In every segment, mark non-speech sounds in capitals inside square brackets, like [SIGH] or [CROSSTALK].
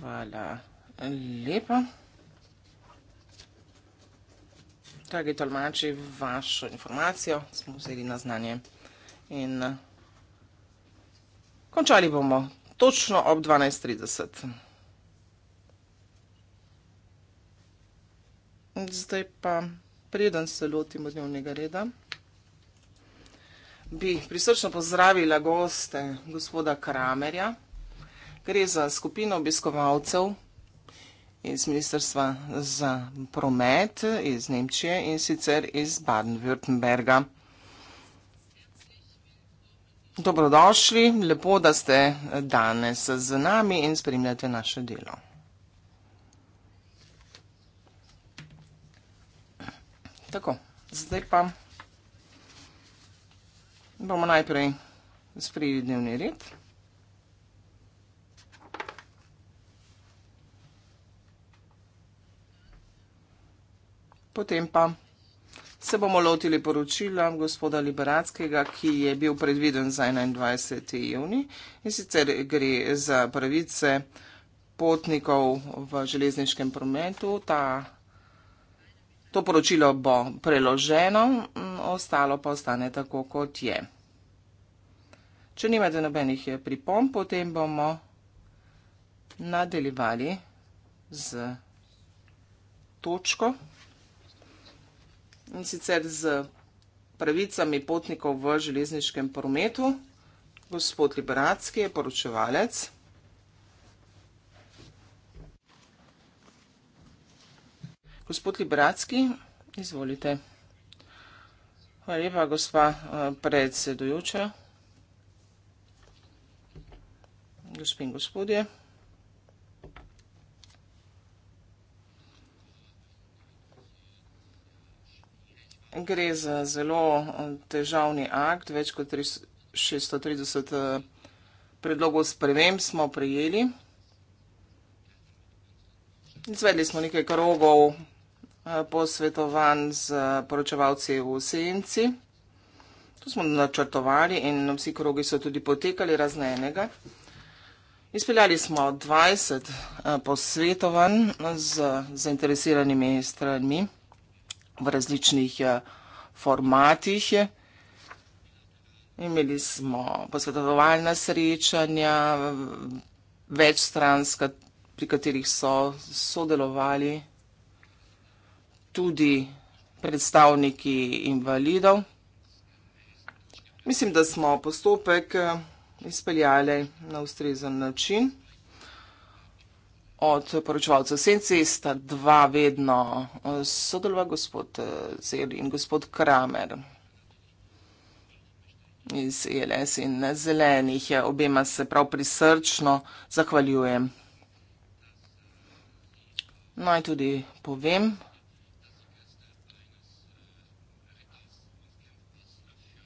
Hvala lepa. Dragi tolmači, vašo informacijo smo vzeli na znanje in eh, končali bomo točno ob 12.30. Zdaj pa, preden se lotimo dnevnega reda, bi prisrčno pozdravila goste gospoda Kramerja, Gre za skupino obiskovalcev iz Ministrstva za promet iz Nemčije in sicer iz Baden-Württemberga. Dobrodošli, lepo, da ste danes z nami in spremljate naše delo. Tako, zdaj pa bomo najprej sprijeli dnevni red. potem pa se bomo lotili poročila gospoda Liberackega, ki je bil predviden za 21. juni in sicer gre za pravice potnikov v železniškem prometu. Ta, to poročilo bo preloženo, ostalo pa ostane tako, kot je. Če nimate nobenih pripomb, potem bomo nadaljevali z točko in sicer z pravicami potnikov v železniškem prometu. Gospod Liberacki je poročevalec. Gospod Liberacki, izvolite. Hvala lepa, gospa eh, predsedujoča. Gospod in gospodje. Gre za zelo eh, težavni akt, več kot 630 eh, predlogov sprememb smo prijeli. Izvedli smo nekaj krogov eh, posvetovanj z poročevalci v senci. To smo načrtovali in vsi krogi so tudi potekali razne enega. Izpeljali smo 20 posvetovanj z zainteresiranimi stranmi v različnih eh, formatih. Imeli smo posvetovalna srečanja, večstranska, pri katerih so sodelovali tudi predstavniki invalidov. Mislim, da smo postopek eh, izpeljali na ustrezen način od poročevalcev Senci sta dva vedno eh, sodelova, gospod eh, Zeli in gospod Kramer iz ELS in zelenih. Ja, obema se prav prisrčno zahvaljujem. Naj no, tudi povem, da je vse.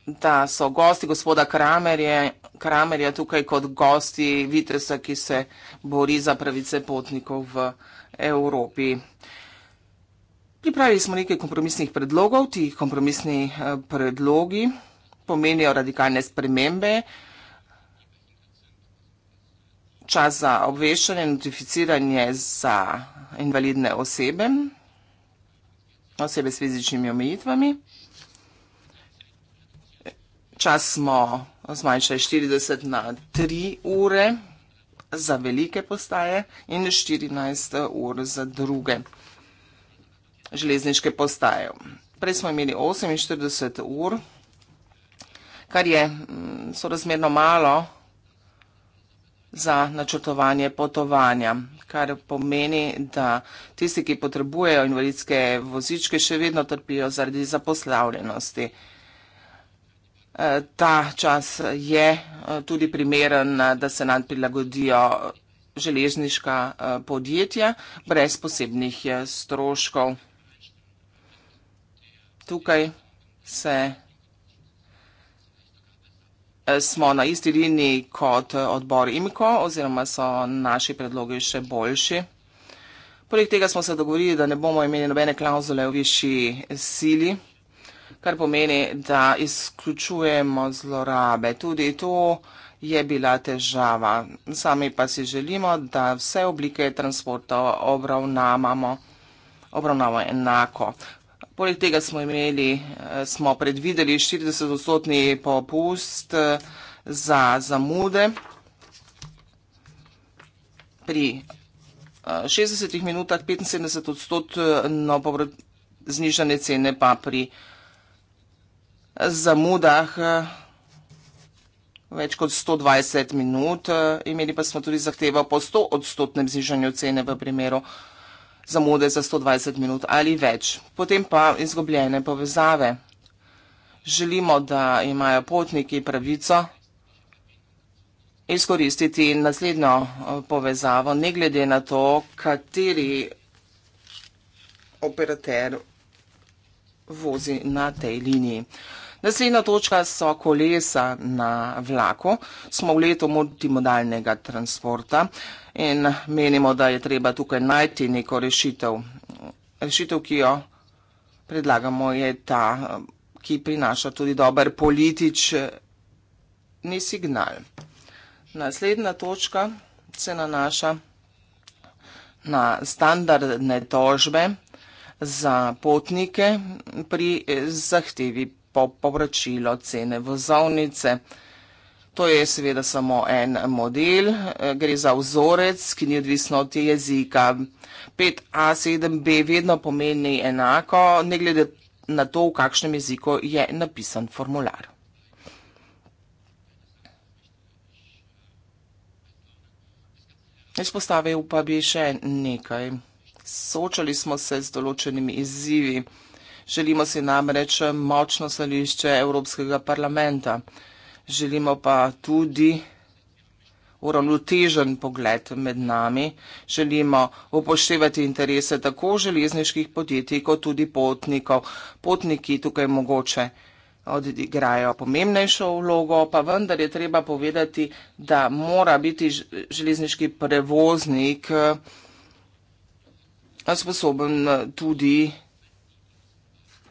da so gosti gospoda Kramerje, Kramerja tukaj kot gosti Vitesa, ki se bori za pravice potnikov v Evropi. Pripravili smo nekaj kompromisnih predlogov. Ti kompromisni eh, predlogi pomenijo radikalne spremembe. Čas za obveščanje, notificiranje za invalidne osebe, osebe s fizičnimi omejitvami. Čas smo zmanjšali 40 na 3 ure za velike postaje in 14 ur za druge železniške postaje. Prej smo imeli 48 ur, kar je mm, sorazmerno malo za načrtovanje potovanja, kar pomeni, da tisti, ki potrebujejo invalidske vozičke, še vedno trpijo zaradi zaposlavljenosti ta čas je eh, tudi primeren, da se nam prilagodijo železniška eh, podjetja brez posebnih eh, stroškov. Tukaj se smo na isti liniji kot odbor IMKO oziroma so naši predlogi še boljši. Poleg tega smo se dogovorili, da ne bomo imeli nobene klauzule v višji sili kar pomeni, da izključujemo zlorabe. Tudi to je bila težava. Sami pa si želimo, da vse oblike transporta obravnavamo, obravnavamo enako. Poleg tega smo imeli, eh, smo predvideli 40-odstotni popust eh, za zamude pri 60 eh, minutah, 75-odstotno znižanje cene pa pri zamudah eh, več kot 120 minut. Eh, imeli pa smo tudi zahtevo po 100 odstotnem znižanju cene v primeru zamude za 120 minut ali več. Potem pa izgubljene povezave. Želimo, da imajo potniki pravico izkoristiti naslednjo eh, povezavo, ne glede na to, kateri operater vozi na tej liniji. Naslednja točka so kolesa na vlaku. Smo v letu multimodalnega transporta in menimo, da je treba tukaj najti neko rešitev. Rešitev, ki jo predlagamo, je ta, ki prinaša tudi dober politični signal. Naslednja točka se nanaša na standardne tožbe za potnike pri zahtevi po povračilo cene vozovnice. To je seveda samo en model, eh, gre za vzorec, ki ni odvisno od jezika. 5A7B vedno pomeni enako, ne glede na to, v kakšnem jeziku je napisan formular. Izpostavil pa bi še nekaj. Sočali smo se z določenimi izzivi. Želimo si namreč močno stališče Evropskega parlamenta. Želimo pa tudi uravnotežen pogled med nami. Želimo upoštevati interese tako železniških podjetij, kot tudi potnikov. Potniki tukaj mogoče odigrajo pomembnejšo vlogo, pa vendar je treba povedati, da mora biti železniški prevoznik eh, sposoben tudi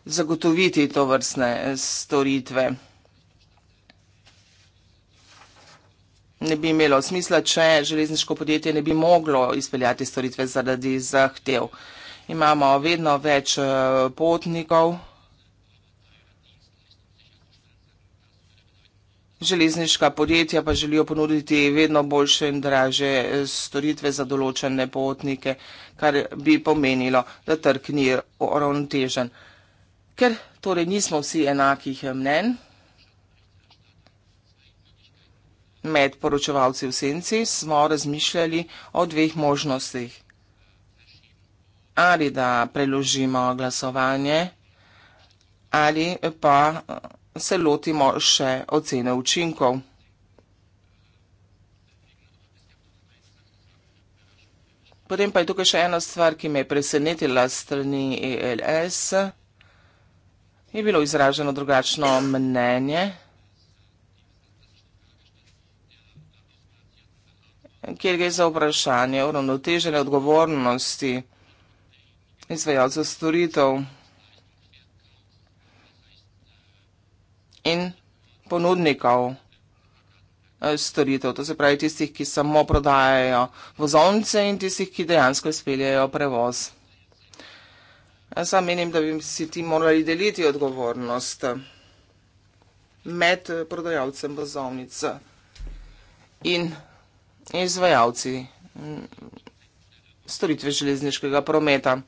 zagotoviti to vrstne eh, storitve. Ne bi imelo smisla, če železniško podjetje ne bi moglo izpeljati storitve zaradi zahtev. Imamo vedno več eh, potnikov. Železniška podjetja pa želijo ponuditi vedno boljše in draže eh, storitve za določene potnike, kar bi pomenilo, da trg ni orontežen ker torej nismo vsi enakih mnen med poročevalci v senci, smo razmišljali o dveh možnostih. Ali da preložimo glasovanje, ali pa eh, se lotimo še ocene učinkov. Potem pa je tukaj še ena stvar, ki me je presenetila strani ELS je bilo izraženo drugačno mnenje, kjer gre za vprašanje uravnotežene odgovornosti izvajalcev storitev in ponudnikov eh, storitev, to se pravi tistih, ki samo prodajajo vozovnice in tistih, ki dejansko izpeljajo prevoz. Sam menim, da bi si ti morali deliti odgovornost med prodajalcem bazovnice in izvajalci mm, storitve železniškega prometa.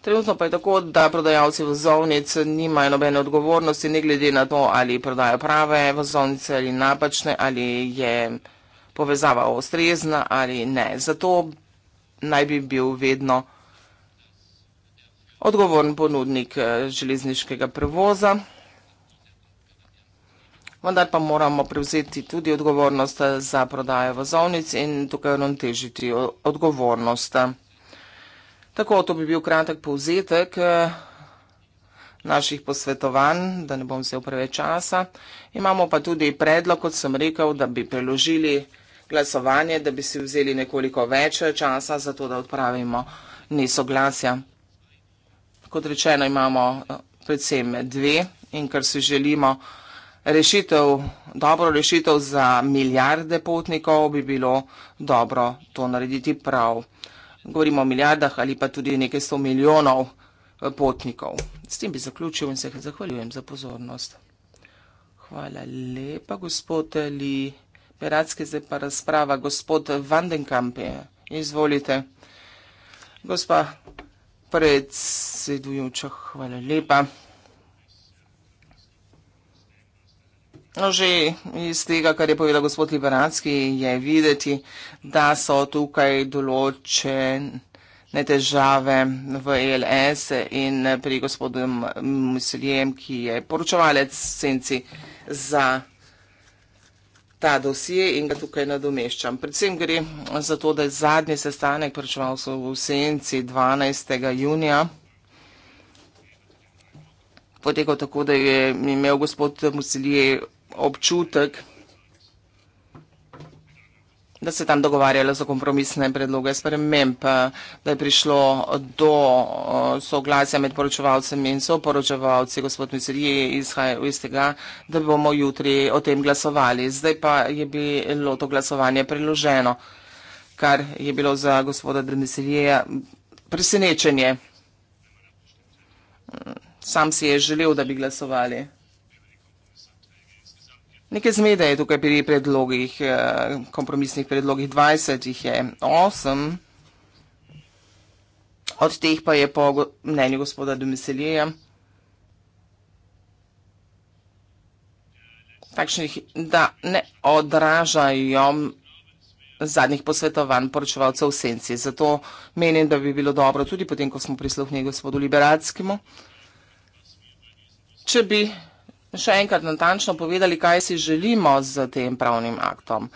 Trenutno pa je tako, da prodajalci vozovnic nimajo nobene odgovornosti, ne glede na to, ali prodajo prave vozovnice ali napačne, ali je povezava ustrezna ali ne. Zato naj bi bil vedno odgovoren ponudnik eh, železniškega prevoza. Vendar pa moramo prevzeti tudi odgovornost eh, za prodajo vozovnic in tukaj ravnotežiti eh, odgovornost. Tako, to bi bil kratek povzetek naših posvetovanj, da ne bom vzel preveč časa. Imamo pa tudi predlog, kot sem rekel, da bi preložili vzeti glasovanje, da bi si vzeli nekoliko več časa za to, da odpravimo nesoglasja. Kot rečeno, imamo eh, predvsem dve in ker si želimo rešitev, dobro rešitev za milijarde potnikov, bi bilo dobro to narediti prav. Govorimo o milijardah ali pa tudi nekaj sto milijonov eh, potnikov. S tem bi zaključil in se zahvaljujem za pozornost. Hvala lepa, gospod Lee. Piratski, zdaj pa razprava. Gospod Vandenkamp je. Izvolite. Gospa predsedujoča, hvala lepa. No, že iz tega, kar je povedal gospod Liberacki, je videti, da so tukaj določene težave v ELS in pri gospodu Musiljem, ki je poročevalec senci za ta dosije in ga tukaj nadomeščam. Predvsem gre za to, da je zadnji sestanek pričeval so v senci 12. junija. Potekal tako, da je imel gospod Musilije občutek, da se tam dogovarjalo za kompromisne predloge sprememb, eh, da je prišlo do eh, soglasja med poročevalcem in soporočevalci, gospod Micer, je izhajal iz tega, da bomo jutri o tem glasovali. Zdaj pa je bilo to glasovanje preloženo, kar je bilo za gospoda Dreneselija presenečenje. Sam si je želel, da bi glasovali. Nekaj zmede je tukaj pri predlogih, eh, kompromisnih predlogih, 20 jih je 8, od teh pa je po mnenju gospoda Domiselija. Takšnih, da ne odražajo zadnjih posvetovanj poročevalcev v senci. Zato menim, da bi bilo dobro tudi potem, ko smo prisluhnili gospodu Liberackemu, če bi še enkrat natančno povedali, kaj si želimo z tem pravnim aktom.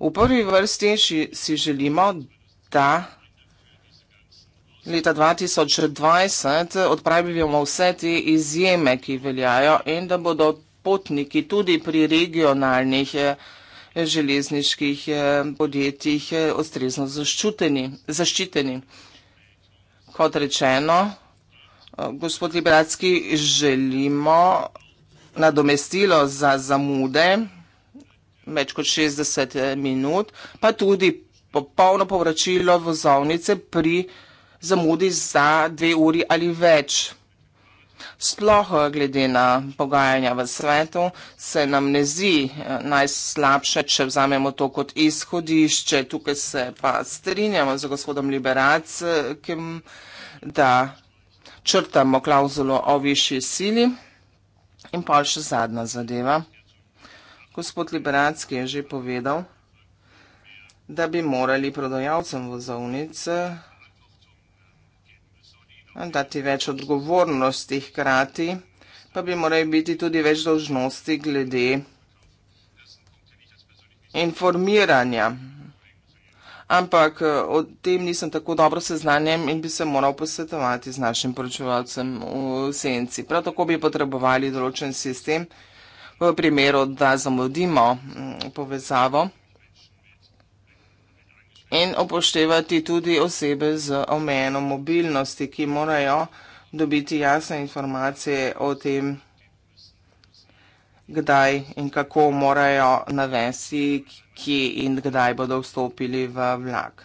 V prvi vrsti si želimo, da leta 2020 odpravimo vse te izjeme, ki veljajo in da bodo potniki tudi pri regionalnih eh, železniških eh, podjetjih ostrezno eh, zaščiteni. Kot rečeno, gospod Liberacki, želimo nadomestilo za zamude, več kot 60 eh, minut, pa tudi popolno povračilo vozovnice pri zamudi za dve uri ali več. Sploh eh, glede na pogajanja v svetu se nam ne zdi eh, najslabše, če vzamemo to kot izhodišče. Tukaj se pa strinjamo z gospodom Liberacem, da črtamo klauzulo o višji sili. In pa še zadnja zadeva. Gospod Liberacki je že povedal, da bi morali prodajalcem vozovnic eh, dati več odgovornosti hkrati, pa bi morali biti tudi več dolžnosti glede informiranja ampak eh, o tem nisem tako dobro seznanjen in bi se moral posvetovati z našim poročevalcem v senci. Prav tako bi potrebovali določen sistem v primeru, da zamudimo mm, povezavo in upoštevati tudi osebe z omejeno mobilnosti, ki morajo dobiti jasne informacije o tem, kdaj in kako morajo navesi, kje in kdaj bodo vstopili v vlak.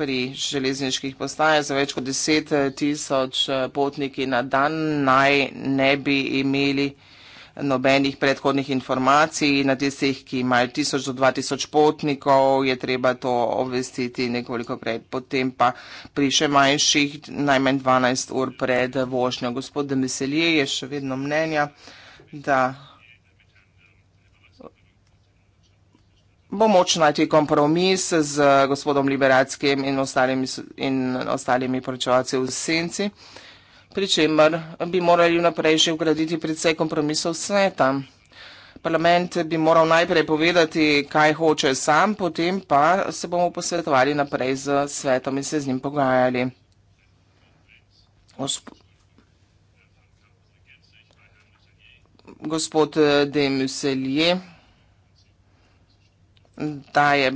Pri železniških postajah za več kot deset eh, tisoč eh, potniki na dan naj ne bi imeli vlaka nobenih predhodnih informacij, na tistih, ki imajo 1000 do 2000 potnikov, je treba to obvestiti nekoliko prej, potem pa pri še manjših, najmanj 12 ur pred vožnjo. Gospod Demiselije je še vedno mnenja, da bo moč najti kompromis z gospodom Liberackim in ostalimi, ostalimi poročevalci v Senci pri čemer bi morali vnaprej že ugraditi predvsej kompromisov sveta. Parlament bi moral najprej povedati, kaj hoče sam, potem pa se bomo posvetovali naprej z svetom in se z njim pogajali. Osp gospod eh, de Muselje daje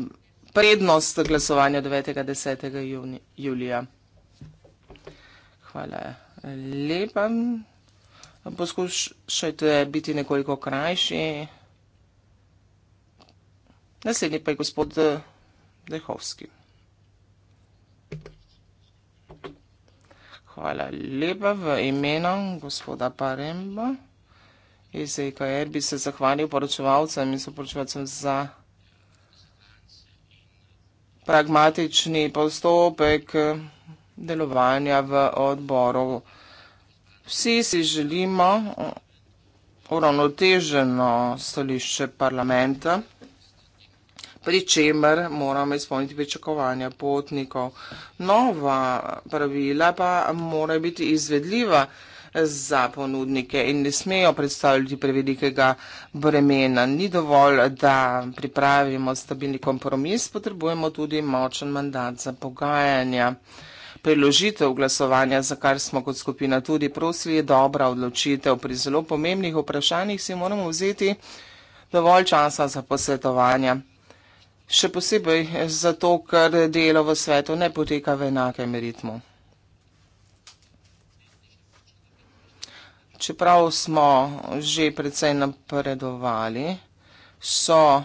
prednost glasovanja 9.10. julija. Hvala je lepa. Poskušajte biti nekoliko krajši. Naslednji pa je gospod eh, Dehovski. Hvala lepa v imenu gospoda Paremba. Iz EKR bi se zahvalil poročevalcem in soporočevalcem za pragmatični postopek delovanja v odboru. Vsi si želimo uravnoteženo stališče parlamenta, pri čemer moramo izpolniti pričakovanja potnikov. Nova pravila pa morajo biti izvedljiva za ponudnike in ne smejo predstavljati prevelikega bremena. Ni dovolj, da pripravimo stabilni kompromis, potrebujemo tudi močen mandat za pogajanja preložitev glasovanja, za kar smo kot skupina tudi prosili, je dobra odločitev. Pri zelo pomembnih vprašanjih si moramo vzeti dovolj časa za posvetovanje. Še posebej zato, ker delo v svetu ne poteka v enakem ritmu. Čeprav smo že predvsej napredovali, so eh,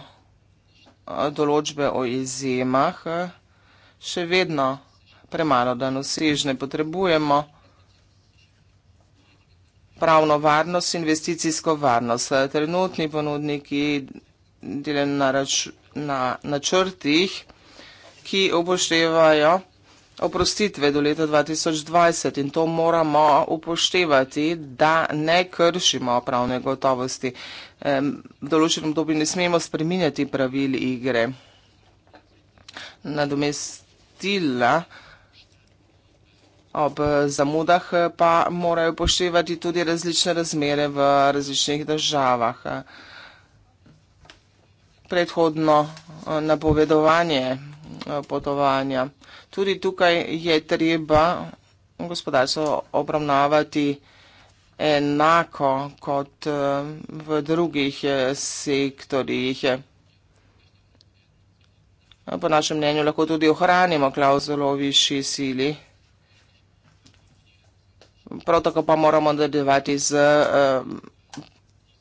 določbe o izjemah eh, še vedno premalo dan vsežne. Potrebujemo pravno varnost, investicijsko varnost. Trenutni ponudniki delen na, rač, na, na črtih, ki upoštevajo oprostitve do leta 2020 in to moramo upoštevati, da ne kršimo pravne gotovosti. V določenem dobi ne smemo spreminjati pravil igre. Nadomestila Ob eh, zamudah eh, pa morajo poštevati tudi različne razmere v različnih državah. Predhodno eh, napovedovanje potovanja. Tudi tukaj je treba gospodarstvo obravnavati enako kot v drugih sektorjih. Po našem mnenju lahko tudi ohranimo klauzulo o višji sili prav tako pa moramo nadaljevati z eh,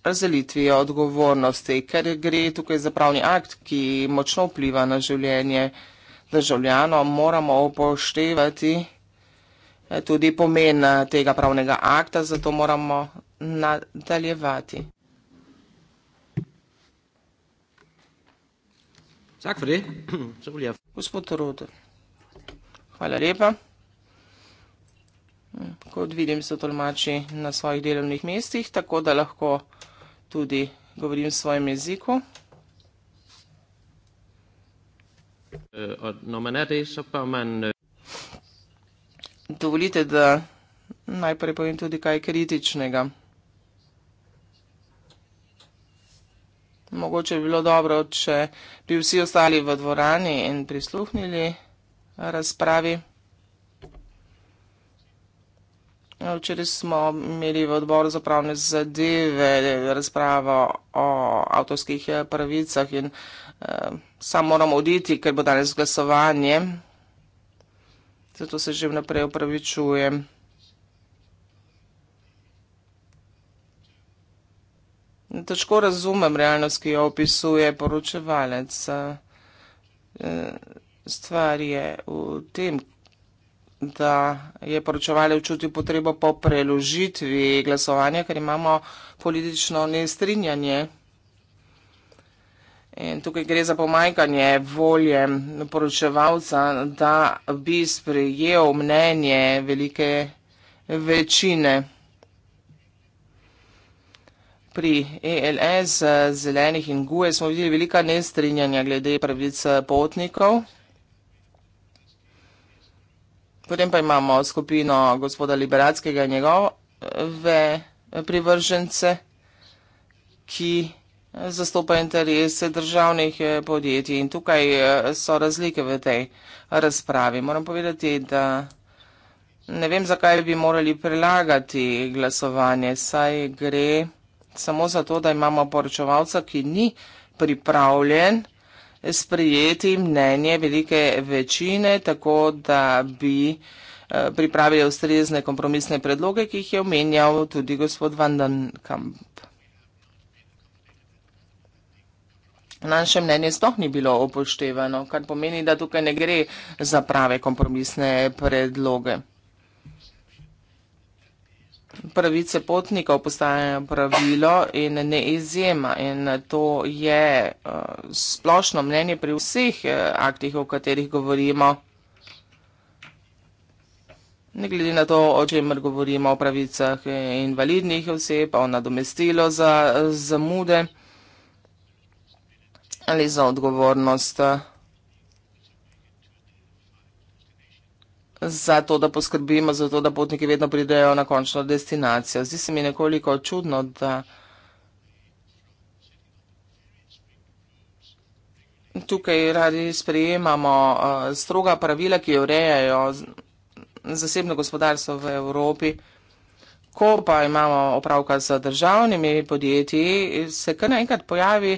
razdelitvijo odgovornosti, ker gre tukaj za pravni akt, ki močno vpliva na življenje državljanov, moramo upoštevati eh, tudi pomen eh, tega pravnega akta, zato moramo nadaljevati. Tak for det. Så vil jeg... Gospod Rode. Hvala lepa. Kot vidim, so tolmači na svojih delovnih mestih, tako da lahko tudi govorim v svojem jeziku. Eh, er øh, Dovolite, da najprej povem tudi kaj kritičnega. Mogoče bi bilo dobro, če bi vsi ostali v dvorani in prisluhnili razpravi. Včeraj smo imeli v odboru za pravne zadeve razpravo o avtorskih eh, pravicah in eh, sam moram oditi, ker bo danes glasovanje. Zato se že vnaprej upravičujem. Težko razumem realnost, ki jo opisuje poročevalec. Eh, stvar je v tem, da je poročevalje včutil potrebo po preložitvi glasovanja, ker imamo politično nestrinjanje. In tukaj gre za pomajkanje volje poročevalca, da bi sprejel mnenje velike večine. Pri ELS, zelenih in guje smo videli velika nestrinjanja glede pravic potnikov. Potem pa imamo skupino gospoda Liberatskega in njegove privržence, ki zastopajo interese državnih eh, podjetij. In tukaj eh, so razlike v tej razpravi. Moram povedati, da ne vem, zakaj bi morali prelagati glasovanje. Saj gre samo za to, da imamo poročevalca, ki ni pripravljen sprejeti mnenje velike večine, tako da bi eh, pripravili ustrezne kompromisne predloge, ki jih je omenjal tudi gospod Vandenkamp. Naše mnenje sploh ni bilo upoštevano, kar pomeni, da tukaj ne gre za prave kompromisne predloge pravice potnikov postajajo pravilo in ne izjema. In to je eh, splošno mnenje pri vseh eh, aktih, o katerih govorimo. Ne glede na to, o čemer govorimo, o pravicah eh, invalidnih oseb, o nadomestilo za zamude ali za odgovornost invalidnih oseb. za to, da poskrbimo za to, da potniki vedno pridejo na končno destinacijo. Zdi se mi nekoliko čudno, da tukaj radi sprejemamo eh, stroga pravila, ki urejajo zasebno gospodarstvo v Evropi. Ko pa imamo opravka z državnimi podjetji, se kar naenkrat pojavi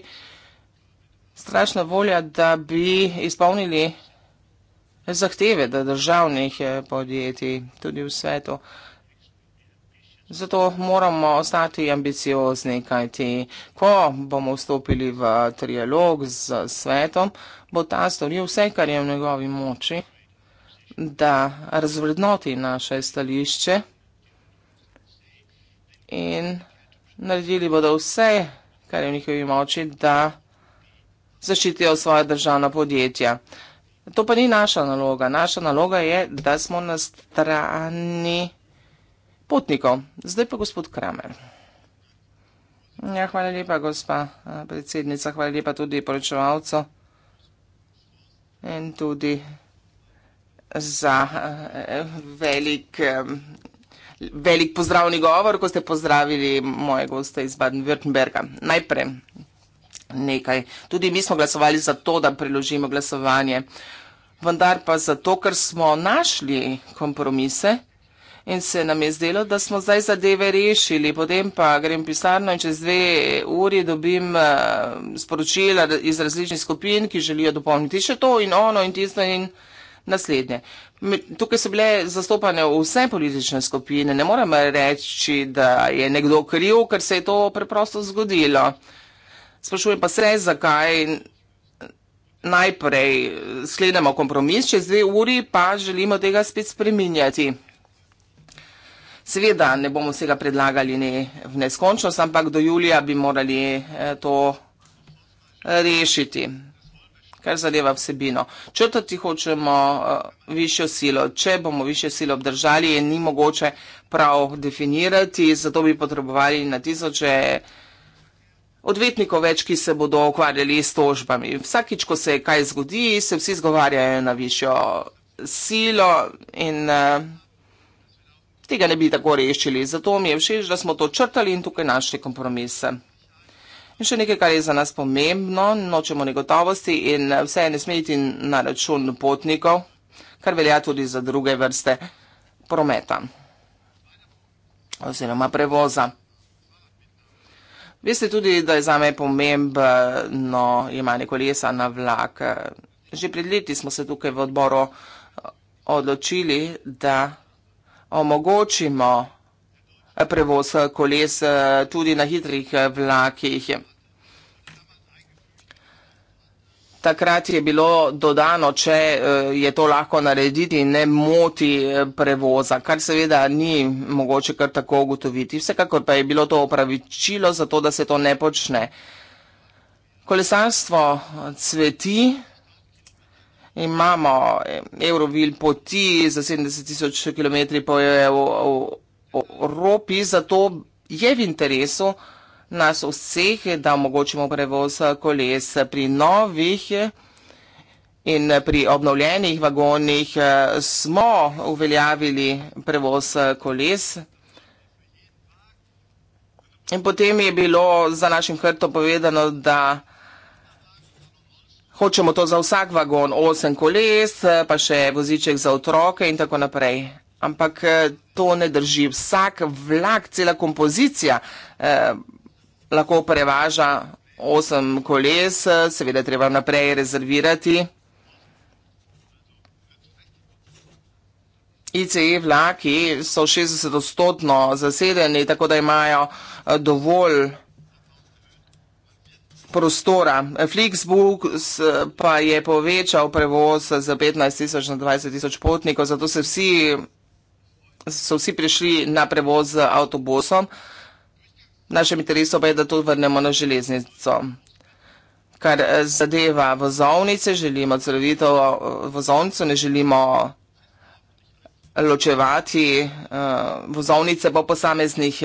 strašna volja, da bi izpolnili zahteve, da državnih eh, podjetij tudi v svetu. Zato moramo ostati ambiciozni, kajti ko bomo vstopili v trialog z svetom, bo ta storil vse, kar je v njegovi moči, da razvrednoti naše stališče in naredili bodo vse, kar je v njihovi moči, da zaščitijo svoje državna podjetja. To pa ni naša naloga. Naša naloga je, da smo na strani potnikov. Zdaj pa gospod Kramer. Ja, hvala lepa, gospa eh, predsednica, hvala lepa tudi poročevalcu in tudi za eh, velik, eh, velik pozdravni govor, ko ste pozdravili moje goste iz Baden-Württemberga. Najprej nekaj. Tudi mi smo glasovali za to, da preložimo glasovanje, vendar pa zato, ker smo našli kompromise in se nam je zdelo, da smo zdaj zadeve rešili. Potem pa grem v pisarno in čez dve uri dobim eh, sporočila iz različnih skupin, ki želijo dopolniti še to in ono in tisto in naslednje. Tukaj so bile zastopane vse politične skupine, ne moram reči, da je nekdo kriv, ker se je to preprosto zgodilo. Sprašujem pa se, zakaj najprej sklenemo kompromis, čez dve uri pa želimo tega spet spreminjati. Seveda ne bomo vsega predlagali ne v neskončnost, ampak do julija bi morali eh, to eh, rešiti, kar zadeva vsebino. Črtati hočemo eh, višjo silo. Če bomo višjo silo obdržali, je ni mogoče prav definirati, zato bi potrebovali na tisoče. Odvetnikov več, ki se bodo ukvarjali s tožbami. Vsakič, ko se kaj zgodi, se vsi zgovarjajo na višjo silo in uh, tega ne bi tako rešili. Zato mi je všeč, da smo to črtali in tukaj našli kompromise. In še nekaj, kar je za nas pomembno, nočemo negotovosti in eh, vse ne smeti na račun potnikov, kar velja tudi za druge vrste prometa oziroma prevoza. Veste tudi, da je za me pomembno imanje kolesa na vlak. Že pred leti smo se tukaj v odboru eh, odločili, da omogočimo eh, prevoz eh, koles tudi na hitrih vlakih. Takrat je bilo dodano, če eh, je to lahko narediti in ne moti eh, prevoza, kar seveda ni mogoče kar tako ugotoviti. Vsekakor pa je bilo to opravičilo za to, da se to ne počne. Kolesarstvo eh, cveti, imamo Eurovil poti za 70 tisoč km po Evropi, zato je v interesu, nas vseh, da omogočimo prevoz koles pri novih. In pri obnovljenih vagonih eh, smo uveljavili prevoz koles. In potem je bilo za našim hrto povedano, da hočemo to za vsak vagon, osem koles, pa še voziček za otroke in tako naprej. Ampak eh, to ne drži. Vsak vlak, cela kompozicija. Eh, lahko prevaža osem koles, seveda treba naprej rezervirati. ICE vlaki so 60-stotno zasedeni, tako da imajo eh, dovolj prostora. Flixbook eh, pa je povečal prevoz za 15 tisoč na 20 tisoč potnikov, zato so vsi prišli na prevoz z avtobusom. Našem interesu pa je, da to vrnemo na železnico. Kar eh, zadeva vozovnice, želimo celovito eh, vozovnico, ne želimo eh, ločevati vozovnice po posameznih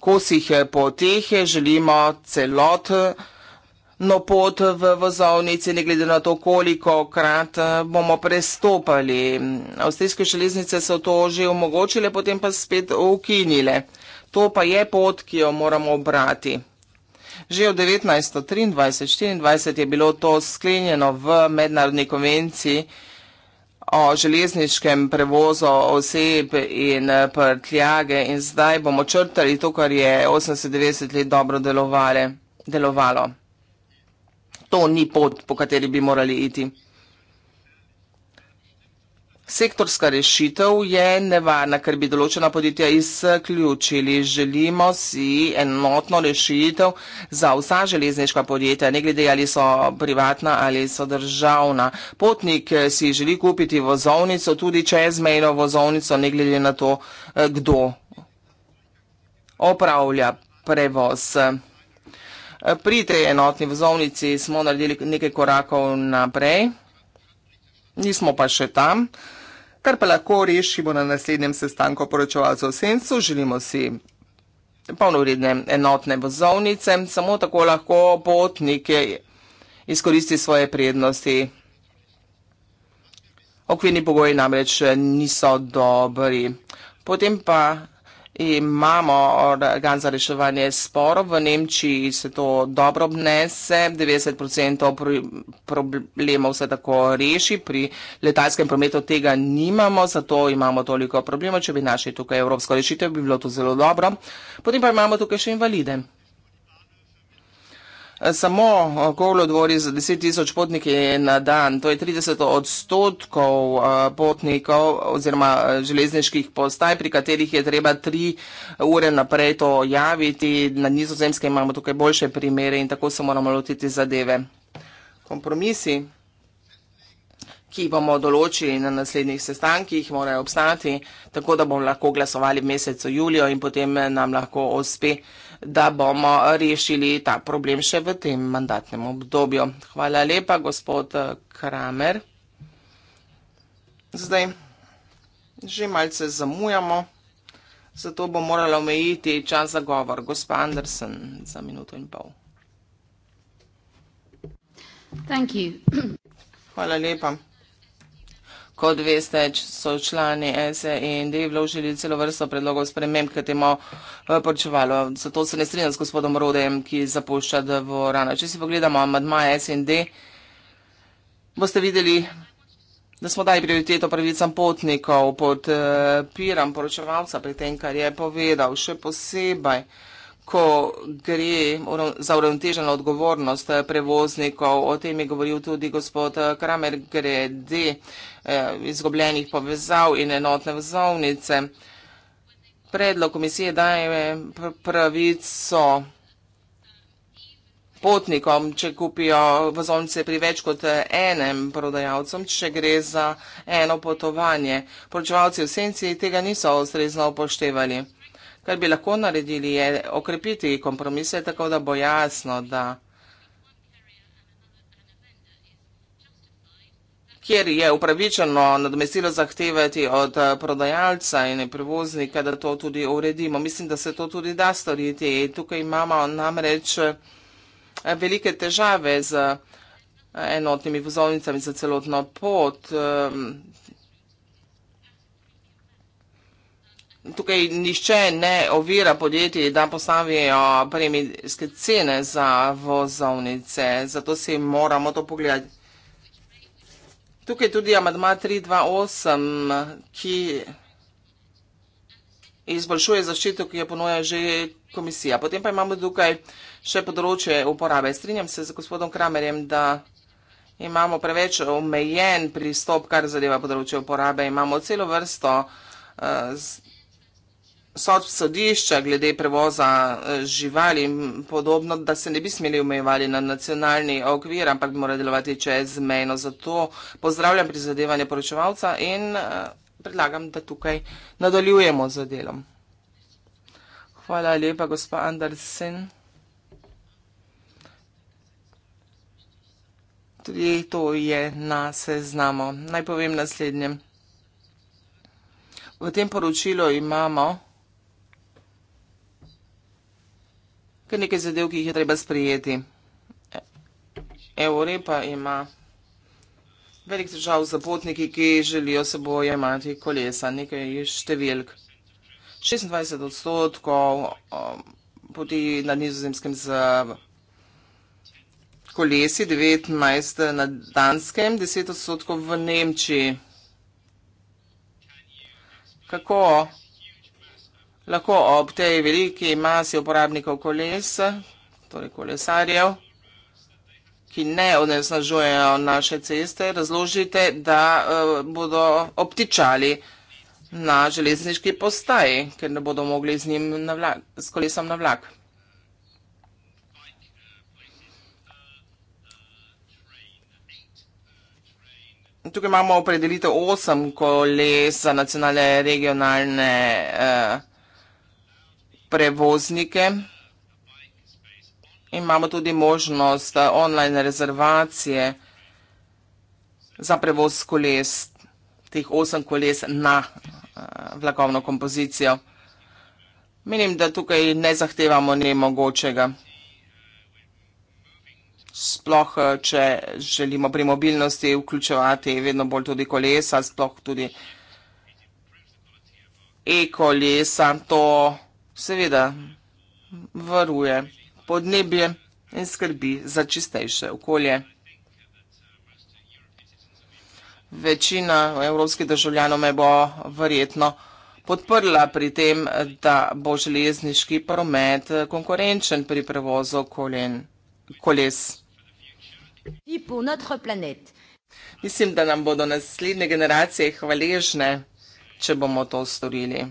kosih potehe, želimo celotno pot v vozovnici, ne glede na to, koliko krat bomo prestopali. Avstrijske železnice so to že omogočile, potem pa spet ukinile. To pa je pot, ki jo moramo obrati. Že v 1923-1924 je bilo to sklenjeno v mednarodni konvenciji o železniškem prevozu oseb in prtljage in zdaj bomo črtali to, kar je 890 let dobro delovale, delovalo. To ni pot, po kateri bi morali iti. Sektorska rešitev je nevarna, ker bi določena podjetja izključili. Želimo si enotno rešitev za vsa železniška podjetja, ne glede ali so privatna ali so državna. Potnik eh, si želi kupiti vozovnico, tudi čezmejno vozovnico, ne glede na to, eh, kdo opravlja prevoz. Eh, pri tej enotni vozovnici smo naredili nekaj korakov naprej, nismo pa še tam kar pa lahko rešimo na naslednjem sestanku poročevalcev v Sencu. Želimo si polnovredne enotne vozovnice, samo tako lahko potnike izkoristi svoje prednosti. Okvirni pogoji namreč niso dobri. Potem pa imamo organ za reševanje sporov, v Nemčiji se to dobro obnese, 90% pri, problemov se tako reši, pri letalskem prometu tega nimamo, zato imamo toliko problemov, če bi našli tukaj evropsko rešitev, bi bilo to zelo dobro. Potem pa imamo tukaj še invalide. Samo eh, Kovlo dvori za 10 tisoč potniki na dan, to je 30 odstotkov eh, potnikov oziroma eh, železniških postaj, pri katerih je treba 3 ure naprej to javiti. Na nizozemske imamo tukaj boljše primere in tako se moramo lotiti zadeve. Kompromisi, ki bomo določili na naslednjih sestankih, morajo obstati, tako da bomo lahko glasovali v mesecu julijo in potem nam lahko ospe vsega da bomo rešili ta problem še v tem mandatnem obdobju. Hvala lepa, gospod eh, Kramer. Zdaj, že malce zamujamo, zato bo morala omejiti čas za govor. Gospa Andersen, za minuto in pol. Hvala lepa. Kot veste, so člani SND e vložili celo vrsto predlogov sprememb k temu eh, poročevalu. Zato se ne strinjam s gospodom Rodejem, ki zapušča dvorano. Če si pogledamo amadmaje SND, boste videli, da smo dali prioriteto pravicam potnikov pod eh, piram poročevalca pri tem, kar je povedal. Še posebej, ko gre za uravnoteženo odgovornost eh, prevoznikov, o tem je govoril tudi gospod Kramer Grede. Eh, izgubljenih povezav in enotne vzovnice. Predlog komisije daje pravico potnikom, če kupijo vozovnice pri več kot eh, enem prodajalcem, če gre za eno potovanje. Poročevalci v senci tega niso ustrezno upoštevali. Kar bi lahko naredili je okrepiti kompromise, tako da bo jasno, da kjer je upravičeno nadomestilo zahtevati od eh, prodajalca in prevoznika, da to tudi uredimo. Mislim, da se to tudi da storiti. Tukaj imamo namreč eh, velike težave z eh, enotnimi vozovnicami za celotno pot. Ehm, tukaj nišče ne ovira podjetji, da postavijo premijske cene za vozovnice, zato si moramo to pogledati. Tukaj tudi amadma 328, ki izboljšuje zaščito, ki jo ponuja že komisija. Potem pa imamo tukaj še področje uporabe. Strinjam se z gospodom Kramerjem, da imamo preveč omejen pristop, kar zadeva področje uporabe. Imamo celo vrsto uh, sodb sodišča glede prevoza eh, živali in podobno, da se ne bi smeli omejevali na nacionalni okvir, ampak bi morali delovati čezmejno. Zato pozdravljam prizadevanje poročevalca in eh, predlagam, da tukaj nadaljujemo z delom. Hvala lepa, gospa Andersen. Tudi to je na seznamo. Naj povem naslednje. V tem poročilu imamo kar nekaj zadev, ki jih je treba sprejeti. Evropa ima velik težav za potniki, ki želijo seboj imati kolesa, nekaj številk. 26 odstotkov um, poti na nizozemskem z kolesi, 19 na danskem, 10 odstotkov v Nemčiji. Kako lahko ob tej veliki masi uporabnikov koles, torej kolesarjev, ki ne odnesnažujejo naše ceste, razložite, da eh, bodo obtičali na železniški postaji, ker ne bodo mogli z njim na vlak, s kolesom na vlak. Tukaj imamo opredelitev osem koles za nacionalne regionalne regionalne eh, prevoznike. Imamo tudi možnost eh, online rezervacije za prevoz koles, teh osem koles na eh, vlakovno kompozicijo. Menim, da tukaj ne zahtevamo nemogočega. Sploh, eh, če želimo pri mobilnosti vključevati vedno bolj tudi kolesa, sploh tudi e-kolesa, to je seveda varuje podnebje in skrbi za čistejše okolje. Večina evropskih državljanov me bo verjetno podprla pri tem, da bo železniški promet konkurenčen pri prevozu kolen, koles. Mislim, da nam bodo naslednje generacije hvaležne, če bomo to storili.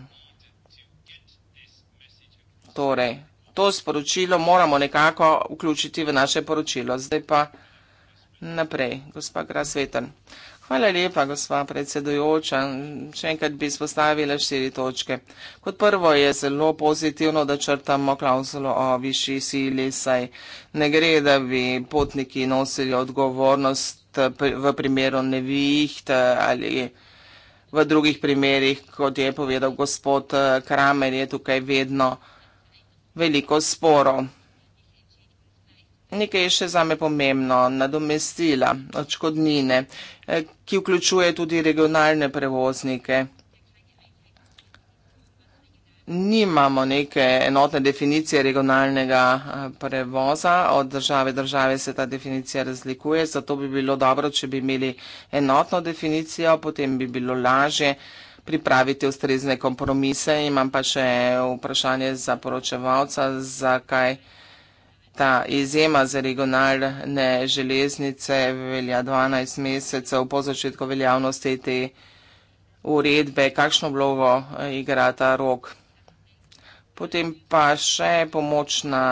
Torej, to sporočilo moramo nekako vključiti v naše poročilo. Zdaj pa naprej, gospa Krasveten. Hvala lepa, gospa predsedujoča. Še enkrat bi izpostavila štiri točke. Kot prvo je zelo pozitivno, da črtamo klauzulo o višji sili, saj ne gre, da bi potniki nosili odgovornost v primeru neviht ali v drugih primerjih, kot je povedal gospod Kramer, je tukaj vedno odgovornost veliko sporo. Nekaj je še zame pomembno, nadomestila, očkodnine, eh, ki vključuje tudi regionalne prevoznike. Nimamo neke enotne definicije regionalnega eh, prevoza, od države države se ta definicija razlikuje, zato bi bilo dobro, če bi imeli enotno definicijo, potem bi bilo lažje pripraviti ustrezne kompromise. Imam pa še vprašanje za poročevalca, zakaj ta izjema za regionalne železnice velja 12 mesecev po začetku veljavnosti te uredbe, kakšno vlogo igra ta rok. Potem pa še pomoč na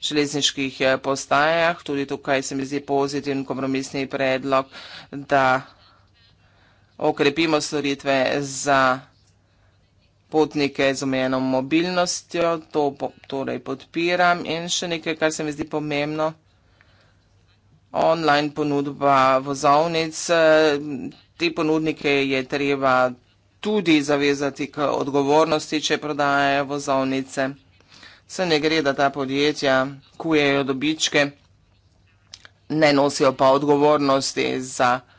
železniških postajah. Tudi tukaj se mi zdi pozitivn kompromisni predlog, da okrepimo storitve za potnike z omejeno mobilnostjo, to po, torej podpiram in še nekaj, kar se mi zdi pomembno, online ponudba vozovnic, te ponudnike je treba tudi zavezati k odgovornosti, če prodajajo vozovnice. Se ne gre, da ta podjetja kujejo dobičke, ne nosijo pa odgovornosti za vozovnice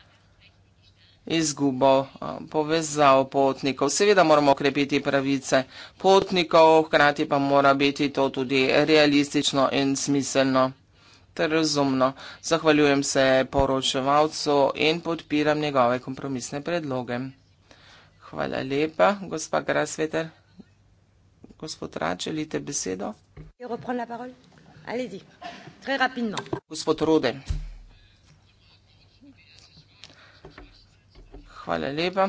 izgubo eh, povezav potnikov. Seveda moramo okrepiti pravice potnikov, hkrati pa mora biti to tudi realistično in smiselno ter razumno. Zahvaljujem se poročevalcu in podpiram njegove kompromisne predloge. Hvala lepa, gospa Grasveter. Gospod Rač, želite besedo? Gospod Rode. Hvala lepa.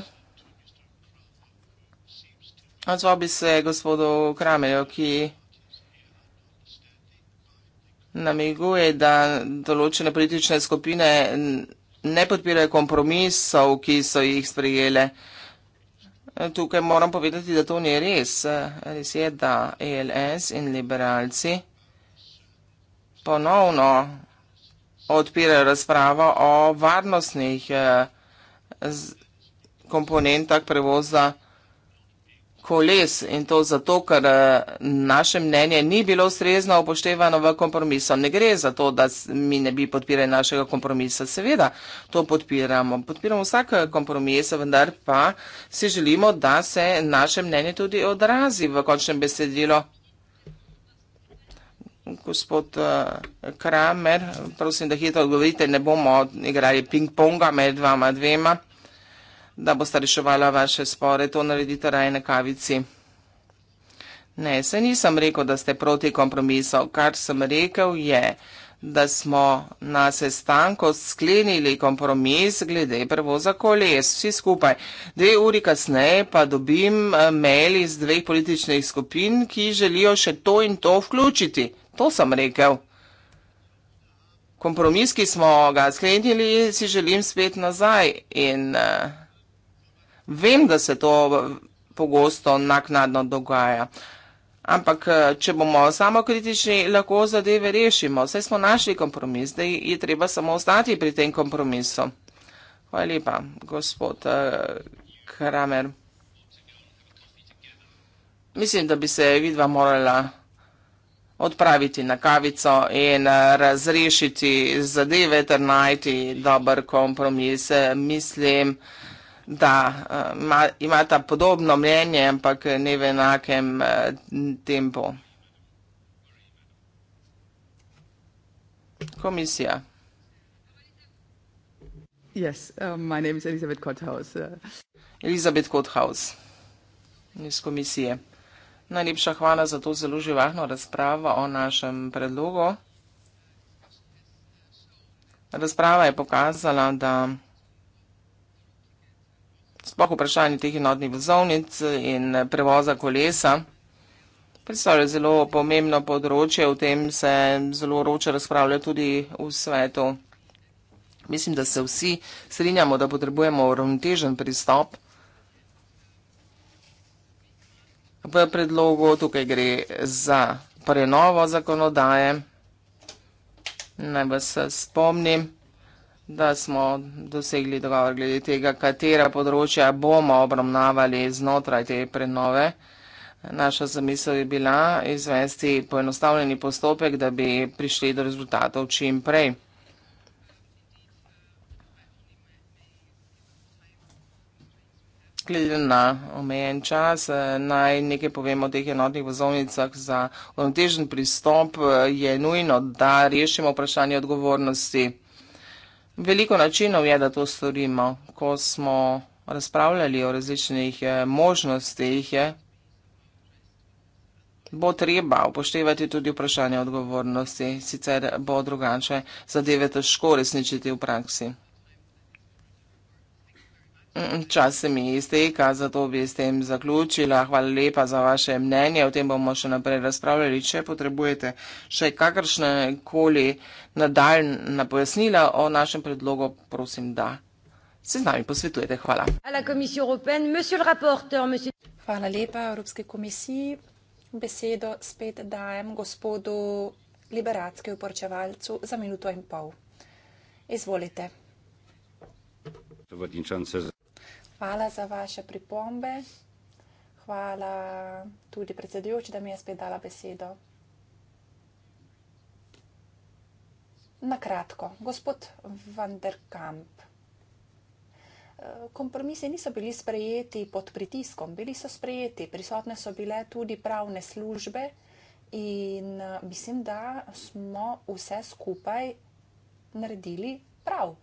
Odzval bi se gospodu Kramerju, ki namiguje, da določene politične skupine ne podpirajo kompromisov, ki so jih sprejele. Tukaj moram povedati, da to ni res. Res je, da ALS e in liberalci ponovno odpirajo razpravo o varnostnih eh, komponentah prevoza koles in to zato, ker eh, naše mnenje ni bilo ustrezno upoštevano v kompromisu. Ne gre za to, da mi ne bi podpirali našega kompromisa. Seveda, to podpiramo. Podpiramo vsak eh, kompromis, vendar pa si želimo, da se naše mnenje tudi odrazi v končnem besedilo. Gospod eh, Kramer, prosim, da hitro odgovorite, ne bomo igrali ping-ponga med vama dvema da bosta reševala vaše spore, to naredite raje na kavici. Ne, se nisem rekel, da ste proti kompromisov. Kar sem rekel je, da smo na sestanku sklenili kompromis glede prvoza koles, vsi skupaj. Dve uri kasneje pa dobim eh, mail iz dveh političnih skupin, ki želijo še to in to vključiti. To sem rekel. Kompromis, ki smo ga sklenili, si želim spet nazaj in... Uh, Vem, da se to pogosto naknadno dogaja. Ampak, eh, če bomo samo kritični, lahko zadeve rešimo. Vse smo našli kompromis, da je treba samo ostati pri tem kompromisu. Hvala lepa, gospod eh, Kramer. Mislim, da bi se vidva morala odpraviti na kavico in eh, razrešiti zadeve ter najti dober kompromis. Mislim, da da ima, eh, imata podobno mnenje, ampak ne v enakem eh, tempu. Komisija. Yes, um, my name is uh. Elizabeth Kothaus. Elizabeth Kothaus iz komisije. Najlepša hvala za to zelo živahno razpravo o našem predlogu. Razprava je pokazala, da sploh vprašanje teh enotnih vozovnic in prevoza kolesa. Predstavlja zelo pomembno področje, o tem se zelo roče razpravlja tudi v svetu. Mislim, da se vsi strinjamo, da potrebujemo uravnotežen pristop. V predlogu tukaj gre za prenovo zakonodaje. Naj vas spomnim da smo dosegli dogovor glede tega, katera področja bomo obravnavali znotraj te prenove. Naša zamisel je bila izvesti poenostavljeni postopek, da bi prišli do rezultatov čim prej. Glede na omejen čas, naj nekaj povem o teh enotnih vozovnicah za uravnotežen pristop, je nujno, da rešimo vprašanje odgovornosti. Veliko načinov je, da to storimo. Ko smo razpravljali o različnih eh, možnostih, je, bo treba upoštevati tudi vprašanje odgovornosti, sicer bo drugače zadeve težko resničiti v praksi. Čas se mi izteka, zato bi s tem zaključila. Hvala lepa za vaše mnenje. O tem bomo še naprej razpravljali. Če potrebujete še kakršne koli nadaljna pojasnila o našem predlogu, prosim, da se z nami posvetujete. Hvala. Hvala lepa Evropske komisiji. Besedo spet dajem gospodu liberatske uporčevalcu za minuto in pol. Izvolite. Vadinčan se z Hvala za vaše pripombe. Hvala tudi predsedujoči, da mi je spet dala besedo. Na kratko, gospod Vanderkamp. Kompromisi niso bili sprejeti pod pritiskom, bili so sprejeti, prisotne so bile tudi pravne službe in mislim, da smo vse skupaj naredili prav.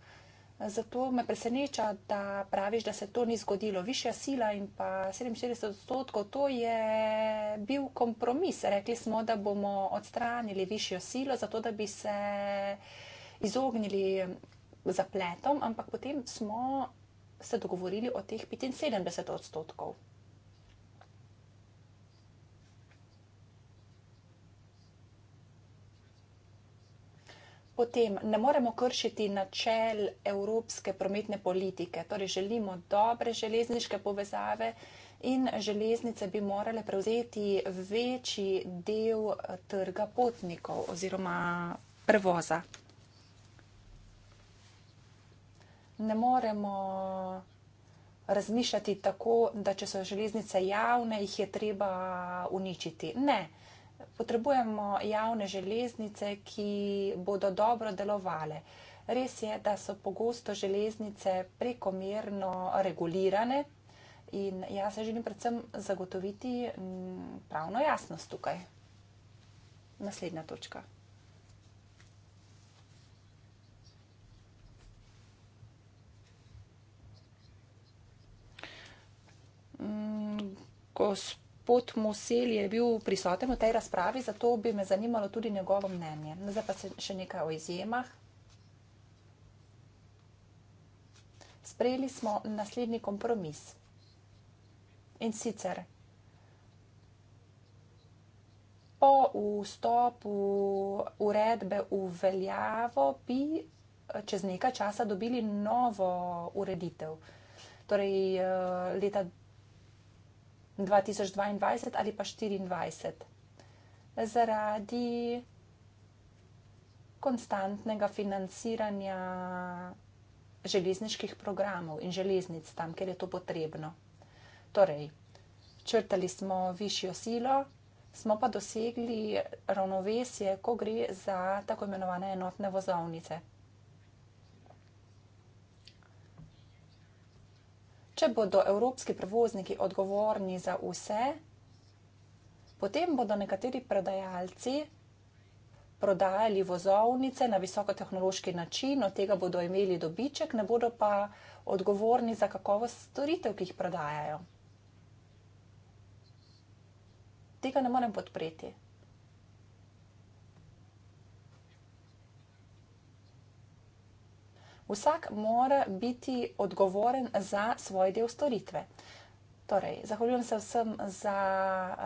Zato me preseneča, da praviš, da se to ni zgodilo. Višja sila in pa 47 odstotkov, to je bil kompromis. Rekli smo, da bomo odstranili višjo silo, zato da bi se izognili zapletom, ampak potem smo se dogovorili o teh 75 odstotkov. Potem ne moremo kršiti načel evropske prometne politike, torej želimo dobre železniške povezave in železnice bi morale prevzeti večji del eh, trga potnikov oziroma prevoza. Ne moremo eh, razmišljati tako, da če so železnice javne, jih je treba uničiti. Ne. Potrebujemo javne železnice, ki bodo dobro delovale. Res je, da so pogosto železnice prekomerno regulirane in jaz se želim predvsem zagotoviti mm, pravno jasnost tukaj. Naslednja točka. Mm, Gospod gospod Mosel je bil prisoten v tej razpravi, zato bi me zanimalo tudi njegovo mnenje. Zdaj pa še nekaj o izjemah. Sprejeli smo naslednji kompromis in sicer po vstopu uredbe v veljavo bi čez nekaj časa dobili novo ureditev. Torej eh, leta 2020. 2022 ali pa 2024. Zaradi konstantnega financiranja železniških programov in železnic tam, kjer je to potrebno. Torej, črtali smo višjo silo, smo pa dosegli ravnovesje, ko gre za tako imenovane enotne vozovnice. če bodo evropski prevozniki odgovorni za vse, potem bodo nekateri prodajalci prodajali vozovnice na visokotehnološki način, od tega bodo imeli dobiček, ne bodo pa odgovorni za kakovost storitev, ki jih prodajajo. Tega ne morem podpreti. Vsak mora biti odgovoren za svoj del storitve. Torej, zahvaljujem se vsem za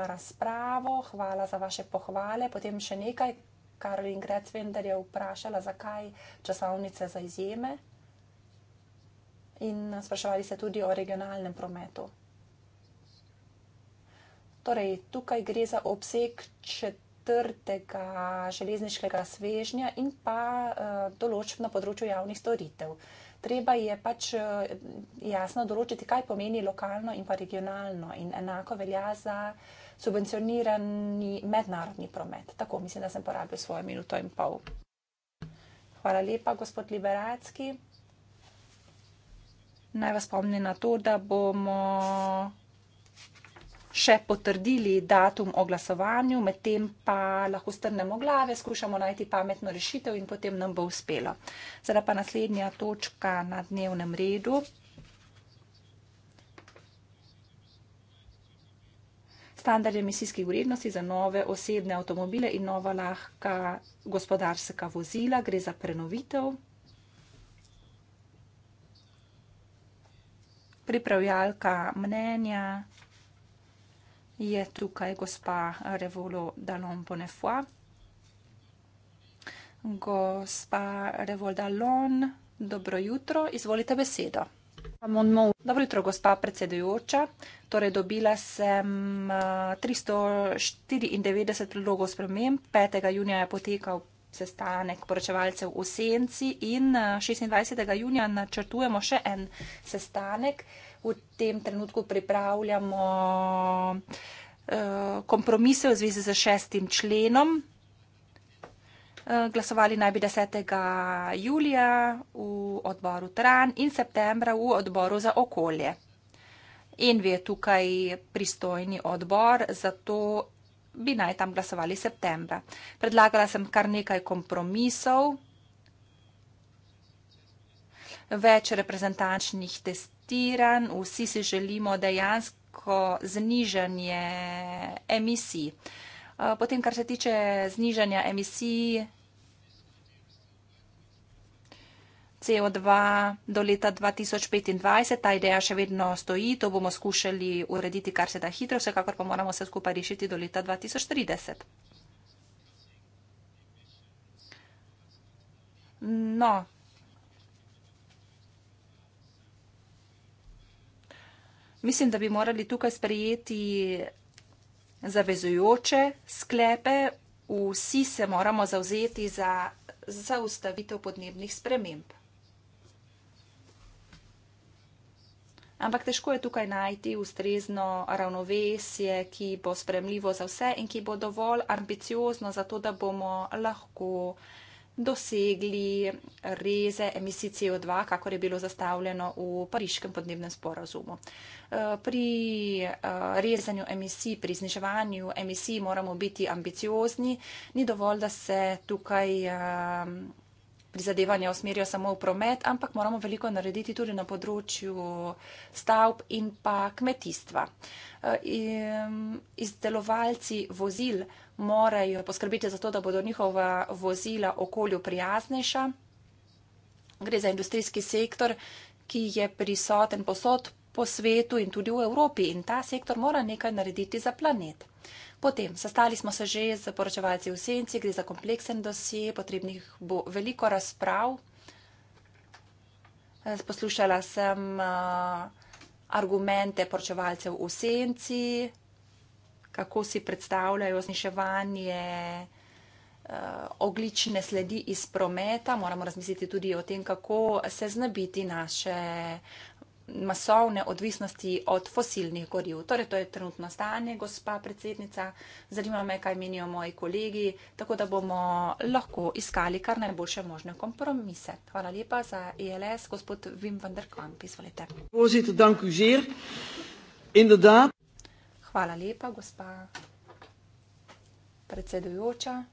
razpravo, hvala za vaše pohvale. Potem še nekaj, kar je Ingrid Svendar je vprašala, zakaj časovnice za izjeme. In spraševali se tudi o regionalnem prometu. Torej, tukaj gre za obseg 4 trdega železniškega svežnja in pa eh, določb na področju javnih storitev. Treba je pač eh, jasno določiti, kaj pomeni lokalno in pa regionalno in enako velja za subvencionirani mednarodni promet. Tako mislim, da sem porabil svojo minuto in pol. Hvala lepa, gospod Liberacki. Naj vas spomni na to, da bomo še potrdili datum o glasovanju, medtem pa lahko strnemo glave, skušamo najti pametno rešitev in potem nam bo uspelo. Zdaj pa naslednja točka na dnevnem redu. Standard emisijskih vrednosti za nove osebne avtomobile in nova lahka gospodarska vozila gre za prenovitev. Pripravljalka mnenja je tukaj gospa Revolo Dalon Bonefoy. Gospa Revolo Dalon, dobro jutro, izvolite besedo. Dobro jutro, gospa predsedujoča. Torej, dobila sem 394 eh, predlogov sprememb. 5. junija je potekal sestanek poročevalcev v Senci in 26. Eh, junija načrtujemo še en sestanek v tem trenutku pripravljamo eh, kompromise v zvezi z šestim členom. Eh, glasovali naj bi 10. julija v odboru Tran in septembra v odboru za okolje. Envi je tukaj pristojni odbor, zato bi naj tam glasovali septembra. Predlagala sem kar nekaj kompromisov več reprezentančnih testiranj, vsi si želimo dejansko znižanje emisij. Eh, potem, kar se tiče znižanja emisij CO2 do leta 2025, ta ideja še vedno stoji, to bomo skušali urediti kar se da hitro, vsekakor pa moramo se skupaj rešiti do leta 2030. No, Mislim, da bi morali tukaj sprejeti zavezujoče sklepe. Vsi se moramo zauzeti za zaustavitev podnebnih sprememb. Ampak težko je tukaj najti ustrezno ravnovesje, ki bo spremljivo za vse in ki bo dovolj ambiciozno za to, da bomo lahko dosegli reze emisij CO2, kako je bilo zastavljeno v Pariškem podnebnem sporazumu. Eh, pri eh, rezanju emisij, pri zniževanju emisij moramo biti ambiciozni. Ni dovolj, da se tukaj eh, prizadevanja usmerijo samo v promet, ampak moramo veliko narediti tudi na področju stavb in pa kmetijstva. Izdelovalci vozil morajo poskrbeti za to, da bodo njihova vozila okolju prijaznejša. Gre za industrijski sektor, ki je prisoten posod po svetu in tudi v Evropi in ta sektor mora nekaj narediti za planet. Potem, sestali smo se že z poročevalci v senci, gre za kompleksen dosje, potrebnih bo veliko razprav. Eh, poslušala sem uh, argumente poročevalcev v senci, kako si predstavljajo zniševanje eh, oglične sledi iz prometa. Moramo razmisliti tudi o tem, kako se znebiti naše masovne odvisnosti od fosilnih goriv. Torej, to je trenutno stanje, gospa predsednica. Zanima me, kaj menijo moji kolegi, tako da bomo lahko iskali kar najboljše možne kompromise. Hvala lepa za ELS, gospod Wim van der Kamp, izvolite. Voorzitter, dank u zeer. Inderdaad. Hvala lepa, gospa predsedujoča.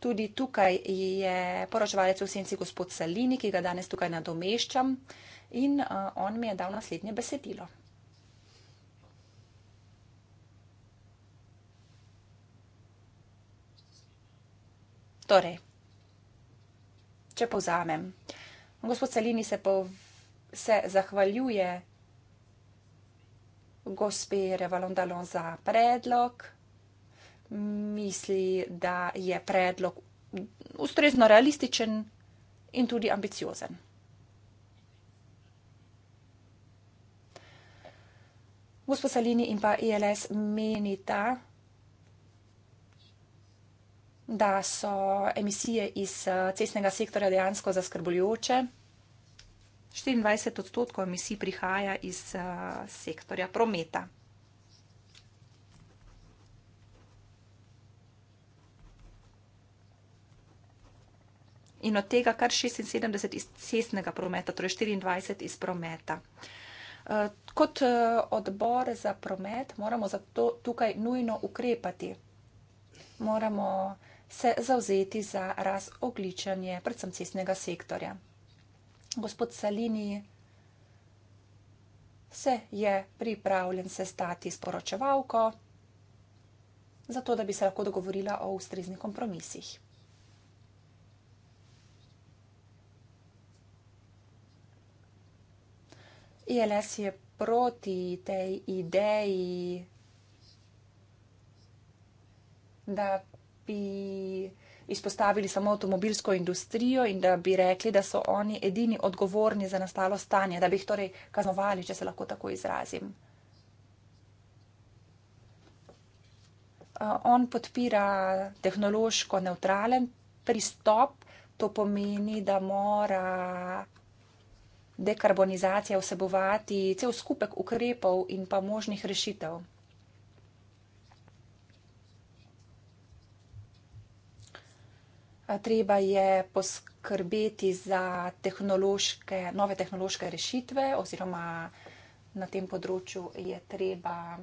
Tudi tukaj je poročevalec v senci gospod Salini, ki ga danes tukaj nadomeščam in uh, on mi je dal naslednje besedilo. Torej, če povzamem. Gospod Salini se pov se zahvaljuje gospe Revalondalon za predlog. Misli, da je predlog ustrezno realističen in tudi ambiciozen. Gospod Salini in pa ILS e menita, da so emisije iz cestnega sektorja dejansko zaskrbljujoče. 24 odstotkov emisij prihaja iz eh, sektorja prometa. In od tega kar 76 iz cestnega prometa, torej 24 iz prometa. Eh, kot eh, odbor za promet moramo zato tukaj nujno ukrepati. Moramo se zauzeti za razogličanje predvsem cestnega sektorja gospod Salini se je pripravljen sestati s poročevalko, zato da bi se lahko dogovorila o ustreznih kompromisih. ILS e je proti tej ideji, da bi izpostavili samo avtomobilsko industrijo in da bi rekli, da so oni edini odgovorni za nastalo stanje, da bi jih torej kaznovali, če se lahko tako izrazim. Uh, on podpira tehnološko neutralen pristop, to pomeni, da mora dekarbonizacija vsebovati cel skupek ukrepov in pa možnih rešitev. treba je poskrbeti za tehnološke, nove tehnološke rešitve, oziroma na tem področju je treba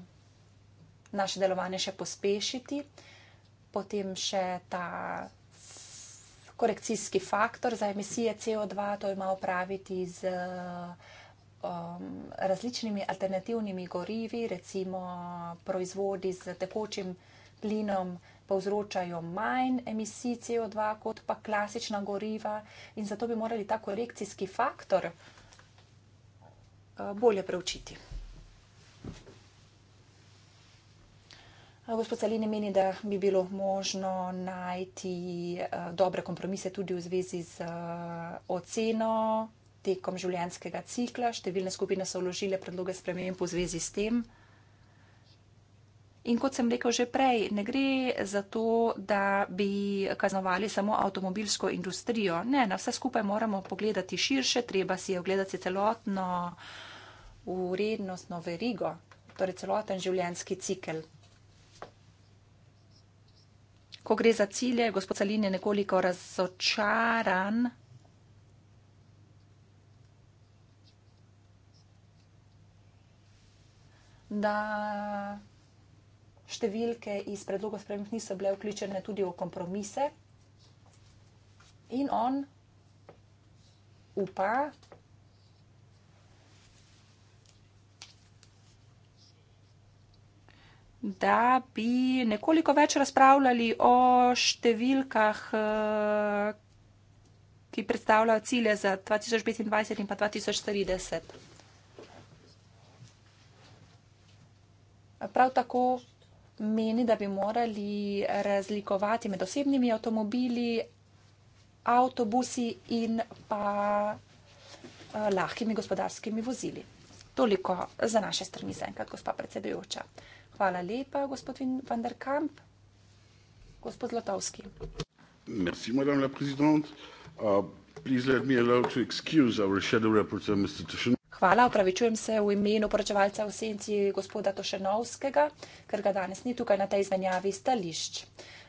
naše delovanje še pospešiti, potem še ta korekcijski faktor za emisije CO2, to ima opraviti z um, različnimi alternativnimi gorivi, recimo proizvodi z tekočim plinom povzročajo manj emisij CO2 kot pa klasična goriva in zato bi morali ta korekcijski faktor eh, bolje preučiti. Gospod Salini meni, da bi bilo možno najti eh, dobre kompromise tudi v zvezi z eh, oceno tekom življenjskega cikla. Številne skupine so vložile predloge spremembo v zvezi s tem. In kot sem rekel že prej, ne gre za to, da bi kaznovali samo avtomobilsko industrijo. Ne, na vse skupaj moramo pogledati širše, treba si je ogledati celotno urednostno verigo, torej celoten življenjski cikel. Ko gre za cilje, gospod Salin je nekoliko razočaran. Da številke iz predloga sprememb niso bile vključene tudi v kompromise. In on upa, da bi nekoliko več razpravljali o številkah, eh, ki predstavljajo cilje za 2025 in pa 2040. Prav tako meni, da bi morali razlikovati med osebnimi avtomobili, avtobusi in pa eh, lahkimi gospodarskimi vozili. Toliko za naše strani zaenkrat, gospa predsedujoča. Hvala lepa, gospod Van der Kamp. Gospod Zlotovski. Merci, madame la présidente. Uh, please let me allow to excuse our shadow rapporteur, Mr. Tushin. Hvala, opravičujem se v imenu poročevalca v senci gospoda Tošenovskega, ker ga danes ni tukaj na tej izmenjavi stališč.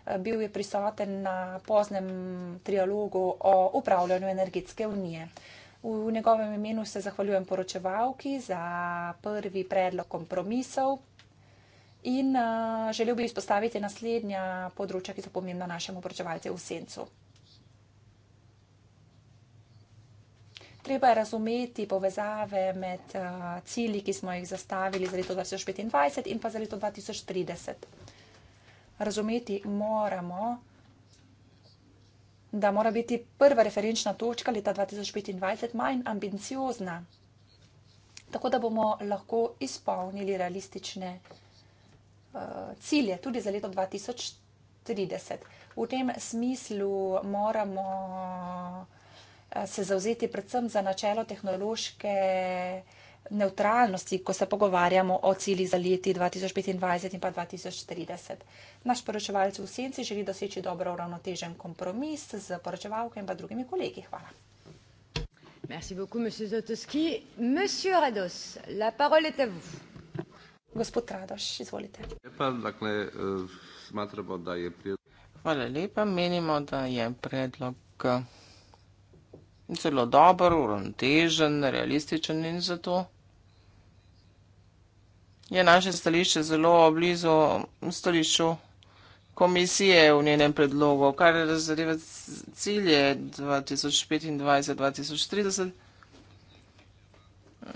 Eh, bil je prisoten na poznem trialogu o upravljanju energetske unije. V njegovem imenu se zahvaljujem poročevalki za prvi predlog kompromisov in eh, želel bi izpostaviti naslednja področja, ki so pomembna našemu poročevalcu v sencu. treba je razumeti povezave med uh, cilji, ki smo jih zastavili za leto 2025 in pa za leto 2030. Razumeti moramo, da mora biti prva referenčna točka leta 2025 manj ambiciozna, tako da bomo lahko izpolnili realistične uh, cilje tudi za leto 2030. V tem smislu moramo. Eh, se zauzeti predvsem za načelo tehnološke neutralnosti, ko se pogovarjamo o cili za leti 2025 in pa 2030. Naš poročevalec v senci želi doseči dobro uravnotežen kompromis z poročevalkami in pa drugimi kolegi. Hvala. Merci beaucoup, monsieur Zotowski. Monsieur Rados, la parole est à vous. Gospod Rados, izvolite. Lepa, dakle, eh, smatramo, da je pred... Hvala lepa, menimo, da je predlog zelo dober, uravnotežen, realističen in zato je naše stališče zelo blizu stališču komisije v njenem predlogu, kar je razdeljeva cilje 2025-2030. Eh,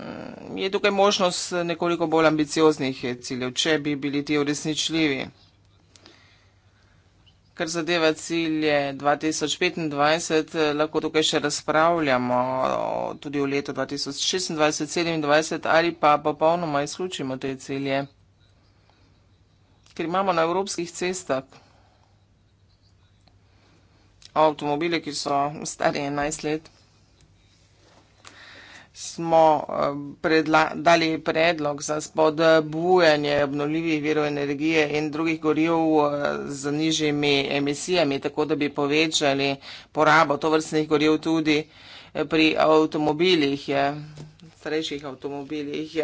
je tukaj možnost nekoliko bolj ambicioznih ciljev, če bi bili ti uresničljivi. Kar zadeva cilje 2025, eh, lahko tukaj še razpravljamo tudi v letu 2026-2027 ali pa popolnoma izključimo te cilje, ker imamo na evropskih cestah avtomobile, ki so stari 11 let smo eh, predla, dali predlog za spodbujanje obnovljivih virov energije in drugih goril eh, z nižjimi emisijami, tako da bi povečali porabo tovrstnih goril tudi eh, pri avtomobilih, starejših avtomobilih.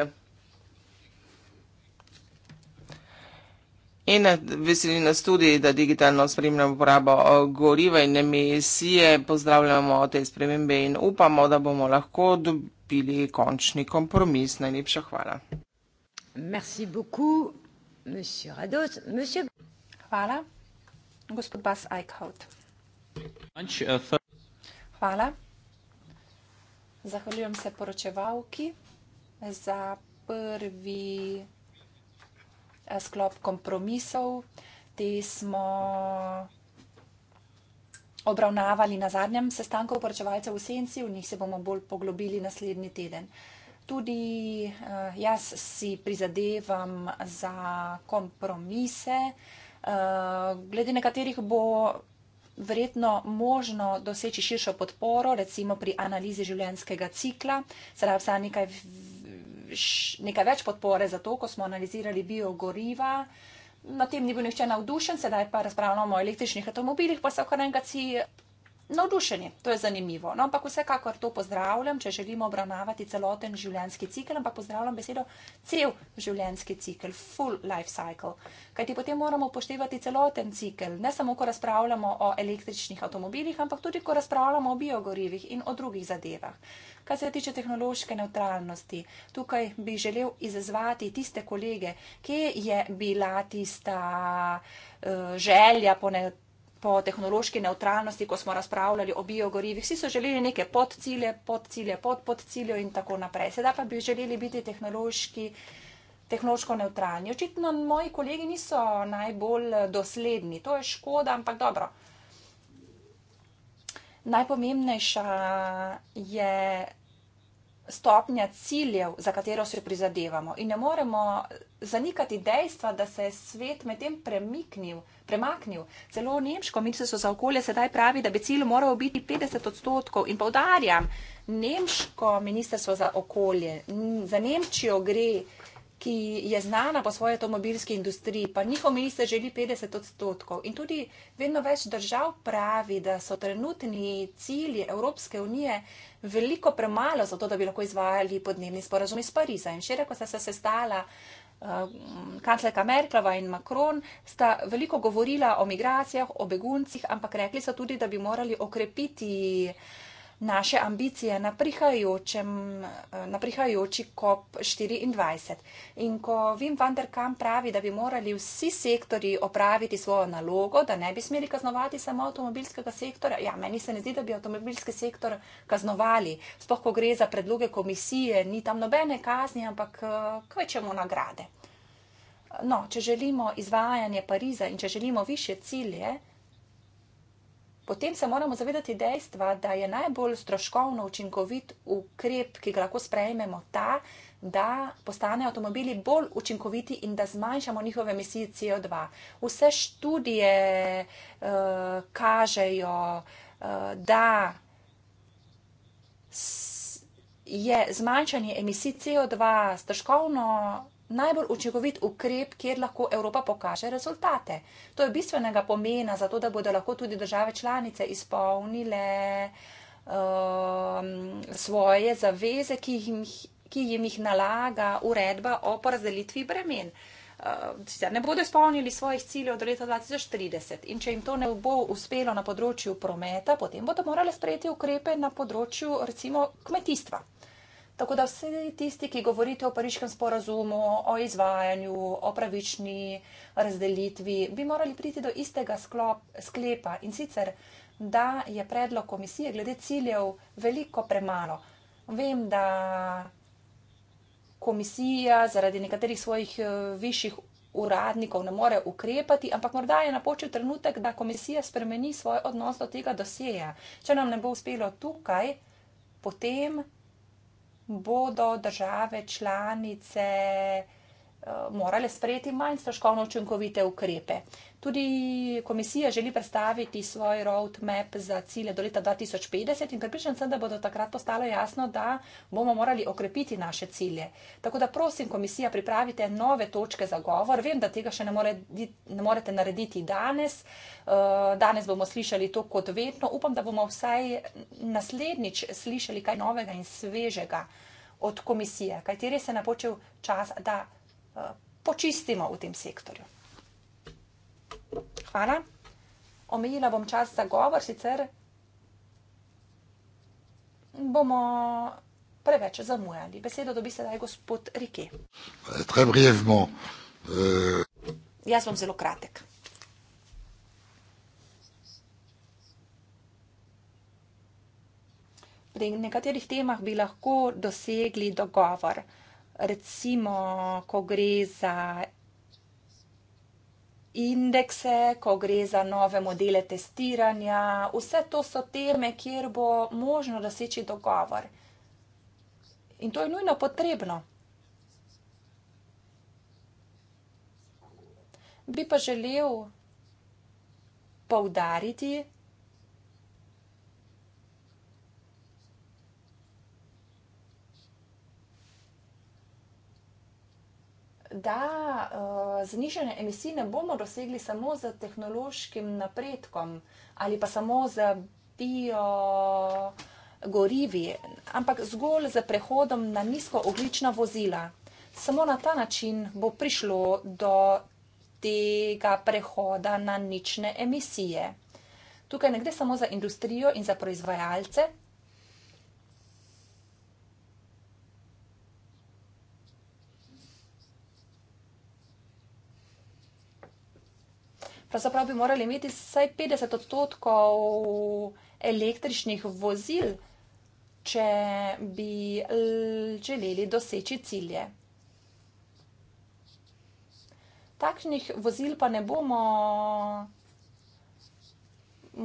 In veseli nas tudi, da digitalno spremljamo uporabo goriva in emisije. Pozdravljamo te spremembe in upamo, da bomo lahko dobili pripili končni kompromis. Najlepša hvala. Merci beaucoup, monsieur Rados. Monsieur... Hvala, gospod Bas Eichhout. Eh, hvala. Zahvaljujem se poročevalki za prvi eh, sklop kompromisov. Te smo obravnavali na zadnjem sestanku poročevalcev v Senci, v njih se bomo bolj poglobili naslednji teden. Tudi uh, jaz si prizadevam za kompromise, uh, glede nekaterih bo verjetno možno doseči širšo podporo, recimo pri analizi življenjskega cikla. Sedaj vsa nekaj, nekaj več podpore za to, ko smo analizirali biogoriva. Uh, na tem ni bil nihče navdušen, sedaj pa razpravljamo o električnih avtomobilih, pa se okrenka si navdušeni, to je zanimivo. No, ampak vsekakor to pozdravljam, če želimo obravnavati celoten življenjski cikl, ampak pozdravljam besedo cel življenjski cikl, full life cycle. Kajti potem moramo upoštevati celoten cikl, ne samo, ko razpravljamo o električnih avtomobilih, ampak tudi, ko razpravljamo o biogorivih in o drugih zadevah. Kar se tiče tehnološke neutralnosti, tukaj bi želel izazvati tiste kolege, kje je bila tista uh, želja po neutralnosti po tehnološki neutralnosti, ko smo razpravljali o biogorivih. Vsi so želeli neke podcilje, podcilje, podcilje pod in tako naprej. Sedaj pa bi želeli biti tehnološki. Tehnološko neutralni. Očitno moji kolegi niso najbolj dosledni, to je škoda, ampak dobro. Najpomembnejša je stopnja ciljev, za katero se prizadevamo. In ne moremo zanikati dejstva, da se je svet med tem premiknil, premaknil. Celo Nemško ministrstvo za okolje sedaj pravi, da bi cilj moral biti 50 odstotkov. In povdarjam, Nemško ministrstvo za okolje, za Nemčijo gre ki je znana po svoji avtomobilski industriji, pa njihov minister želi 50 odstotkov. In tudi vedno več držav pravi, da so trenutni cilji Evropske unije veliko premalo za to, da bi lahko izvajali podnebni sporazum iz Pariza. In včeraj, ko sta se sestala um, kanclerka Merklova in Macron, sta veliko govorila o migracijah, o beguncih, ampak rekli so tudi, da bi morali okrepiti naše ambicije na, na prihajajoči COP24. In ko Vim van der Kamp pravi, da bi morali vsi sektori opraviti svojo nalogo, da ne bi smeli kaznovati samo avtomobilskega sektora, ja, meni se ne zdi, da bi avtomobilski sektor kaznovali. Sploh, ko gre za predloge komisije, ni tam nobene kazni, ampak kaj čemu nagrade. No, če želimo izvajanje Pariza in če želimo više cilje, eh, potem se moramo zavedati dejstva, da je najbolj stroškovno učinkovit ukrep, ki ga lahko sprejmemo, ta, da postanejo avtomobili bolj učinkoviti in da zmanjšamo njihove emisije CO2. Vse študije uh, kažejo, uh, da je zmanjšanje emisij CO2 stroškovno najbolj učinkovit ukrep, kjer lahko Evropa pokaže rezultate. To je bistvenega pomena, zato da bodo lahko tudi države članice izpolnile um, svoje zaveze, ki jim, ki jim jih nalaga uredba o porazdelitvi bremen. Uh, ne bodo izpolnili svojih ciljev do leta 2030 in če jim to ne bo uspelo na področju prometa, potem bodo morali sprejeti ukrepe na področju recimo kmetijstva. Tako da vsi tisti, ki govorite o pariškem sporazumu, o izvajanju, o pravični razdelitvi, bi morali priti do istega sklop, sklepa in sicer, da je predlog komisije glede ciljev veliko premalo. Vem, da komisija zaradi nekaterih svojih eh, višjih uradnikov ne more ukrepati, ampak morda je napočil trenutek, da komisija spremeni svoj odnos do tega doseja. Če nam ne bo uspelo tukaj, potem bodo države članice Eh, morale sprejeti manj stroškovno učinkovite ukrepe. Tudi komisija želi predstaviti svoj roadmap za cilje do leta 2050 in pripričan sem, da bodo takrat postalo jasno, da bomo morali okrepiti naše cilje. Tako da prosim, komisija, pripravite nove točke za govor. Vem, da tega še ne, more, ne morete narediti danes. Eh, danes bomo slišali to kot vedno. Upam, da bomo vsaj naslednjič slišali kaj novega in svežega od komisije, kajti res je napočil čas, da. Eh, počistimo v tem sektorju. Hvala. Omejila bom čas za govor, sicer bomo preveč zamujali. Besedo dobi sedaj gospod Rike. Eh, eh, Jaz bom zelo kratek. Pri nekaterih temah bi lahko dosegli dogovor recimo, ko gre za indekse, ko gre za nove modele testiranja, vse to so teme, kjer bo možno doseči dogovor. In to je nujno potrebno. Bi pa želel poudariti, da eh, znižene emisije ne bomo dosegli samo z tehnološkim napredkom ali pa samo z bio gorivi, ampak zgolj z prehodom na nizkooglična vozila. Samo na ta način bo prišlo do tega prehoda na nične emisije. Tukaj ne gre samo za industrijo in za proizvajalce, pravzaprav bi morali imeti vsaj 50 odstotkov električnih vozil, če bi želeli doseči cilje. Takšnih vozil pa ne bomo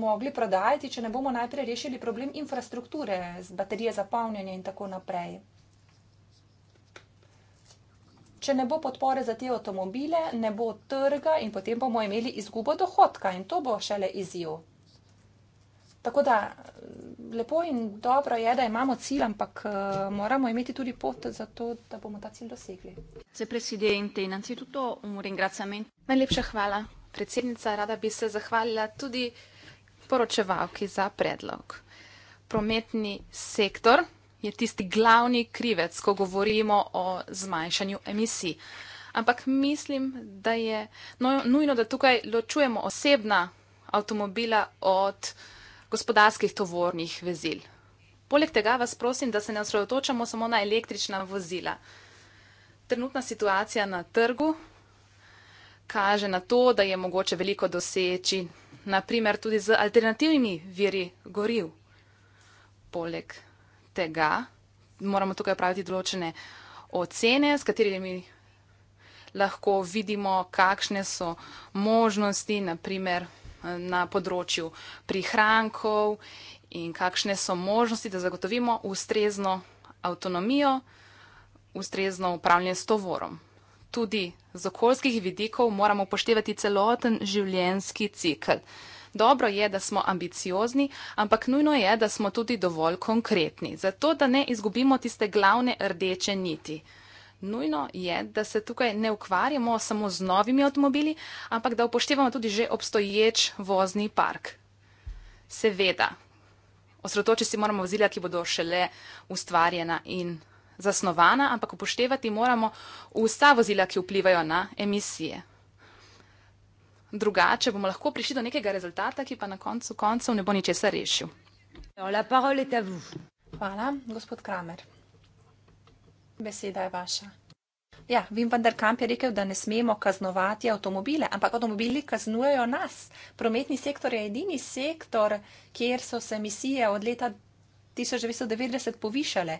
mogli prodajati, če ne bomo najprej rešili problem infrastrukture z baterije za polnjenje in tako naprej če ne bo podpore za te avtomobile, ne bo trga in potem bomo imeli izgubo dohodka in to bo šele izjiv. Tako da lepo in dobro je, da imamo cilj, ampak moramo imeti tudi pot za to, da bomo ta cilj dosegli. Najlepša hvala, predsednica. Rada bi se zahvalila tudi poročevalki za predlog. Prometni sektor je tisti glavni krivec, ko govorimo o zmanjšanju emisij. Ampak mislim, da je no, nujno, da tukaj ločujemo osebna avtomobila od gospodarskih tovornih vezil. Poleg tega vas prosim, da se ne osredotočamo samo na električna vozila. Trenutna situacija na trgu kaže na to, da je mogoče veliko doseči, naprimer tudi z alternativnimi viri goriv. Poleg tega moramo tukaj praviti določene ocene, s katerimi lahko vidimo, kakšne so možnosti, naprimer na področju prihrankov in kakšne so možnosti, da zagotovimo ustrezno avtonomijo, ustrezno upravljanje s tovorom. Tudi z okoljskih vidikov moramo poštevati celoten življenjski cikl. Dobro je, da smo ambiciozni, ampak nujno je, da smo tudi dovolj konkretni, zato da ne izgubimo tiste glavne rdeče niti. Nujno je, da se tukaj ne ukvarjamo samo z novimi avtomobili, ampak da upoštevamo tudi že obstoječ vozni park. Seveda, osredotočiti se moramo vozila, ki bodo šele ustvarjena in zasnovana, ampak upoštevati moramo vsa vozila, ki vplivajo na emisije drugače bomo lahko prišli do nekega rezultata, ki pa na koncu koncev ne bo ničesar rešil. No, Hvala, gospod Kramer. Beseda je vaša. Ja, vem, vendar Kamp je rekel, da ne smemo kaznovati avtomobile, ampak avtomobili kaznujejo nas. Prometni sektor je edini sektor, kjer so se emisije od leta 1990 povišale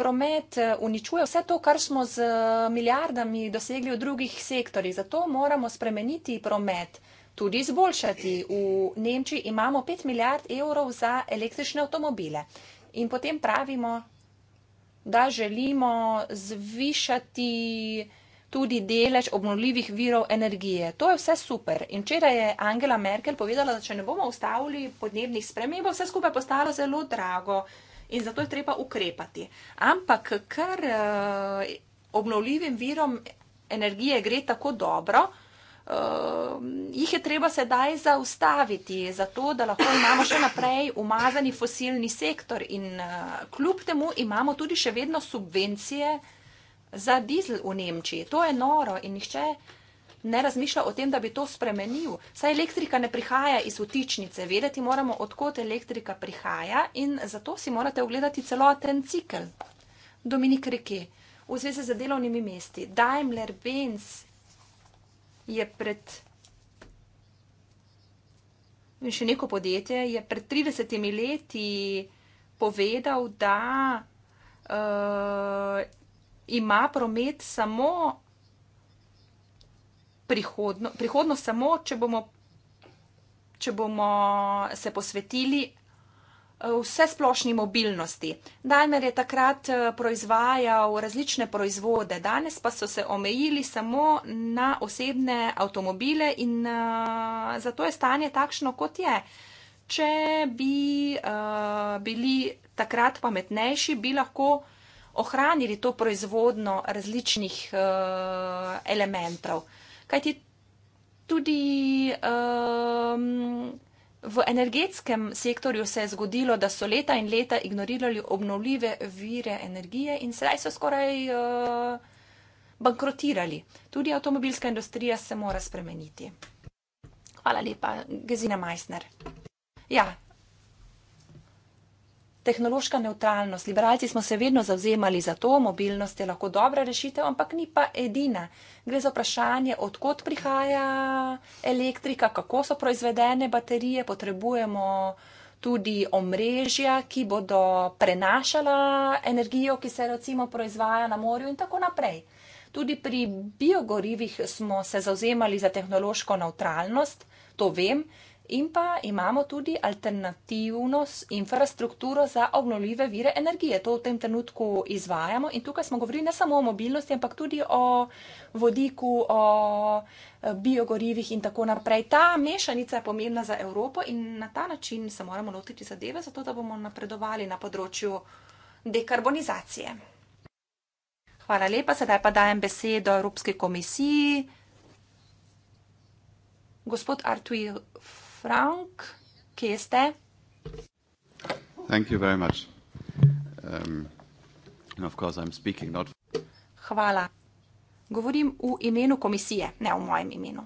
promet eh, uničuje vse to, kar smo z eh, milijardami dosegli v drugih sektorjih. Zato moramo spremeniti promet, tudi izboljšati. V Nemčiji imamo 5 milijard evrov za električne avtomobile. In potem pravimo, da želimo zvišati tudi delež obnovljivih virov energije. To je vse super. In včeraj je Angela Merkel povedala, da če ne bomo ustavili podnebnih sprememb, bo vse skupaj postalo zelo drago in zato je treba ukrepati. Ampak kar eh, obnovljivim virom energije gre tako dobro, eh, jih je treba sedaj zaustaviti, zato da lahko imamo še naprej umazani fosilni sektor in eh, kljub temu imamo tudi še vedno subvencije za dizel v Nemčiji. To je noro in nihče ne razmišlja o tem, da bi to spremenil. Saj elektrika ne prihaja iz utičnice, vedeti moramo, odkot elektrika prihaja in zato si morate ogledati celoten cikl. Dominik Reke, v zvezi z delovnimi mesti, Daimler Benz je pred. In še neko podjetje je pred 30 leti povedal, da uh, ima promet samo prihodno, prihodno samo, če bomo, če bomo se posvetili eh, vse splošni mobilnosti. Daimler je takrat eh, proizvajal različne proizvode, danes pa so se omejili samo na osebne avtomobile in uh, zato je stanje takšno, kot je. Če bi uh, bili takrat pametnejši, bi lahko ohranili to proizvodno različnih uh, elementov. Uh, kajti tudi um, v energetskem sektorju se je zgodilo, da so leta in leta ignorirali obnovljive vire energije in sedaj so skoraj uh, bankrotirali. Tudi avtomobilska industrija se mora spremeniti. Hvala lepa, Gezina Meissner. Ja, tehnološka neutralnost. Liberalci smo se vedno zavzemali za to, mobilnost je lahko dobra rešitev, ampak ni pa edina. Gre za vprašanje, odkot prihaja elektrika, kako so proizvedene baterije, potrebujemo tudi omrežja, ki bodo prenašala energijo, ki se recimo proizvaja na morju in tako naprej. Tudi pri biogorivih smo se zauzemali za tehnološko neutralnost, to vem, in pa imamo tudi alternativno infrastrukturo za obnovljive vire energije. To v tem trenutku izvajamo in tukaj smo govorili ne samo o mobilnosti, ampak tudi o vodiku, o eh, biogorivih in tako naprej. Ta mešanica je pomembna za Evropo in na ta način se moramo lotiti zadeve, zato da bomo napredovali na področju dekarbonizacije. Hvala lepa, sedaj pa dajem besedo Evropske komisiji. Gospod Artur Frank, kje ste? Thank you very much. Um, and of course I'm speaking not... Hvala. Govorim v imenu komisije, ne v mojem imenu.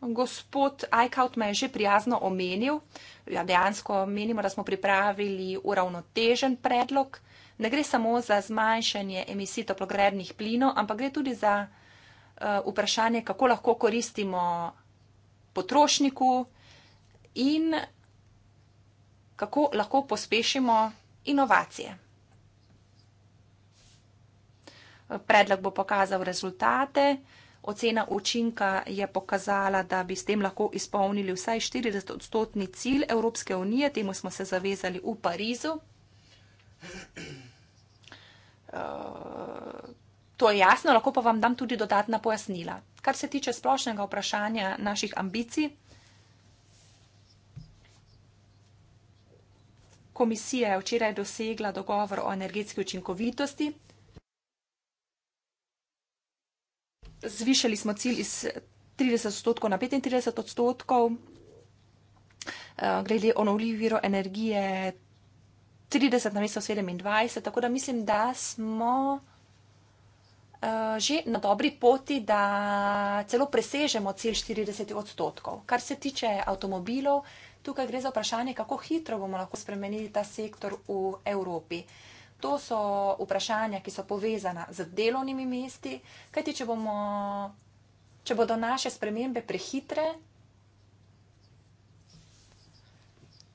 Gospod Eichhout me je že prijazno omenil. Ja, dejansko menimo, da smo pripravili uravnotežen predlog ne gre samo za zmanjšanje emisij toplogrednih plinov, ampak gre tudi za eh, vprašanje, kako lahko koristimo potrošniku in kako lahko pospešimo inovacije. Predlog bo pokazal rezultate. Ocena učinka je pokazala, da bi s tem lahko izpolnili vsaj 40 odstotni cilj Evropske unije. Temu smo se zavezali v Parizu. Eh, to je jasno, lahko pa vam dam tudi dodatna pojasnila. Kar se tiče splošnega vprašanja naših ambicij, komisija je včeraj dosegla dogovor o energetski učinkovitosti. Zvišali smo cilj iz 30 odstotkov na 35 odstotkov. Eh, glede onovljivih virov energije, 30 na mesto 27, tako da mislim, da smo uh, že na dobri poti, da celo presežemo cilj 40 odstotkov. Kar se tiče avtomobilov, tukaj gre za vprašanje, kako hitro bomo lahko spremenili ta sektor v Evropi. To so vprašanja, ki so povezana z delovnimi mesti, kajti če, bomo, če bodo naše spremembe prehitre,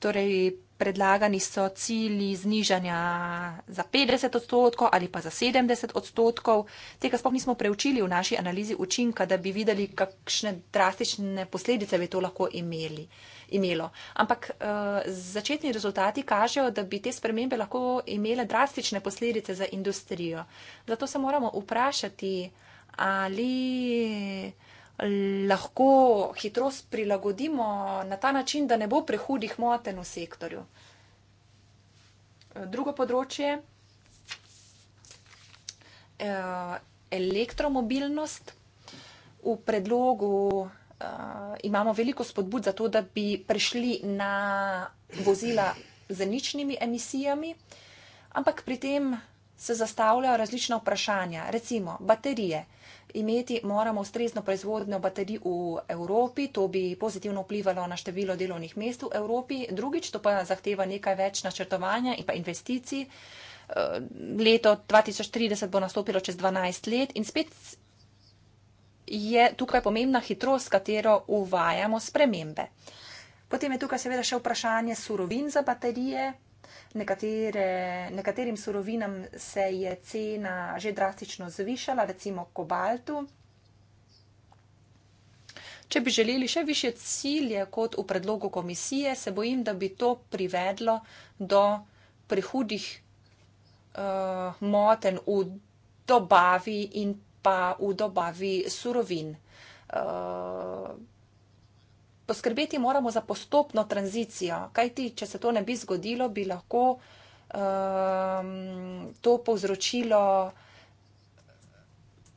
Torej, predlagani so cilji znižanja za 50 odstotkov ali pa za 70 odstotkov. Tega sploh nismo preučili v naši analizi učinka, da bi videli, kakšne drastične posledice bi to lahko imeli. Imelo. Ampak uh, začetni rezultati kažejo, da bi te spremembe lahko imele drastične posledice za industrijo. Zato se moramo vprašati, ali lahko hitrost prilagodimo na ta način, da ne bo prehudih moten v sektorju. Drugo področje. Eh, elektromobilnost. V predlogu uh, imamo veliko spodbud za to, da bi prišli na vozila z ničnimi emisijami, ampak pri tem se zastavljajo različna vprašanja, recimo baterije imeti moramo ustrezno proizvodnjo baterij v Evropi. To bi pozitivno vplivalo na število delovnih mest v Evropi. Drugič, to pa zahteva nekaj več načrtovanja in pa investicij. Eh, leto 2030 bo nastopilo čez 12 let in spet je tukaj pomembna hitrost, katero uvajamo spremembe. Potem je tukaj seveda še vprašanje surovin za baterije. Nekatere, nekaterim surovinam se je cena že drastično zvišala, recimo kobaltu. Če bi želeli še više cilje kot v predlogu komisije, se bojim, da bi to privedlo do prihudih uh, eh, moten v dobavi in pa v dobavi surovin. Uh, poskrbeti moramo za postopno tranzicijo, kajti če se to ne bi zgodilo, bi lahko um, to povzročilo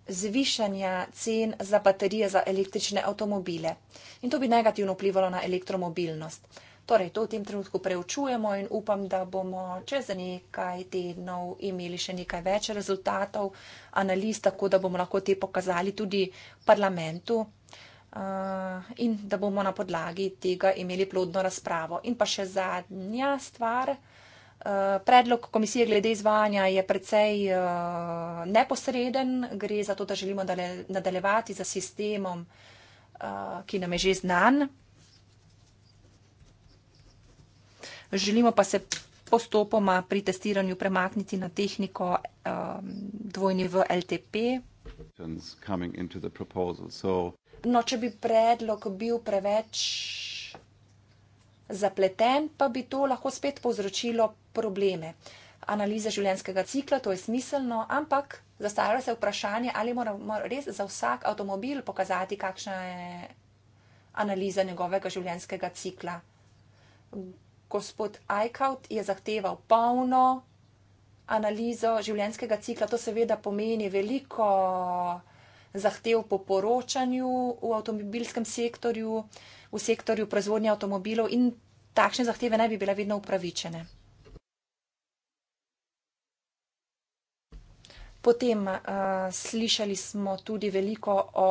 zvišanje cen za baterije za električne avtomobile. In to bi negativno vplivalo na elektromobilnost. Torej, to v tem trenutku preučujemo in upam, da bomo čez nekaj tednov imeli še nekaj več rezultatov analiz, tako da bomo lahko te pokazali tudi parlamentu. Eh, in da bomo na podlagi tega imeli plodno razpravo. In pa še zadnja stvar. Eh, predlog komisije glede izvajanja je precej eh, neposreden. Gre za to, da želimo nadaljevati za sistemom, ki nam je že znan. Želimo pa se postopoma pri testiranju premakniti na tehniko dvojni v LTP. So, No, če bi predlog bil preveč zapleten, pa bi to lahko spet povzročilo probleme. Analize življenjskega cikla, to je smiselno, ampak zastavlja se vprašanje, ali moramo res za vsak avtomobil pokazati, kakšna je analiza njegovega življenjskega cikla. Gospod Eichhout je zahteval polno analizo življenjskega cikla, to seveda pomeni veliko zahtev po poročanju v avtomobilskem sektorju, v sektorju proizvodnje avtomobilov in takšne zahteve naj bi bile vedno upravičene. Potem uh, slišali smo tudi veliko o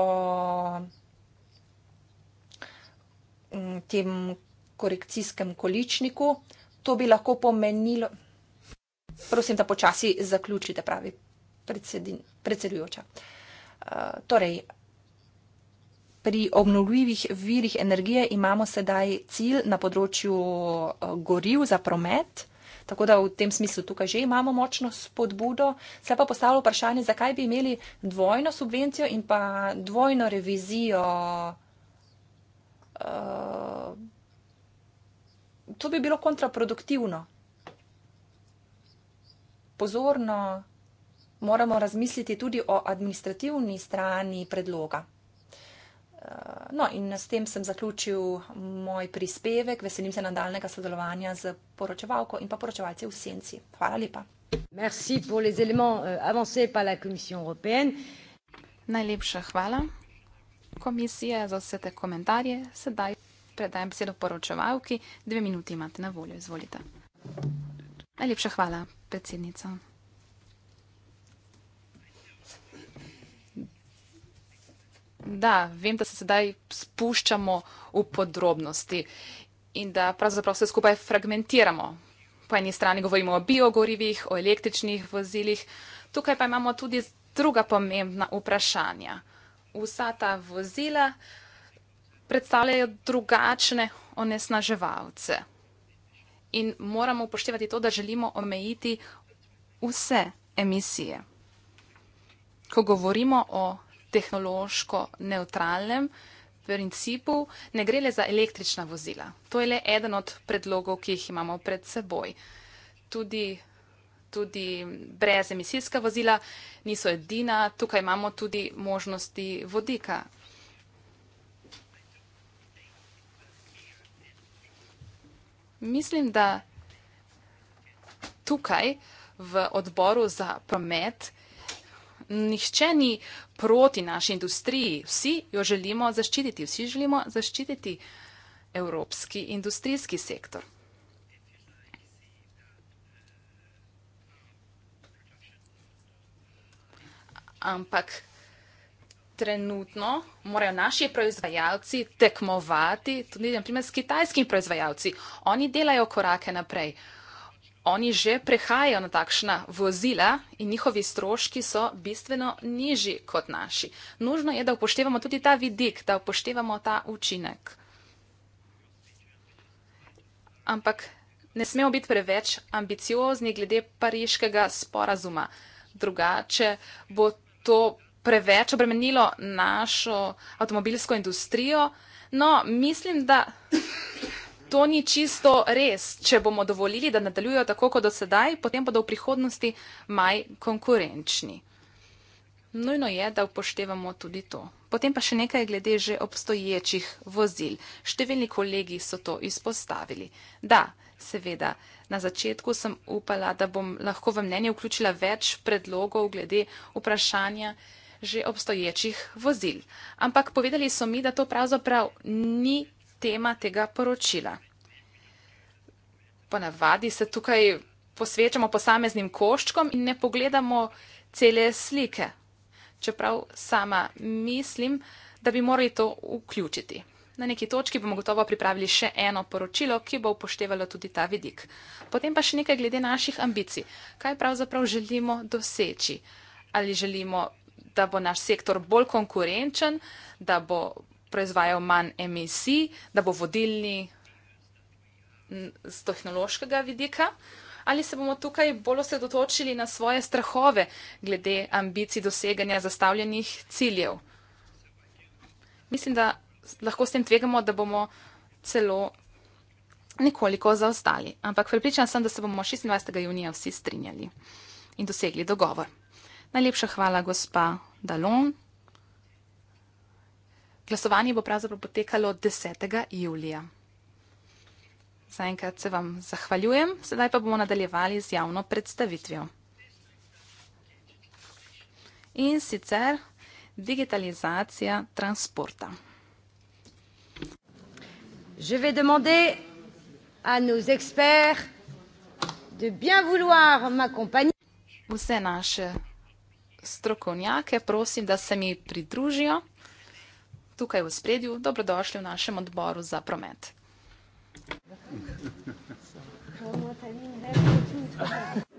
mm, tem korekcijskem količniku. To bi lahko pomenilo. Prosim, da počasi zaključite, pravi predsedin, predsedujoča. Uh, torej, pri obnovljivih virih energije imamo sedaj cilj na področju eh, goriv za promet. Tako da v tem smislu tukaj že imamo močno spodbudo. Se pa postavlja vprašanje, zakaj bi imeli dvojno subvencijo in pa dvojno revizijo. Uh, to bi bilo kontraproduktivno. Pozorno moramo razmisliti tudi o administrativni strani predloga. Eh, no, in s tem sem zaključil moj prispevek. Veselim se nadaljnega sodelovanja z poročevalko in pa poročevalci v senci. Hvala lepa. Merci pour les éléments euh, avancés par la Commission européenne. Najlepša hvala. Komisija za vse te komentarje. Sedaj predajem besedo poročevalki. Dve minuti imate na voljo. Izvolite. Najlepša hvala, predsednica. Da, vem, da se sedaj spuščamo v podrobnosti in da pravzaprav vse skupaj fragmentiramo. Po eni strani govorimo o biogorivih, o električnih vozilih, tukaj pa imamo tudi druga pomembna vprašanja. Vsa ta vozila predstavljajo drugačne onesnaževalce in moramo upoštevati to, da želimo omejiti vse emisije. Ko govorimo o tehnološko neutralnem principu, ne gre le za električna vozila. To je le eden od predlogov, ki jih imamo pred seboj. Tudi, tudi brezemisijska vozila niso edina, tukaj imamo tudi možnosti vodika. Mislim, da tukaj v odboru za promet nihče ni proti naši industriji. Vsi jo želimo zaščititi, vsi želimo zaščititi evropski industrijski sektor. Ampak trenutno morajo naši proizvajalci tekmovati tudi naprimer s kitajskimi proizvajalci. Oni delajo korake naprej. Uh, oni že prehajajo na takšna vozila in njihovi stroški so bistveno nižji kot naši. Nužno je, da upoštevamo tudi ta vidik, da upoštevamo ta učinek. Ampak ne smemo biti preveč ambiciozni glede pariškega sporazuma. Drugače bo to preveč obremenilo našo avtomobilsko industrijo. No, mislim, da to ni čisto res. Če bomo dovolili, da nadaljujejo tako kot do sedaj, potem bodo v prihodnosti manj konkurenčni. Nujno je, da upoštevamo tudi to. Potem pa še nekaj glede že obstoječih vozil. Številni kolegi so to izpostavili. Da, seveda, na začetku sem upala, da bom lahko v mnenje vključila več predlogov glede vprašanja že obstoječih vozil. Ampak povedali so mi, da to pravzaprav ni tema tega poročila. Ponavadi se tukaj posvečamo posameznim koščkom in ne pogledamo cele slike, čeprav sama mislim, da bi morali to vključiti. Na neki točki bomo gotovo pripravili še eno poročilo, ki bo upoštevalo tudi ta vidik. Potem pa še nekaj glede naših ambicij. Kaj pravzaprav želimo doseči? Ali želimo, da bo naš sektor bolj konkurenčen, da bo proizvajal manj emisij, da bo vodilni z tehnološkega vidika? Ali se bomo tukaj bolj osredotočili na svoje strahove glede ambicij doseganja zastavljenih ciljev? Mislim, da lahko s tem tvegamo, da bomo celo nekoliko zaostali. Ampak pripričana sem, da se bomo 26. junija vsi strinjali in dosegli dogovor. Najlepša hvala, gospa Dalon. Glasovanje bo pravzaprav potekalo 10. julija. Zaenkrat se vam zahvaljujem, sedaj pa bomo nadaljevali z javno predstavitvijo. In sicer digitalizacija transporta. Je vais demander à nos experts de bien vouloir m'accompagner. Vse naše strokovnjake prosim, da se mi pridružijo tukaj v spredju. Dobrodošli v našem odboru za promet. Hvala. [LAUGHS]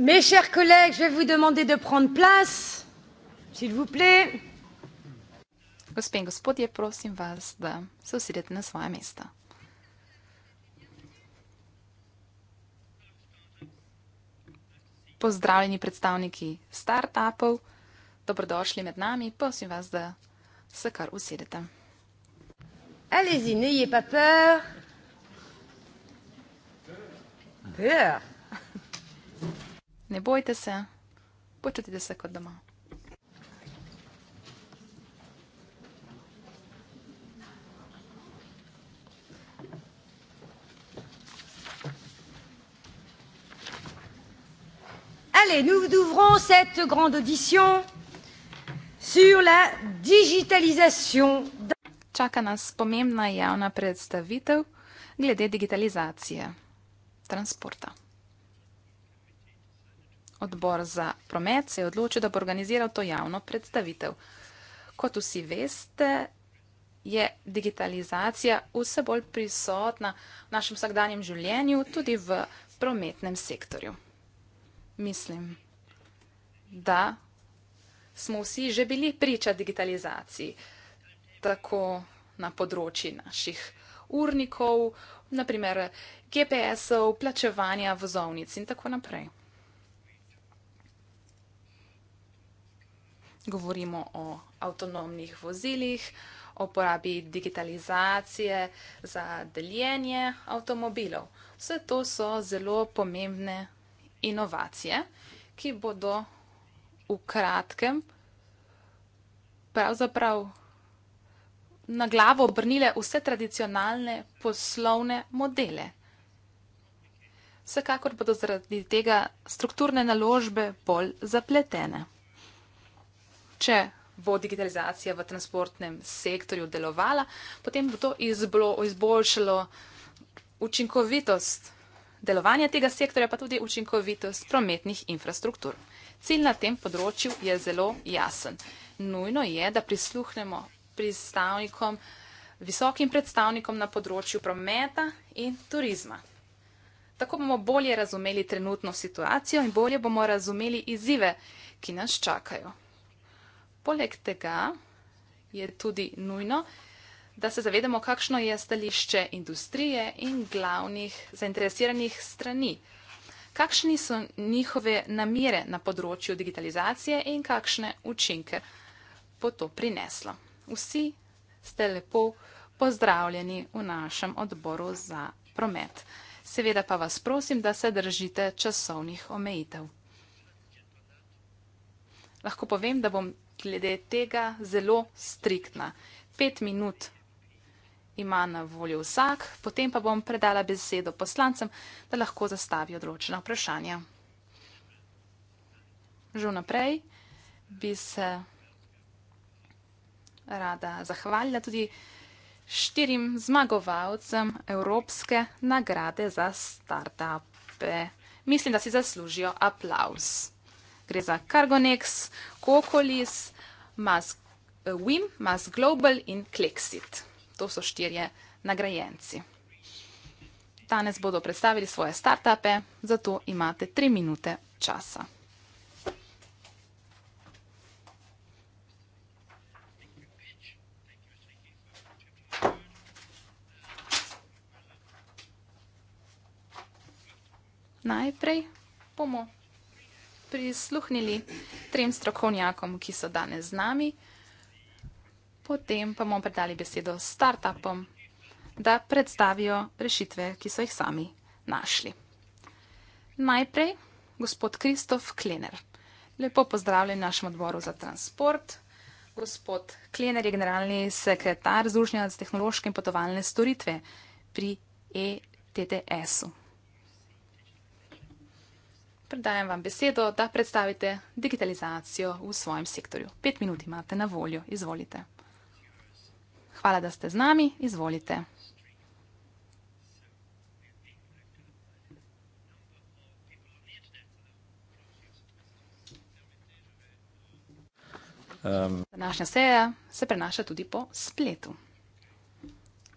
Mes chers collègues, je vais vous demander de prendre place, s'il vous plaît. Gospe in gospodje, prosim vas, da se usedete na svoje mesta. Pozdravljeni predstavniki start-upov, dobrodošli med nami, prosim vas, da se kar usedete. Allez-y, n'ayez pas peur. Peur. Peur ne bojte se, počutite se kot doma. Allez, nous ouvrons cette grande audition sur la digitalisation. Čaka nas pomembna javna predstavitev glede digitalizacije transporta. Odbor za promet se je odločil, da bo organiziral to javno predstavitev. Kot vsi veste, je digitalizacija vse bolj prisotna v našem vsakdanjem življenju, tudi v prometnem sektorju. Mislim, da smo vsi že bili priča digitalizaciji, tako na področji naših urnikov, naprimer GPS-ov, plačevanja vozovnic in tako naprej. govorimo o avtonomnih vozilih, o porabi digitalizacije za deljenje avtomobilov. Vse to so zelo pomembne inovacije, ki bodo v kratkem pravzaprav na glavo obrnile vse tradicionalne poslovne modele. Vsekakor bodo zaradi tega strukturne naložbe bolj zapletene če bo digitalizacija v transportnem sektorju delovala, potem bo to izblo, izboljšalo učinkovitost delovanja tega sektorja, pa tudi učinkovitost prometnih infrastruktur. Cilj na tem področju je zelo jasen. Nujno je, da prisluhnemo predstavnikom, visokim predstavnikom na področju prometa in turizma. Tako bomo bolje razumeli trenutno situacijo in bolje bomo razumeli izzive, ki nas čakajo poleg tega je tudi nujno, da se zavedamo, kakšno je stališče industrije in glavnih zainteresiranih strani. Kakšni so njihove namere na področju digitalizacije in kakšne učinke bo to prineslo. Vsi ste lepo pozdravljeni v našem odboru za promet. Seveda pa vas prosim, da se držite časovnih omejitev. Lahko povem, da bom glede tega zelo striktna. Pet minut ima na voljo vsak, potem pa bom predala besedo poslancem, da lahko zastavijo določena vprašanja. Že naprej bi se rada zahvalila tudi štirim zmagovalcem Evropske nagrade za startupe. Mislim, da si zaslužijo aplaus gre za Cargonex, Cocolis, Mas, eh, Wim, Mas Global in Klexit. To so štirje nagrajenci. Danes bodo predstavili svoje startupe, zato imate tri minute časa. Najprej bomo prisluhnili trem strokovnjakom, ki so danes z nami. Potem pa bomo predali besedo startupom, da predstavijo rešitve, ki so jih sami našli. Najprej gospod Kristof Klener. Lepo pozdravljen našem odboru za transport. Gospod Klener je generalni sekretar Združenja za tehnološke in potovalne storitve pri ETTS-u. Predajam vam besedo, da predstavite digitalizacijo v svojem sektorju. Pet minut imate na voljo, izvolite. Hvala, da ste z nami, izvolite. Um. Današnja seja se prenaša tudi po spletu.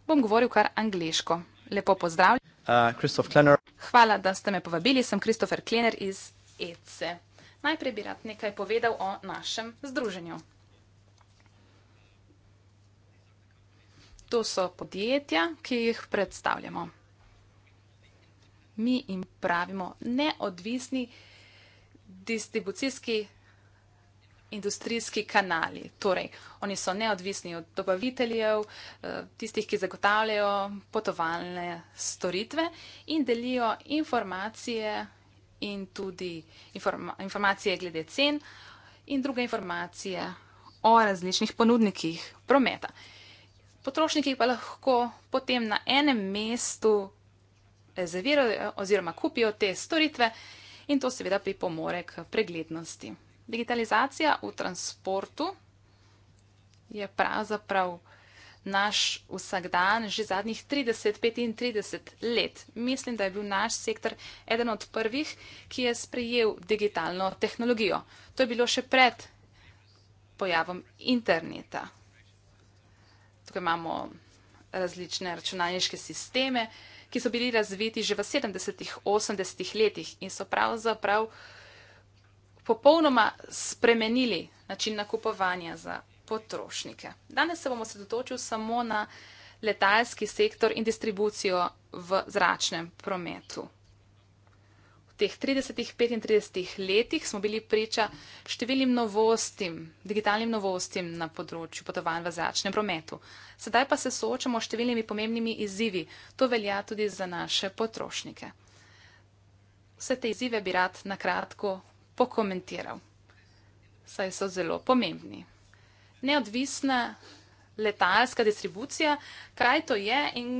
Bom govoril kar angleško. Lepo pozdravljeni... Kristof uh, Klener. Hvala, da ste me povabili. Sem Kristofer Klener iz ECE. Najprej bi rad nekaj povedal o našem združenju. To so podjetja, ki jih predstavljamo. Mi jim pravimo neodvisni distribucijski industrijski kanali. Torej, oni so neodvisni od dobaviteljev, eh, tistih, ki zagotavljajo potovalne storitve in delijo informacije in tudi informa informacije glede cen in druge informacije o različnih ponudnikih prometa. Potrošniki pa lahko potem na enem mestu rezervirajo eh, oziroma kupijo te storitve in to seveda pripomore k preglednosti. Digitalizacija v transportu je pravzaprav naš vsakdan že zadnjih 30-35 let. Mislim, da je bil naš sektor eden od prvih, ki je sprejel digitalno tehnologijo. To je bilo še pred pojavom interneta. Tukaj imamo različne računalniške sisteme, ki so bili razviti že v 70-80 letih in so pravzaprav popolnoma spremenili način nakupovanja za potrošnike. Danes se bomo sredotočili samo na letalski sektor in distribucijo v zračnem prometu. V teh 30-35 letih smo bili priča številnim novostim, digitalnim novostim na področju potovanj v zračnem prometu. Sedaj pa se soočamo s številnimi pomembnimi izzivi. To velja tudi za naše potrošnike. Vse te izzive bi rad na kratko pokomentiral, saj so zelo pomembni. Neodvisna letalska distribucija, kaj to je in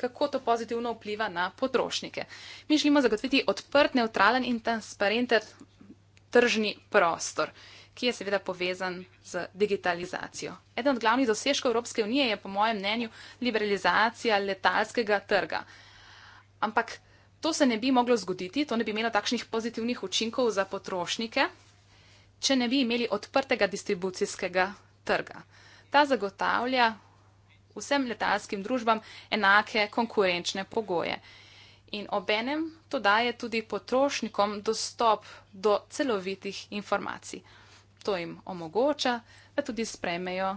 kako to pozitivno vpliva na potrošnike. Mi želimo zagotoviti odprt, neutralen in transparenten tržni prostor, ki je seveda povezan z digitalizacijo. Eden od glavnih dosežkov Evropske unije je po mojem mnenju liberalizacija letalskega trga. Ampak To se ne bi moglo zgoditi, to ne bi imelo takšnih pozitivnih učinkov za potrošnike, če ne bi imeli odprtega distribucijskega trga. Ta zagotavlja vsem letalskim družbam enake konkurenčne pogoje. In obenem to daje tudi potrošnikom dostop do celovitih informacij. To jim omogoča, da tudi sprejmejo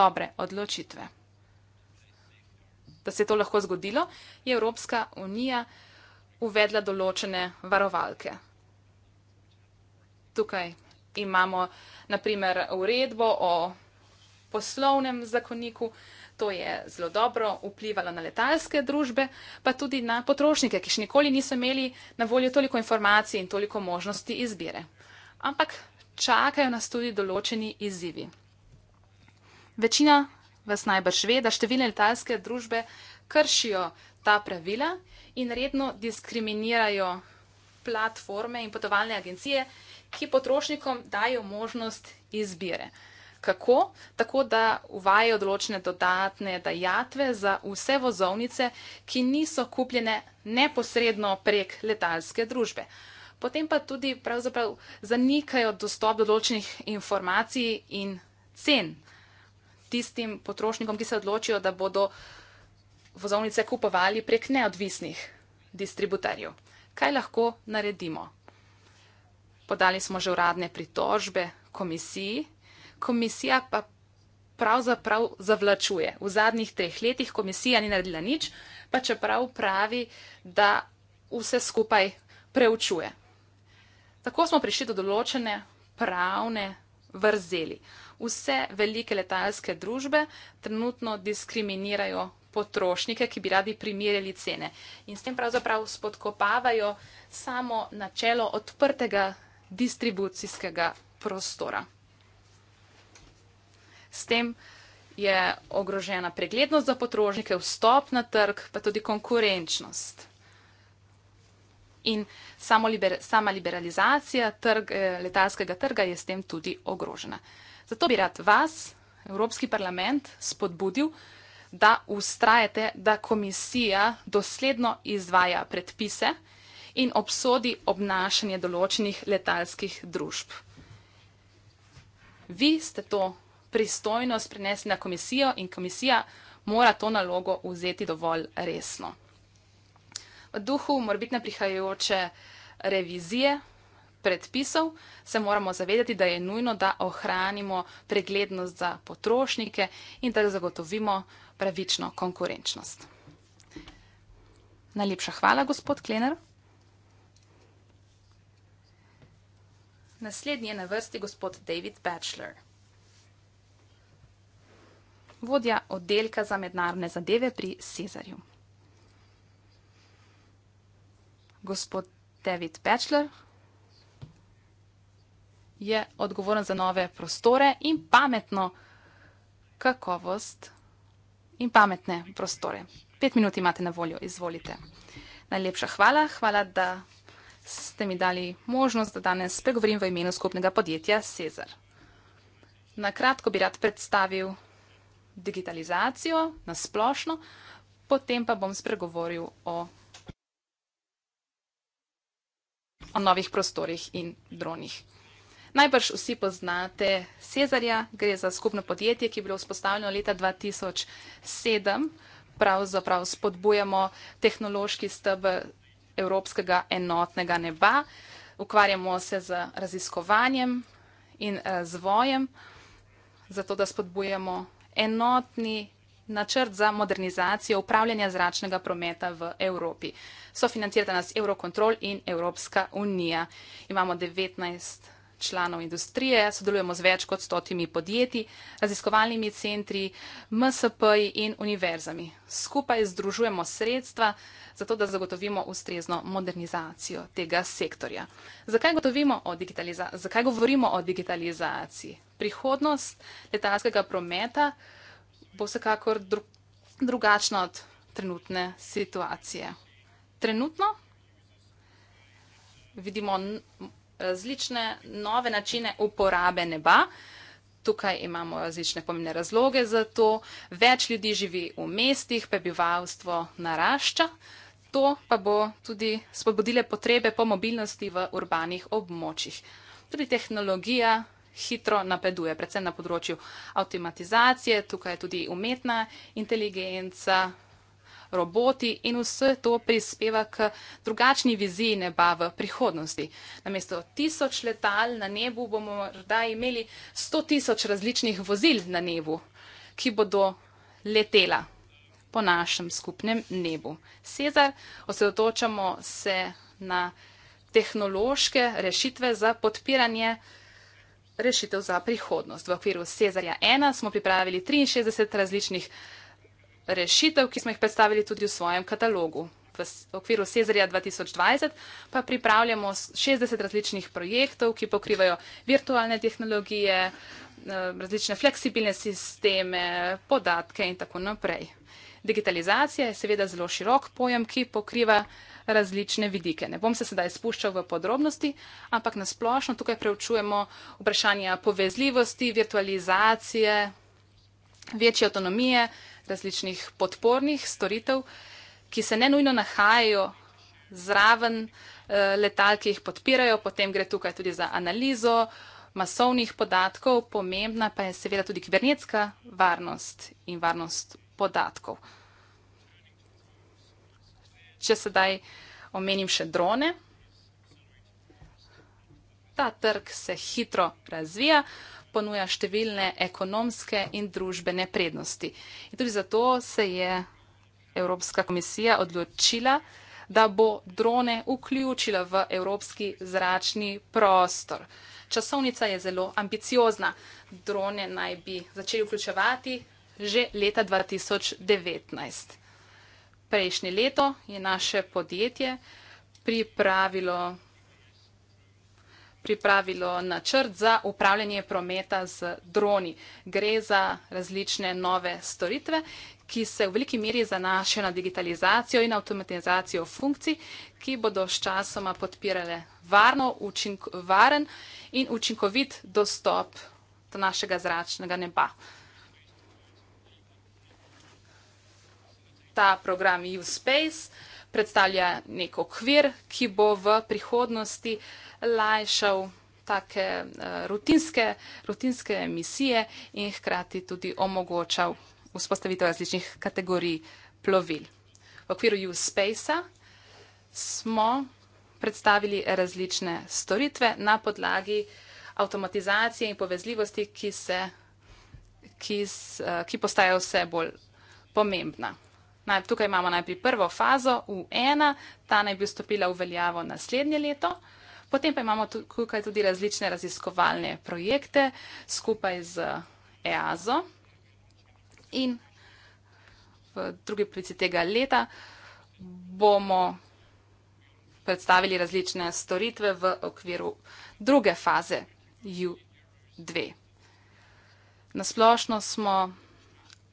dobre odločitve. Da se je to lahko zgodilo, je Evropska unija uvedla določene varovalke. Tukaj imamo naprimer uredbo o poslovnem zakoniku, to je zelo dobro vplivalo na letalske družbe, pa tudi na potrošnike, ki še nikoli niso imeli na voljo toliko informacij in toliko možnosti izbire. Ampak čakajo nas tudi določeni izzivi. Večina vas najbrž ve, da številne letalske družbe kršijo ta pravila in redno diskriminirajo platforme in potovalne agencije, ki potrošnikom dajo možnost izbire. Kako? Tako, da uvajajo določene dodatne dajatve za vse vozovnice, ki niso kupljene neposredno prek letalske družbe. Potem pa tudi pravzaprav zanikajo dostop do določenih informacij in cen tistim potrošnikom, ki se odločijo, da bodo uh, vozovnice kupovali prek neodvisnih distributerjev. Kaj lahko naredimo? Podali smo že uradne pritožbe komisiji, komisija pa pravzaprav zavlačuje. V zadnjih treh letih komisija ni naredila nič, pa čeprav pravi, da vse skupaj preučuje. Tako smo prišli do določene pravne vrzeli. Vse velike letalske družbe trenutno diskriminirajo potrošnike, ki bi radi primerjali cene. In s tem pravzaprav spodkopavajo samo načelo odprtega distribucijskega prostora. S tem je ogrožena preglednost za potrošnike, vstop na trg, pa tudi konkurenčnost. In samo liber, sama liberalizacija trg, eh, letalskega trga je s tem tudi ogrožena. Zato bi rad vas, Evropski parlament, spodbudil, da ustrajete, da komisija dosledno izvaja predpise in obsodi obnašanje določenih letalskih družb. Vi ste to pristojnost prinesli na komisijo in komisija mora to nalogo vzeti dovolj resno. V duhu morbitne prihajajoče revizije predpisov, se moramo zavedati, da je nujno, da ohranimo preglednost za potrošnike in da zagotovimo pravično konkurenčnost. Najlepša hvala, gospod Klener. Naslednji je na vrsti gospod David Batchelor, vodja oddelka za mednarodne zadeve pri Cezarju. Gospod David Batchelor, je odgovoren za nove prostore in pametno kakovost in pametne prostore. Pet minut imate na voljo, izvolite. Najlepša hvala, hvala, da ste mi dali možnost, da danes spregovorim v imenu skupnega podjetja Cezar. Na kratko bi rad predstavil digitalizacijo na splošno, potem pa bom spregovoril o, o novih prostorih in dronih. Najbrž vsi poznate Cezarja, gre za skupno podjetje, ki je bilo vzpostavljeno leta 2007. Pravzaprav spodbujamo tehnološki stebr Evropskega enotnega neba, ukvarjamo se z raziskovanjem in razvojem, eh, zato da spodbujamo enotni načrt za modernizacijo upravljanja zračnega prometa v Evropi. Sofinancirata nas Eurocontrol in Evropska unija. Imamo 19 članov industrije, sodelujemo z več kot stotimi podjetji, raziskovalnimi centri, MSP-ji in univerzami. Skupaj združujemo sredstva, zato da zagotovimo ustrezno modernizacijo tega sektorja. Zakaj, zakaj govorimo o digitalizaciji? Prihodnost letalskega prometa bo vsekakor dru drugačna od trenutne situacije. Trenutno vidimo različne nove načine uporabe neba. Tukaj imamo različne pomembne razloge za to. Več ljudi živi v mestih, prebivalstvo narašča. To pa bo tudi spodbudile potrebe po mobilnosti v urbanih območjih. Tudi tehnologija hitro napreduje, predvsem na področju avtomatizacije, tukaj je tudi umetna inteligenca, roboti in vse to prispeva k drugačni viziji neba v prihodnosti. Namesto tisoč letal na nebu bomo morda imeli sto tisoč različnih vozil na nebu, ki bodo letela po našem skupnem nebu. Cezar, osredotočamo se na tehnološke rešitve za podpiranje rešitev za prihodnost. V okviru Cezarja 1 smo pripravili 63 različnih rešitev, ki smo jih predstavili tudi v svojem katalogu. V okviru Cezarja 2020 pa pripravljamo 60 različnih projektov, ki pokrivajo virtualne tehnologije, eh, različne fleksibilne sisteme, podatke in tako naprej. Digitalizacija je seveda zelo širok pojem, ki pokriva različne vidike. Ne bom se sedaj spuščal v podrobnosti, ampak nasplošno tukaj preučujemo vprašanja povezljivosti, virtualizacije, večje avtonomije, različnih podpornih storitev, ki se ne nujno nahajajo zraven eh, letal, ki jih podpirajo. Potem gre tukaj tudi za analizo masovnih podatkov, pomembna pa je seveda tudi kibernetska varnost in varnost podatkov. Če sedaj omenim še drone, ta trg se hitro razvija ponuja številne ekonomske in družbene prednosti. In tudi zato se je Evropska komisija odločila, da bo drone vključila v evropski zračni prostor. Časovnica je zelo ambiciozna. Drone naj bi začeli vključevati že leta 2019. Prejšnje leto je naše podjetje pripravilo pripravilo načrt za upravljanje prometa z droni. Gre za različne nove storitve, ki se v veliki meri zanašajo na digitalizacijo in avtomatizacijo funkcij, ki bodo s časoma podpirale varno, učink, varen in učinkovit dostop do našega zračnega neba. Ta program EU Space predstavlja nek okvir, ki bo v prihodnosti lajšal take uh, rutinske, rutinske misije in hkrati tudi omogočal vzpostavitev različnih kategorij plovil. V okviru USPACE-a smo predstavili različne storitve na podlagi avtomatizacije in povezljivosti, ki, se, ki, s, uh, ki postaja vse bolj pomembna. Tukaj imamo najprej prvo fazo U1, ta naj bi vstopila v veljavo naslednje leto. Potem pa imamo tukaj tudi različne raziskovalne projekte skupaj z EASO. In v drugi polici tega leta bomo predstavili različne storitve v okviru druge faze U2. Nasplošno smo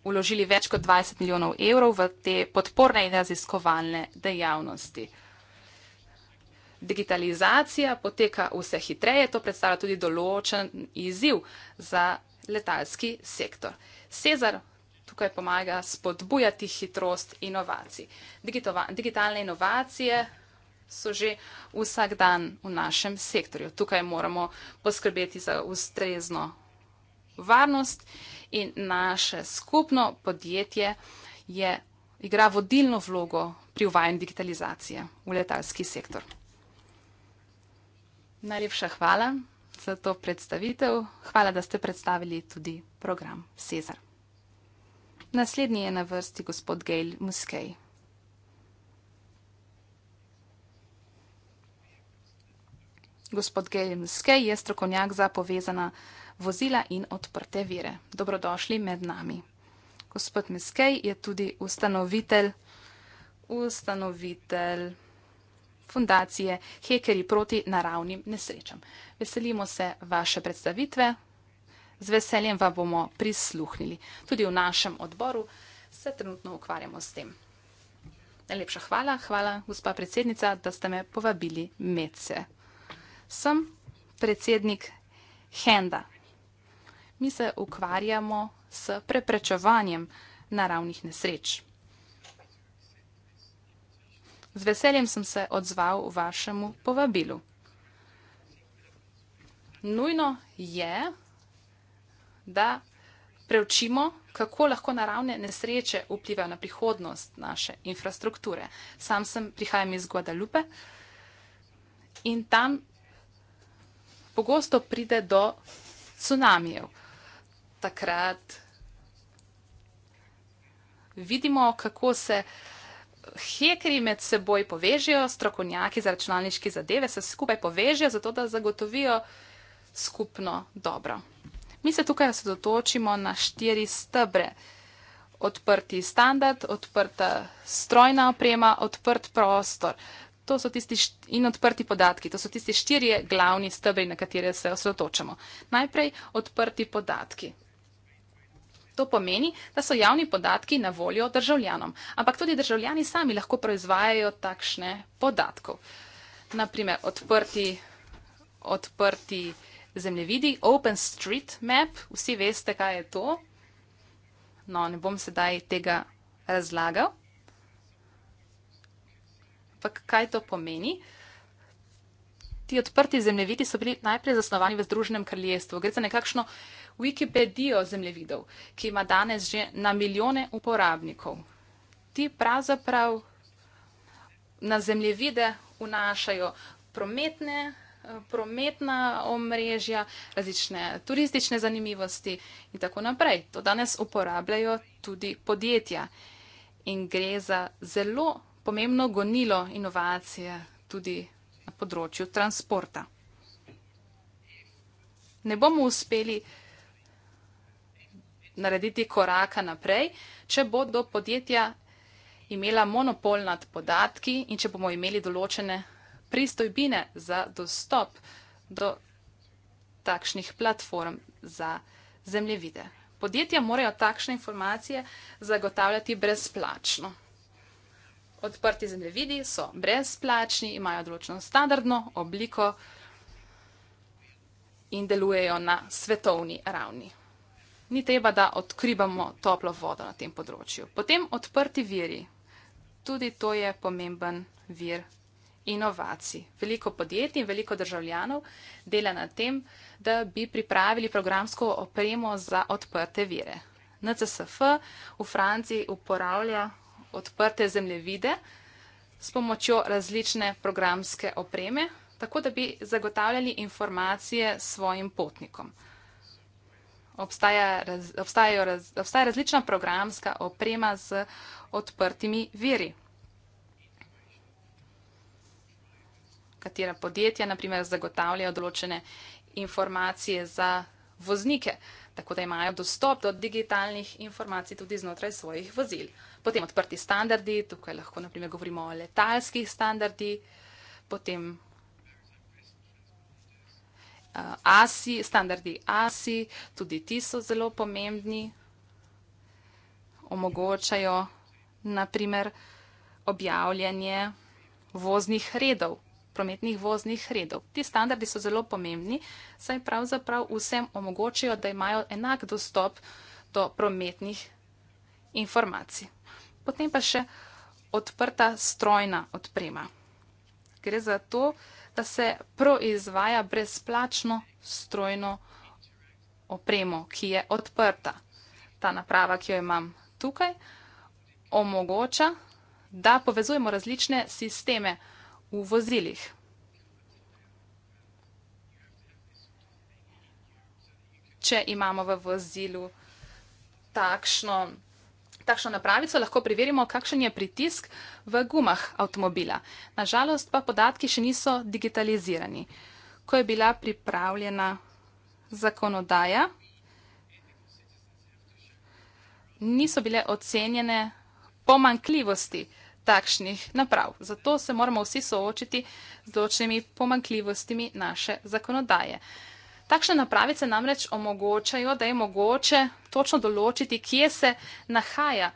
vložili več kot 20 milijonov evrov v te podporne in raziskovalne dejavnosti. Digitalizacija poteka vse hitreje, to predstavlja tudi določen izziv za letalski sektor. Cezar tukaj pomaga spodbujati hitrost inovacij. Digitalne inovacije so že vsak dan v našem sektorju. Tukaj moramo poskrbeti za ustrezno varnost in naše skupno podjetje je, igra vodilno vlogo pri uvajanju digitalizacije v letalski sektor. Najlepša hvala za to predstavitev. Hvala, da ste predstavili tudi program Cezar. Naslednji je na vrsti gospod Gail Muskej. Gospod Gail Muskej je strokovnjak za povezana vozila in odprte vire. Dobrodošli med nami. Gospod Meskej je tudi ustanovitelj, ustanovitelj fundacije Hekeri proti naravnim nesrečam. Veselimo se vaše predstavitve, z veseljem vam bomo prisluhnili. Tudi v našem odboru se trenutno ukvarjamo s tem. Najlepša hvala, hvala, gospa predsednica, da ste me povabili medse. Sem predsednik Henda, mi se ukvarjamo s preprečevanjem naravnih nesreč. Z veseljem sem se odzval vašemu povabilu. Nujno je, da preučimo, kako lahko naravne nesreče vplivajo na prihodnost naše infrastrukture. Sam sem prihajam iz Guadalupe in tam pogosto pride do tsunamijev takrat vidimo, kako se hekri med seboj povežijo, strokovnjaki za računalniške zadeve se skupaj povežijo, zato da zagotovijo skupno dobro. Mi se tukaj osredotočimo na štiri stebre. Odprti standard, odprta strojna oprema, odprt prostor št... in odprti podatki. To so tisti štirje glavni stebri, na katere se osredotočamo. Najprej odprti podatki. To pomeni, da so javni podatki na voljo državljanom. Ampak tudi državljani sami lahko proizvajajo takšne podatke. Naprimer, odprti, odprti zemljevidi, Open Street Map, vsi veste, kaj je to. No, ne bom sedaj tega razlagal. Ampak kaj to pomeni? Ti odprti zemljevidi so bili najprej zasnovani v Združenem kraljestvu. Gre za nekakšno. Wikipedijo zemljevidov, ki ima danes že na milijone uporabnikov. Ti pravzaprav na zemljevide vnašajo prometne, prometna omrežja, različne turistične zanimivosti in tako naprej. To danes uporabljajo tudi podjetja in gre za zelo pomembno gonilo inovacije tudi na področju transporta. Ne bomo uspeli narediti koraka naprej, če bodo podjetja imela monopol nad podatki in če bomo imeli določene pristojbine za dostop do takšnih platform za zemljevide. Podjetja morajo takšne informacije zagotavljati brezplačno. Odprti zemljevidi so brezplačni, imajo določeno standardno obliko in delujejo na svetovni ravni ni treba, da odkrivamo toplo vodo na tem področju. Potem odprti viri. Tudi to je pomemben vir inovacij. Veliko podjetij in veliko državljanov dela na tem, da bi pripravili programsko opremo za odprte vire. NCSF v Franciji uporablja odprte zemljevide s pomočjo različne programske opreme, tako da bi zagotavljali informacije svojim potnikom obstaja raz, obstajajo raz, obstaja različna programska oprema z odprtimi viri. Katera podjetja, naprimer, zagotavljajo določene informacije za voznike, tako da imajo dostop do digitalnih informacij tudi znotraj svojih vozil. Potem odprti standardi, tukaj lahko naprimer govorimo o letalskih standardi, potem uh, eh, ASI, standardi ASI, tudi ti so zelo pomembni, omogočajo naprimer objavljanje voznih redov, prometnih voznih redov. Ti standardi so zelo pomembni, saj pravzaprav vsem omogočajo, da imajo enak dostop do prometnih informacij. Potem pa še odprta strojna odprema. Gre za to, da da se proizvaja brezplačno strojno opremo, ki je odprta. Ta naprava, ki jo imam tukaj, omogoča, da povezujemo različne sisteme v vozilih. Če imamo v vozilu takšno Takšno napravico lahko preverimo, kakšen je pritisk v gumah avtomobila. Nažalost pa podatki še niso digitalizirani. Ko je bila pripravljena zakonodaja, niso bile ocenjene pomankljivosti takšnih naprav. Zato se moramo vsi soočiti z določenimi pomankljivostimi naše zakonodaje. Takšne napravice namreč omogočajo, da je mogoče točno določiti, kje se nahaja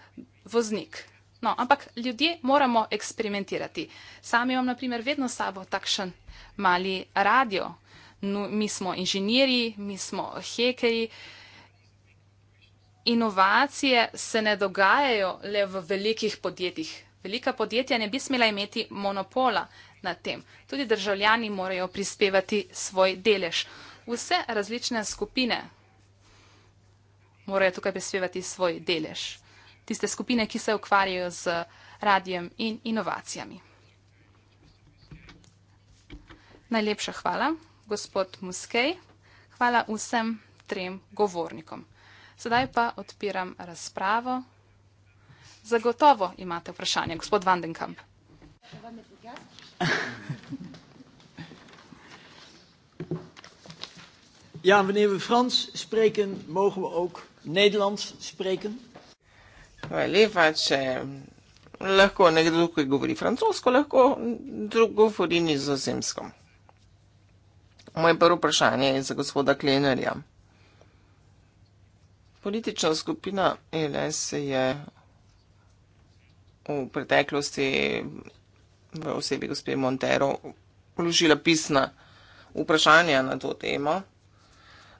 voznik. No, ampak ljudje moramo eksperimentirati. Sam imam, naprimer, vedno sabo takšen mali radio. No, mi smo inženirji, mi smo hekerji. Inovacije se ne dogajajo le v velikih podjetjih. Velika podjetja ne bi smela imeti monopola nad tem. Tudi državljani morajo prispevati svoj delež vse različne skupine morajo tukaj prispevati svoj delež. Tiste skupine, ki se ukvarjajo z radijem in inovacijami. Najlepša hvala, gospod Muskej. Hvala vsem trem govornikom. Sedaj pa odpiram razpravo. Zagotovo imate vprašanje, gospod Vandenkamp. [LAUGHS] Ja, wanneer we Frans spreken, mogen we ook Nederlands spreken. Lei face mm, lahko nekdo, ki govori francosko, lahko drug govori nizozemsko. Moje prvo vprašanje je za gospoda Klenerja. Politična skupina LS je v preteklosti v osebi gospe Montero vložila pisna vprašanja na to temo.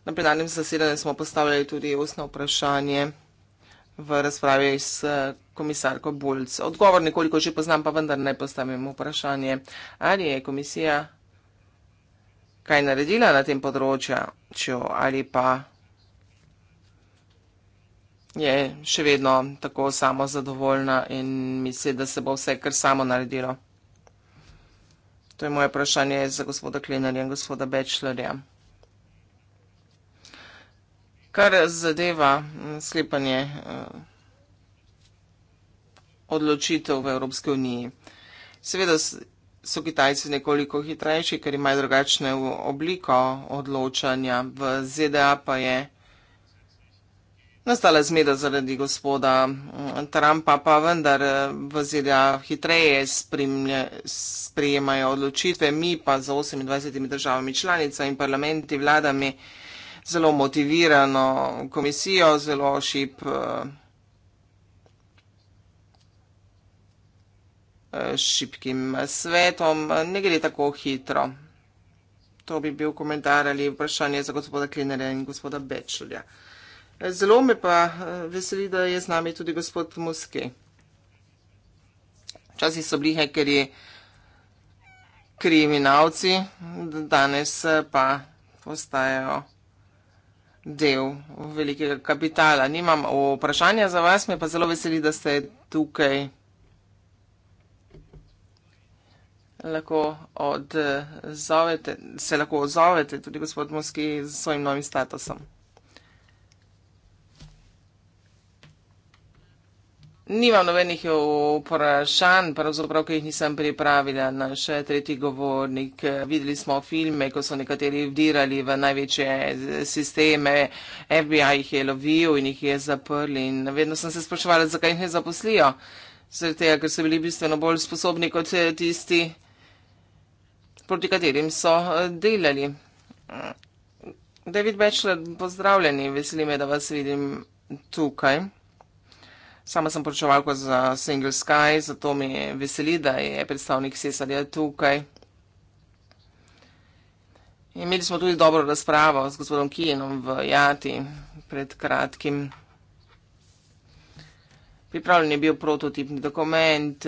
Na plenarnem zasedanju smo postavljali tudi ustno vprašanje v razpravi s komisarko Bulc. Odgovor nekoliko že poznam, pa vendar ne postavim vprašanje, ali je komisija kaj naredila na tem področju, ali pa je še vedno tako samo zadovoljna in misli, da se bo vse kar samo naredilo. To je moje vprašanje za gospoda Klenarja in gospoda Bečlerja kar zadeva mm, sklepanje eh, odločitev v Evropske uniji. Seveda so Kitajci nekoliko hitrejši, ker imajo drugačne obliko odločanja. V ZDA pa je nastala zmeda zaradi gospoda mm, Trumpa, pa vendar eh, v ZDA hitreje spremlje, sprejemajo odločitve, mi pa za 28 državami članica in parlamenti vladami zelo motivirano komisijo, zelo šip, eh, eh, šipkim svetom. Ne gre tako hitro. To bi bil komentar ali vprašanje za gospoda Klinere in gospoda Bečulja. Zelo me pa eh, veseli, da je z nami tudi gospod Muske. Včasih so bili hekeri kriminalci, danes pa postajajo del velikega kapitala. Nimam vprašanja za vas, me pa zelo veseli, da ste tukaj. Lahko odzovete, se lahko odzovete tudi gospod Moski s svojim novim statusom. Nimam nobenih vprašanj, pravzaprav, ki jih nisem pripravila na še tretji govornik. Videli smo filme, ko so nekateri vdirali v največje sisteme, FBI jih je lovil in jih je zaprli in vedno sem se spraševala, zakaj jih ne zaposlijo. Zaradi tega, ker so bili bistveno bolj sposobni kot tisti, proti katerim so delali. David Bachelor, pozdravljeni, veseli me, da vas vidim tukaj. Sama sem poročevalka za Single Sky, zato mi veseli, da je predstavnik Cesarja tukaj. Imeli smo tudi dobro razpravo z gospodom Kijenom v Jati pred kratkim. Pripravljen je bil prototipni dokument,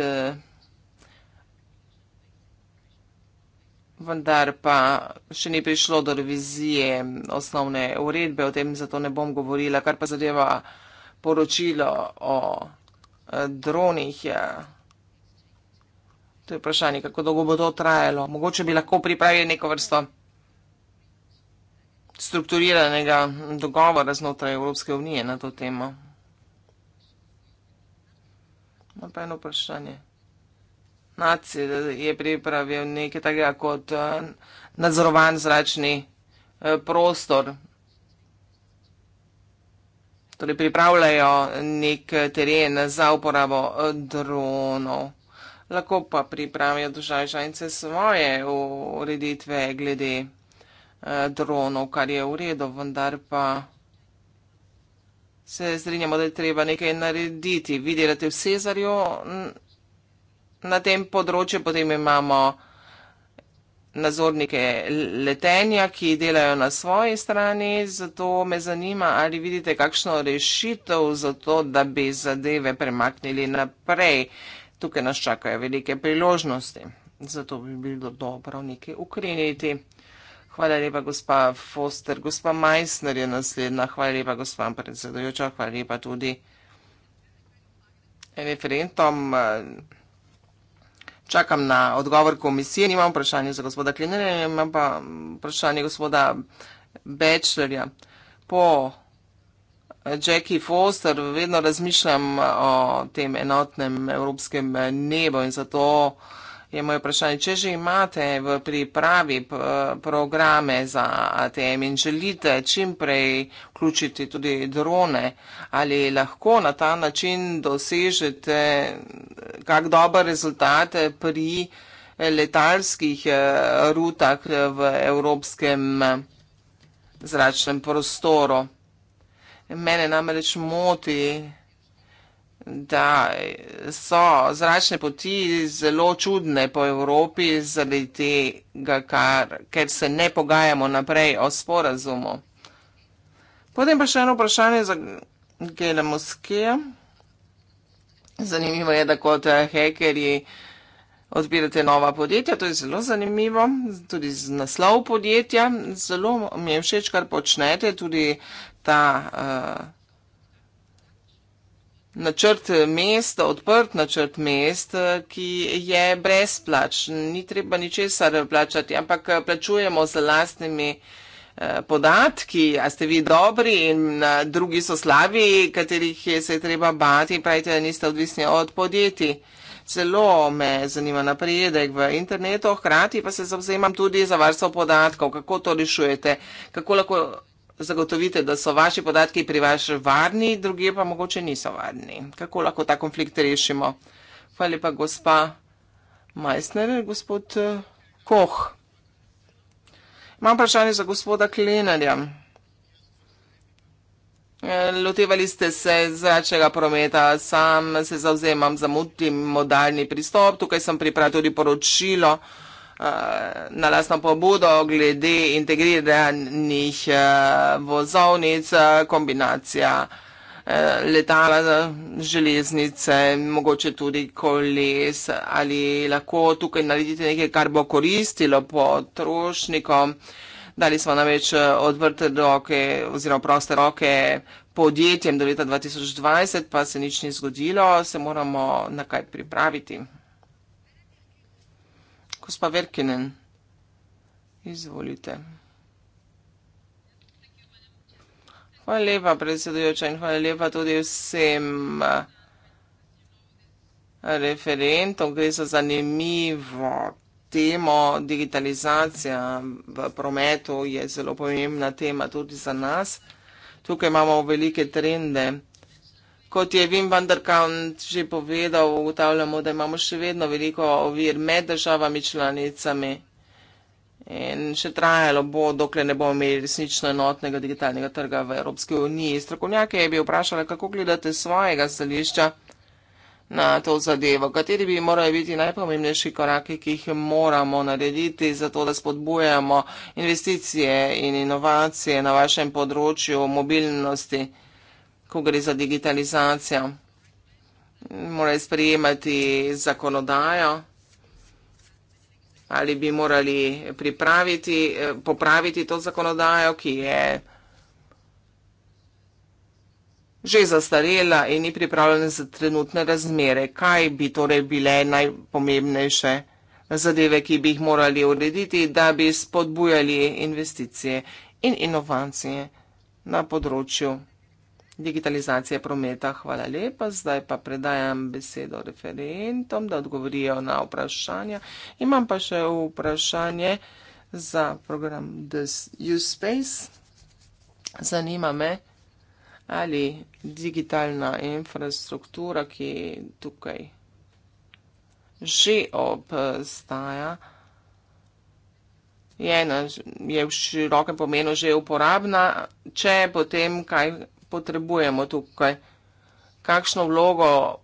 vendar pa še ni prišlo do revizije osnovne uredbe, o tem zato ne bom govorila, kar pa zadeva poročilo o eh, dronih. Ja. To je vprašanje, kako dolgo bo to trajalo. Mogoče bi lahko pripravili neko vrsto strukturiranega dogovora znotraj Evropske unije na to temo. Imam pa eno vprašanje. Naci je pripravil nekaj takega kot eh, nadzorovan zračni eh, prostor torej pripravljajo nek teren za uporabo eh, dronov. Lahko pa pripravijo državi žajnice svoje ureditve glede eh, dronov, kar je v redu, vendar pa se zrinjamo, da je treba nekaj narediti. Vidirate v Cezarju na tem področju, potem imamo nazornike letenja, ki delajo na svoji strani, zato me zanima, ali vidite kakšno rešitev za to, da bi zadeve premaknili naprej. Tukaj nas čakajo velike priložnosti, zato bi bilo dobro nekaj ukreniti. Hvala lepa, gospa Foster. Gospa Meissner je naslednja. Hvala lepa, gospa predsedujoča. Hvala lepa tudi referentom čakam na odgovor komisije, nimam vprašanja za gospoda Klinerja, imam pa vprašanje gospoda Bečlerja. Po eh, Jackie Foster vedno razmišljam eh, o tem enotnem evropskem nebu in zato uh, je moje vprašanje, če že imate v pripravi programe za ATM in želite čimprej vključiti tudi drone, ali lahko na ta način dosežete kak dober rezultat pri letalskih eh, rutah v evropskem zračnem prostoru. Mene namreč moti, da so zračne poti zelo čudne po Evropi zaradi tega, kar, ker se ne pogajamo naprej o sporazumu. Potem pa še eno vprašanje za Gela Moskija. Zanimivo je, da kot hekerji odpirate nova podjetja, to je zelo zanimivo, tudi z naslov podjetja. Zelo mi je všeč, kar počnete, tudi ta. Uh, načrt mest, odprt načrt mest, ki je brezplačen, ni treba ničesar plačati, ampak plačujemo z lastnimi eh, podatki, a ste vi dobri in eh, drugi so slavi, katerih se je treba bati, pravite, da niste odvisni od podjetij. Celo me zanima napredek v internetu, hkrati pa se zavzemam tudi za varstvo podatkov. Kako to rešujete? Kako lahko zagotovite, da so vaši podatki pri vaš varni, druge pa mogoče niso varni. Kako lahko ta konflikt rešimo? Hvala lepa, gospa Majsner, gospod eh, Koh. Imam vprašanje za gospoda Klenarja. Eh, lotevali ste se zračnega prometa, sam se zauzemam za multimodalni pristop, tukaj sem pripravil tudi poročilo. Eh, nalastno pobudo glede integriranih eh, vozovnic, eh, kombinacija letala, železnice, mogoče tudi koles, ali lahko tukaj naredite nekaj, kar bo koristilo potrošnikom. Dali smo namreč odvrte roke oziroma proste roke podjetjem do leta 2020, pa se nič ni zgodilo, se moramo na kaj pripraviti. Gospa Verkinen, izvolite. Hvala lepa, predsedujoča, in hvala lepa tudi vsem eh, referentom. Gre za zanimivo temo. Digitalizacija v prometu je zelo pomembna tema tudi za nas. Tukaj imamo velike trende kot je Wim van der Kant že povedal, ugotavljamo, da imamo še vedno veliko ovir med državami članicami in še trajalo bo, dokler ne bomo imeli resnično enotnega digitalnega trga v Evropski uniji. Strokovnjake je bi vprašala, kako gledate svojega stališča na to zadevo, kateri bi morali biti najpomembnejši koraki, ki jih moramo narediti, zato da spodbujamo investicije in inovacije na vašem področju mobilnosti ko gre za digitalizacijo. Morajo sprejemati zakonodajo ali bi morali pripraviti, eh, popraviti to zakonodajo, ki je že zastarela in ni pripravljena za trenutne razmere. Kaj bi torej bile najpomembnejše zadeve, ki bi jih morali urediti, da bi spodbujali investicije in inovacije na področju digitalizacije prometa. Hvala lepa. Zdaj pa predajam besedo referentom, da odgovorijo na vprašanja. Imam pa še vprašanje za program The U-Space. Zanima me, ali digitalna infrastruktura, ki tukaj že obstaja, je, na, je v širokem pomenu že uporabna, če potem kaj potrebujemo tukaj? Kakšno vlogo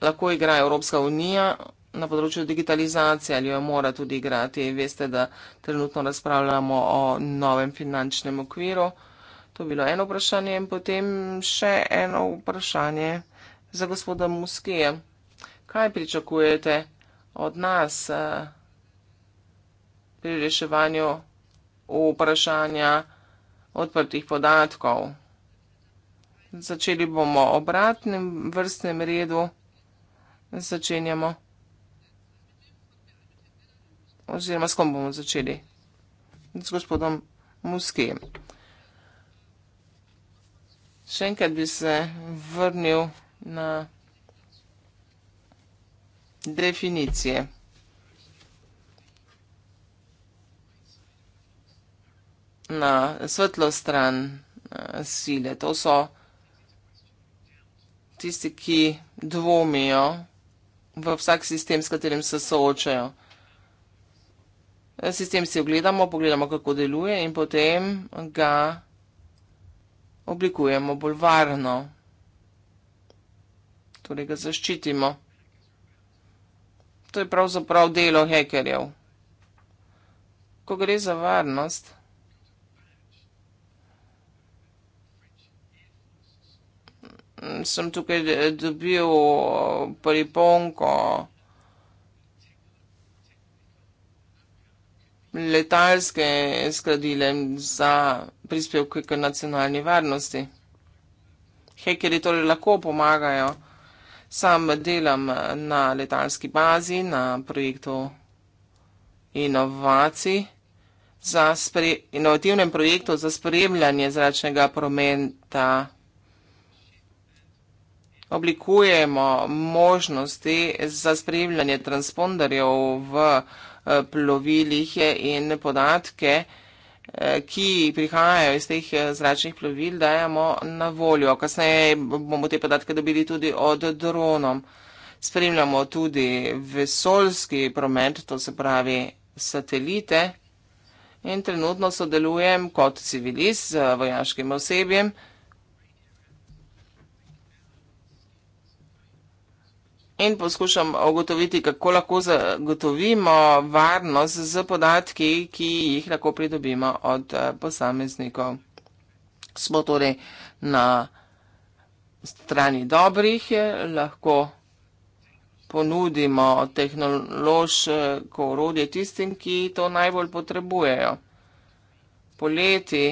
lahko igra Evropska unija na področju digitalizacije ali jo mora tudi igrati? Veste, da trenutno razpravljamo o novem finančnem okviru. To je bilo eno vprašanje in potem še eno vprašanje za gospoda Muskije. Kaj pričakujete od nas eh, pri reševanju vprašanja odprtih podatkov? Začeli bomo obratnem vrstnem redu. Začenjamo. Oziroma, s kom bomo začeli? Z gospodom Muskijem. Še enkrat bi se vrnil na definicije. Na svetlo stran eh, sile. To so definicije tisti, ki dvomijo v vsak sistem, s katerim se soočajo. Sistem si ogledamo, pogledamo, kako deluje in potem ga oblikujemo bolj varno. Torej ga zaščitimo. To je pravzaprav delo hekerjev. Ko gre za varnost, sem tukaj dobil eh, priponko letalske skladile za prispevk k nacionalni varnosti. Hekeri torej lahko pomagajo. Sam delam na letalski bazi, na projektu inovacij, za inovativnem projektu za spremljanje zračnega prometa oblikujemo možnosti za spremljanje transponderjev v eh, plovilih in podatke, eh, ki prihajajo iz teh eh, zračnih plovil, dajemo na voljo. Kasneje bomo te podatke dobili tudi od dronom. Spremljamo tudi vesoljski promet, to se pravi satelite. In trenutno sodelujem kot civilist z vojaškim osebjem. in poskušam ogotoviti, kako lahko zagotovimo varnost z podatki, ki jih lahko pridobimo od eh, posameznikov. Smo torej na strani dobrih, eh, lahko ponudimo tehnološko urodje tistim, ki to najbolj potrebujejo. Poleti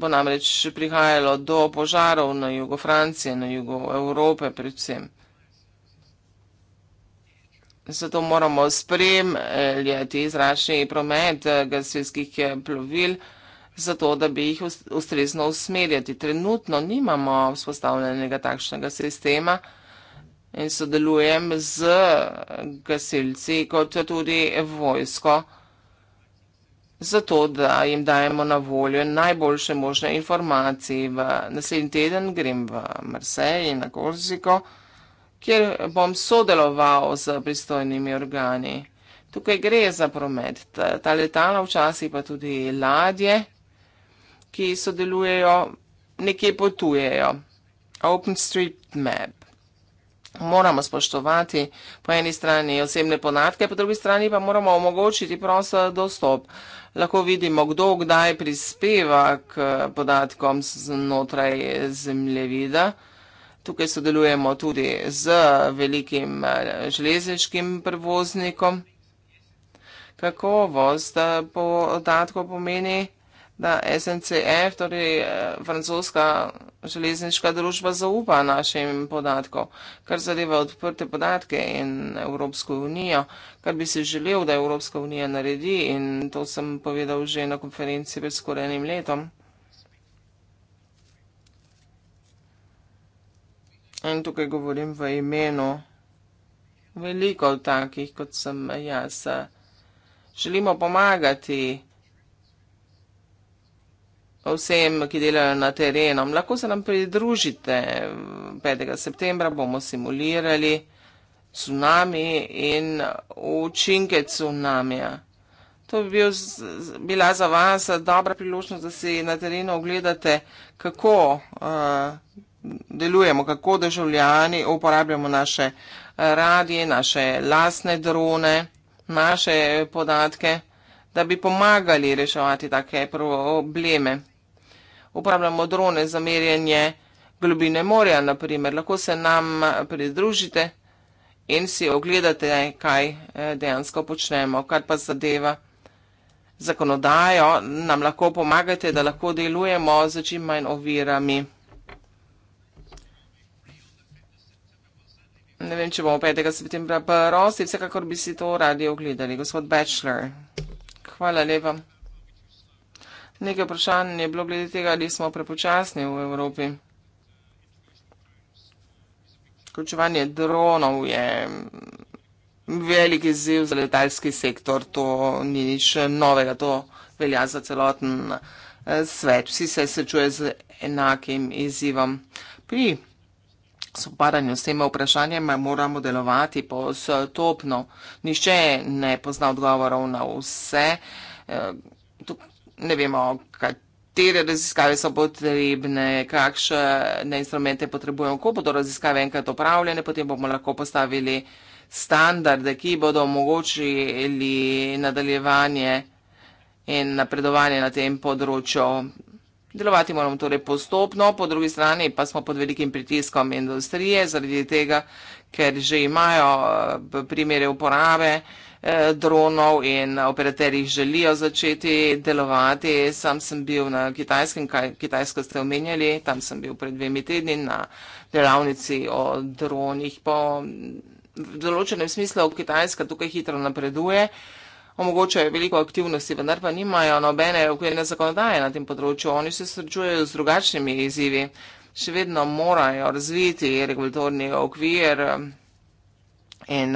bo namreč prihajalo do požarov na jugu Francije, na jugu Evrope predvsem. Zato moramo spremljati zračni promet eh, gasilskih eh, plovil, zato da bi jih ustrezno usmerjati. Trenutno nimamo vzpostavljenega takšnega sistema in sodelujem z eh, gasilci, kot tudi vojsko, zato da jim dajemo na voljo najboljše možne informacije. V naslednji teden grem v Marseille in na Korziko kjer bom sodeloval z pristojnimi organi. Tukaj gre za promet, ta, ta letala včasih pa tudi ladje, ki sodelujejo, nekje potujejo. Open Street Map. Moramo spoštovati po eni strani osebne podatke, po drugi strani pa moramo omogočiti prost dostop. Lahko vidimo, kdo kdaj prispeva k podatkom znotraj zemljevida. Tukaj sodelujemo tudi z velikim eh, železniškim prevoznikom. Kakovost eh, podatkov pomeni, da SNCF, torej eh, francoska železniška družba, zaupa našim podatkom, kar zadeva odprte podatke in Evropsko unijo, kar bi si želel, da Evropska unija naredi in to sem povedal že na konferenci pred skoraj enim letom. In tukaj govorim v imenu veliko takih, kot sem jaz. Želimo pomagati vsem, ki delajo na terenu. Lahko se nam pridružite. 5. septembra bomo simulirali tsunami in učinke tsunamija. To bi bil, bila za vas dobra priložnost, da si na terenu ogledate, kako. Uh, delujemo, kako državljani uporabljamo naše eh, radije, naše lasne drone, naše podatke, da bi pomagali reševati take probleme. Uporabljamo drone za merjenje globine morja, naprimer. lahko se nam eh, pridružite in si ogledate, kaj eh, dejansko počnemo, kar pa zadeva zakonodajo, nam lahko pomagate, da lahko delujemo z čim manj ovirami. Ne vem, če bo 5. septembra prosti, vsekakor bi si to radi ogledali. Gospod Bachelor, hvala lepa. Nekaj vprašanj je bilo glede tega, ali smo prepočasni v Evropi. Vključevanje dronov je veliki ziv za letalski sektor, to ni nič novega, to velja za celoten eh, svet. Vsi se srečuje z enakim izzivom. Pri Soparanju s temi vprašanjami moramo delovati postopno. Nišče ne pozna odgovorov na vse. E, ne vemo, katere raziskave so potrebne, kakšne instrumente potrebujemo, ko bodo raziskave enkrat opravljene, potem bomo lahko postavili standarde, ki bodo omogočili nadaljevanje in napredovanje na tem področju. Delovati moramo torej postopno, po drugi strani pa smo pod velikim pritiskom industrije, zaradi tega, ker že imajo eh, primere uporabe eh, dronov in operaterji želijo začeti delovati. Sam sem bil na kitajskem, kaj kitajsko ste omenjali, tam sem bil pred dvemi tedni na delavnici o dronih. Po določenem smislu kitajska tukaj hitro napreduje. Uh, omogočajo veliko aktivnosti, vendar pa nimajo nobene ukrepne zakonodaje na tem področju. Oni se srečujejo z drugačnimi izzivi. Še vedno morajo razviti regulatorni okvir um, in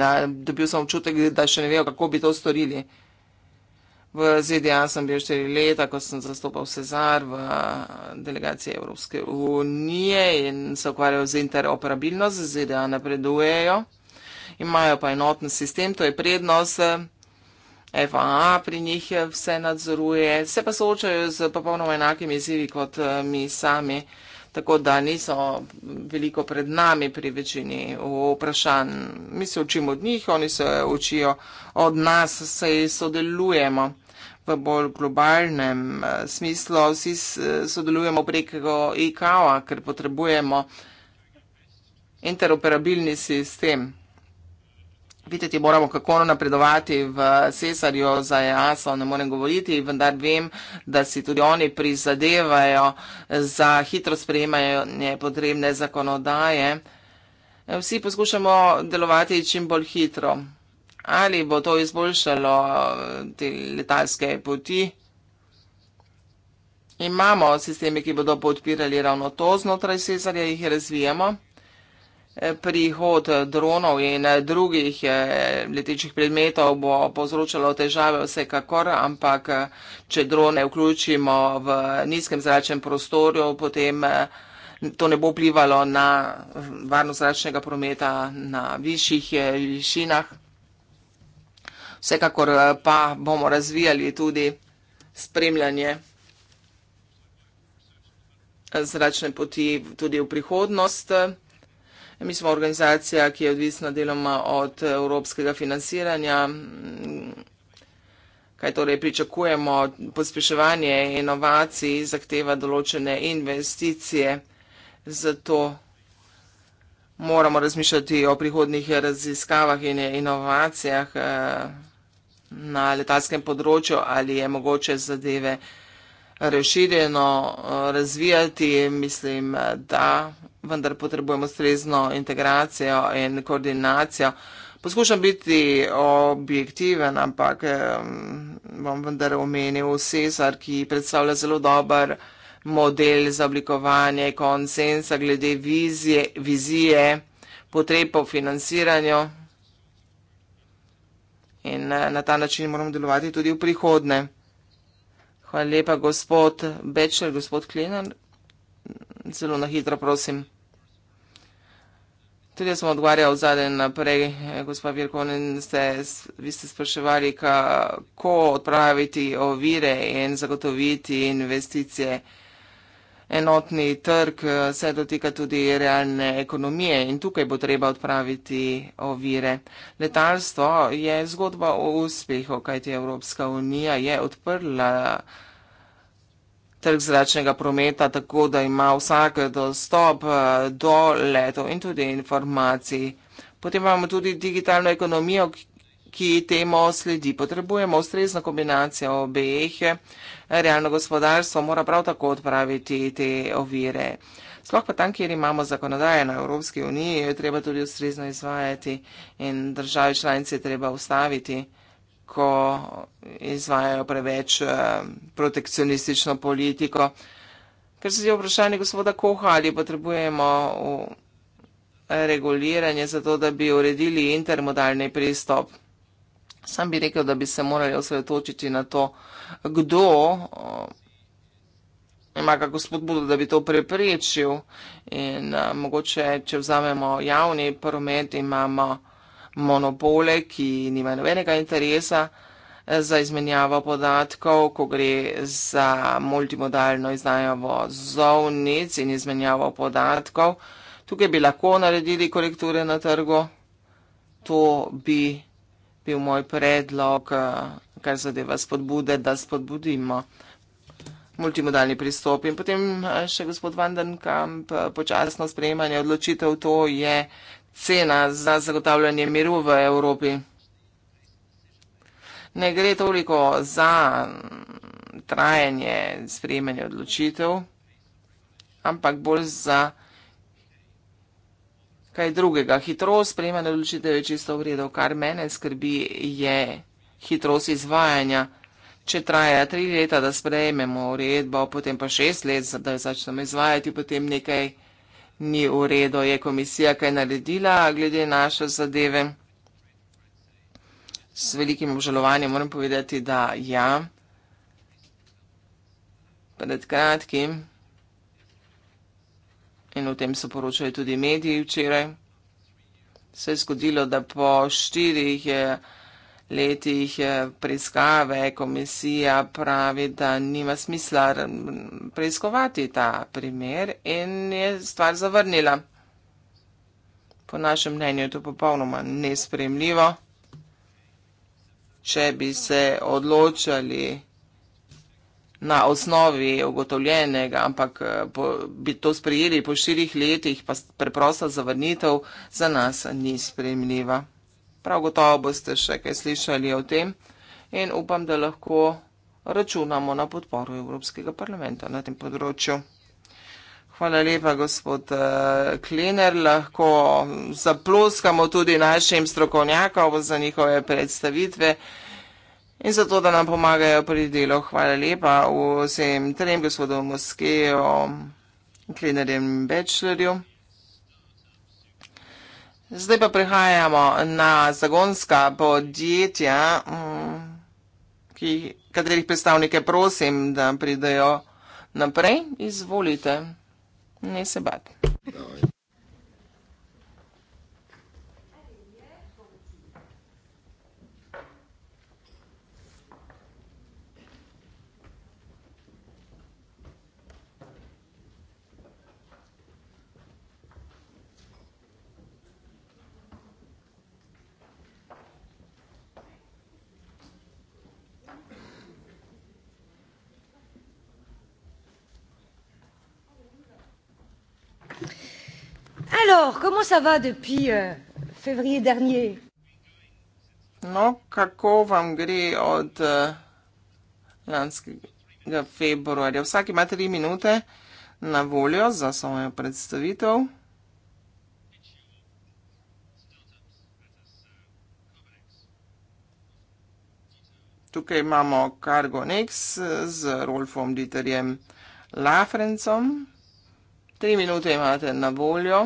dobil sem občutek, da še ne vejo, kako bi to storili. V ZDA sem bil štiri leta, ko sem zastopal Cezar v uh, delegaciji Evropske unije in se ukvarjal z interoperabilnost. ZDA napredujejo, imajo pa enoten sistem, to je prednost. Um, FAA pri njih vse nadzoruje, se pa soočajo z popolnoma enakimi izzivi kot eh, mi sami, tako da niso veliko pred nami pri večini vprašanj. Mi se učimo od njih, oni se učijo od nas, se sodelujemo v bolj globalnem eh, smislu, vsi eh, sodelujemo preko IKO-a, ker potrebujemo interoperabilni sistem. Videti moramo, kako napredovati v cesarju za EASO, ne morem govoriti, vendar vem, da si tudi oni prizadevajo za hitro sprejemanje potrebne zakonodaje. Vsi poskušamo delovati čim bolj hitro. Ali bo to izboljšalo te letalske poti? Imamo sisteme, ki bodo podpirali ravno to znotraj cesarja, jih razvijamo. Prihod dronov in eh, drugih eh, letečih predmetov bo povzročalo težave vsekakor, ampak eh, če drone vključimo v nizkem zračnem prostoru, potem to ne bo vplivalo na varnost zračnega prometa na višjih višinah. Vsekakor pa bomo razvijali tudi spremljanje zračne poti tudi v prihodnosti. Mi smo organizacija, ki je odvisna deloma od eh, evropskega financiranja. Mm, kaj torej pričakujemo? Pospeševanje inovacij zahteva določene investicije, zato moramo razmišljati o prihodnih raziskavah in inovacijah eh, na letalskem področju, ali je mogoče zadeve razširjeno eh, razvijati. Mislim, da vendar potrebujemo strezno integracijo in koordinacijo. Poskušam biti objektiven, ampak bom vendar omenil Cesar, ki predstavlja zelo dober model za oblikovanje konsensa glede vizije, vizije potreb po financiranju in eh, na ta način moramo delovati tudi v prihodne. Hvala lepa, gospod Bečer, gospod Klenar. Zelo na hitro, prosim. Tudi jaz sem odgovarjal zadnje naprej, eh, gospod Virkon, in ste, vi ste spraševali, kako odpraviti ovire in zagotoviti investicije. Enotni trg eh, se dotika tudi realne ekonomije in tukaj bo treba odpraviti ovire. Letalstvo je zgodba o uspehu, kajti Evropska unija je odprla trg zračnega prometa, tako da ima vsak dostop eh, do letov in tudi informacij. Potem imamo tudi digitalno ekonomijo, ki temo sledi. Potrebujemo ustrezno kombinacijo obeh. Realno gospodarstvo mora prav tako odpraviti te ovire. Sploh pa tam, kjer imamo zakonodaje na Evropski uniji, jo treba tudi ustrezno izvajati in države članice treba ustaviti ko izvajajo preveč uh, protekcionistično politiko. Ker se je vprašanje gospoda Koha, ali potrebujemo reguliranje za to, da bi uredili intermodalni pristop. Sam bi rekel, da bi se morali osredotočiti na to, kdo uh, ima kako spodbudo, da bi to preprečil. In uh, mogoče, če vzamemo javni promet, imamo monopole, ki nimajo nobenega interesa eh, za izmenjavo podatkov, ko gre za multimodalno izdajo zovnic in izmenjavo podatkov. Tukaj bi lahko naredili korekture na trgu. To bi bil moj predlog, eh, kar zadeva spodbude, da spodbudimo multimodalni pristop. In potem eh, še gospod Vandenkamp, počasno sprejemanje odločitev, to je cena za zagotavljanje miru v Evropi. Ne gre toliko za trajanje sprejemanja odločitev, ampak bolj za kaj drugega. Hitrost sprejemanja odločitev je čisto v redu. Kar mene skrbi je hitrost izvajanja. Če traja tri leta, da sprejmemo uredbo, potem pa šest let, da jo začnemo izvajati, potem nekaj ni v redu. Je komisija kaj naredila glede naše zadeve? S velikim obžalovanjem moram povedati, da ja. Pred kratkim, in o tem so poročali tudi mediji včeraj, se je zgodilo, da po štirih je. Eh, letih eh, preiskave komisija pravi, da nima smisla preiskovati ta primer in je stvar zavrnila. Po našem mnenju je to popolnoma nespremljivo. Če bi se odločali na osnovi ugotovljenega, ampak eh, po, bi to sprejeli po štirih letih, pa preprosta zavrnitev za nas ni spremljiva prav gotovo boste še kaj slišali o tem in upam, da lahko računamo na podporo Evropskega parlamenta na tem področju. Hvala lepa, gospod eh, Klener. Lahko zaploskamo tudi našim strokovnjakom za njihove predstavitve in za to, da nam pomagajo pri delu. Hvala lepa vsem trem, gospodom Moskejo, Klenerjem in Bečlerju. Zdaj pa prihajamo na zagonska podjetja, mm, ki, katerih predstavnike prosim, da pridejo naprej. Izvolite, ne se bati. Alors, comment ça va depuis euh, février dernier No, kako vam gre od uh, lanskega februarja? Vsak ima tri minute na voljo za svojo predstavitev. Tukaj imamo Cargonex eh, z Rolfom Diterjem Lafrencom. Tri minute imate na voljo.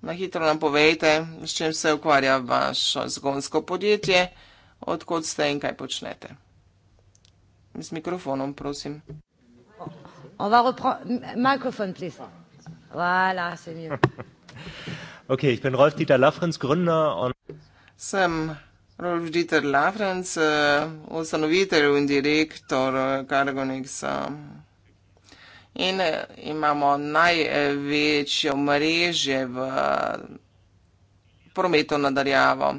Na hitro nam povejte, s čim se ukvarja vaše zgonsko podjetje, odkot ste in kaj počnete. Z mikrofonom, prosim. On va reprendre mikrofon, prosim. Voilà, c'est mieux. [LAUGHS] ok, jaz sem Rolf Dieter Lafrenz, gründer. Eh, On... Sem Rolf Dieter Lafrenz, ustanovitelj in direktor eh, Cargonixa. Uh, eh, in eh, imamo največjo mreže v prometu nadaljavo.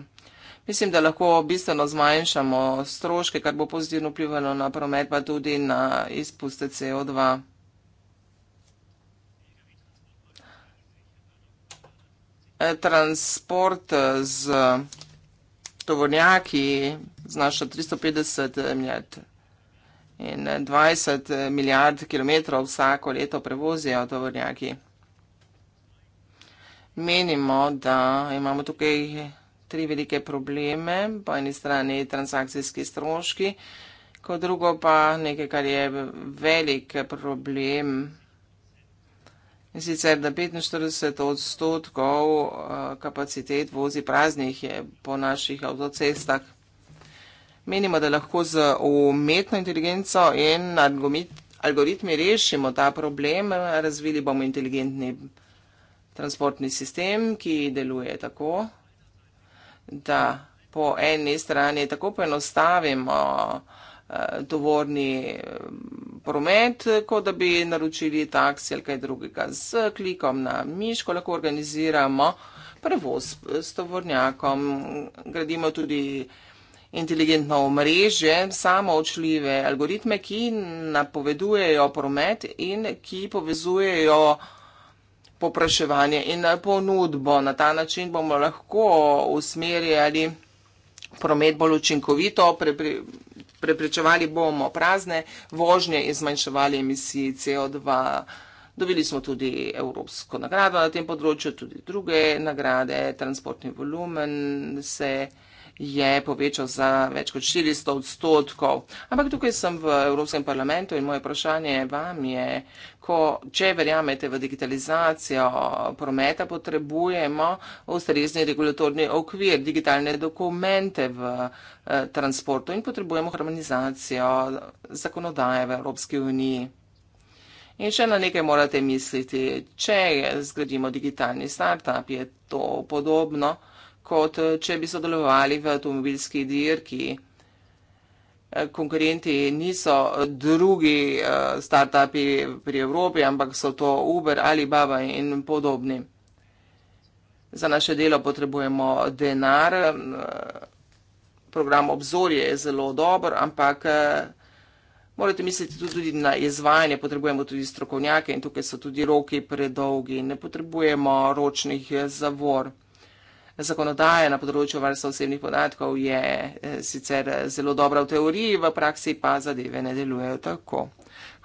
Mislim, da lahko bistveno zmanjšamo stroške, kar bo pozitivno vplivalo na promet, pa tudi na izpuste CO2. Eh, transport eh, z tovornjaki znaša 350 milijard in 20 eh, eh, milijard kilometrov vsako leto prevozijo tovornjaki. Menimo, da imamo tukaj tri velike probleme, po eni strani transakcijski stroški, kot drugo pa nekaj, kar je velik problem. In sicer, da 45 odstotkov eh, kapacitet vozi praznih je po naših avtocestah. Menimo, da lahko z umetno inteligenco in algoritmi rešimo ta problem. Razvili bomo inteligentni transportni sistem, ki deluje tako, da po eni strani tako poenostavimo eh, tovorni eh, promet, kot da bi naročili taksi ali kaj drugega. Z klikom na miško lahko organiziramo prevoz s tovornjakom. Gradimo tudi inteligentno omrežje, samo očljive algoritme, ki napovedujejo promet in ki povezujejo popraševanje in ponudbo. Na ta način bomo lahko usmerjali promet bolj učinkovito, prepri, preprečevali bomo prazne vožnje in zmanjševali emisije CO2. Dobili smo tudi Evropsko nagrado na tem področju, tudi druge nagrade, transportni volumen se je je povečal za več kot 400 odstotkov. Ampak tukaj sem v Evropskem parlamentu in moje vprašanje vam je, ko, če verjamete v digitalizacijo prometa, potrebujemo ustrezni regulatorni okvir, digitalne dokumente v eh, transportu in potrebujemo harmonizacijo zakonodaje v Evropski uniji. In še na nekaj morate misliti, če zgradimo digitalni startup, je to podobno kot eh, če bi sodelovali v avtomobilski dirki. Eh, konkurenti niso eh, drugi startupi pri Evropi, ampak so to Uber, Alibaba in podobni. Za naše delo potrebujemo denar. Program obzorje je zelo dober, ampak morate misliti tudi na izvajanje. Potrebujemo tudi strokovnjake in tukaj so tudi roki predolgi. Ne potrebujemo ročnih zavor. Zakonodaja na področju varstva osebnih podatkov je eh, sicer eh, zelo dobra v teoriji, v praksi pa zadeve ne delujejo tako.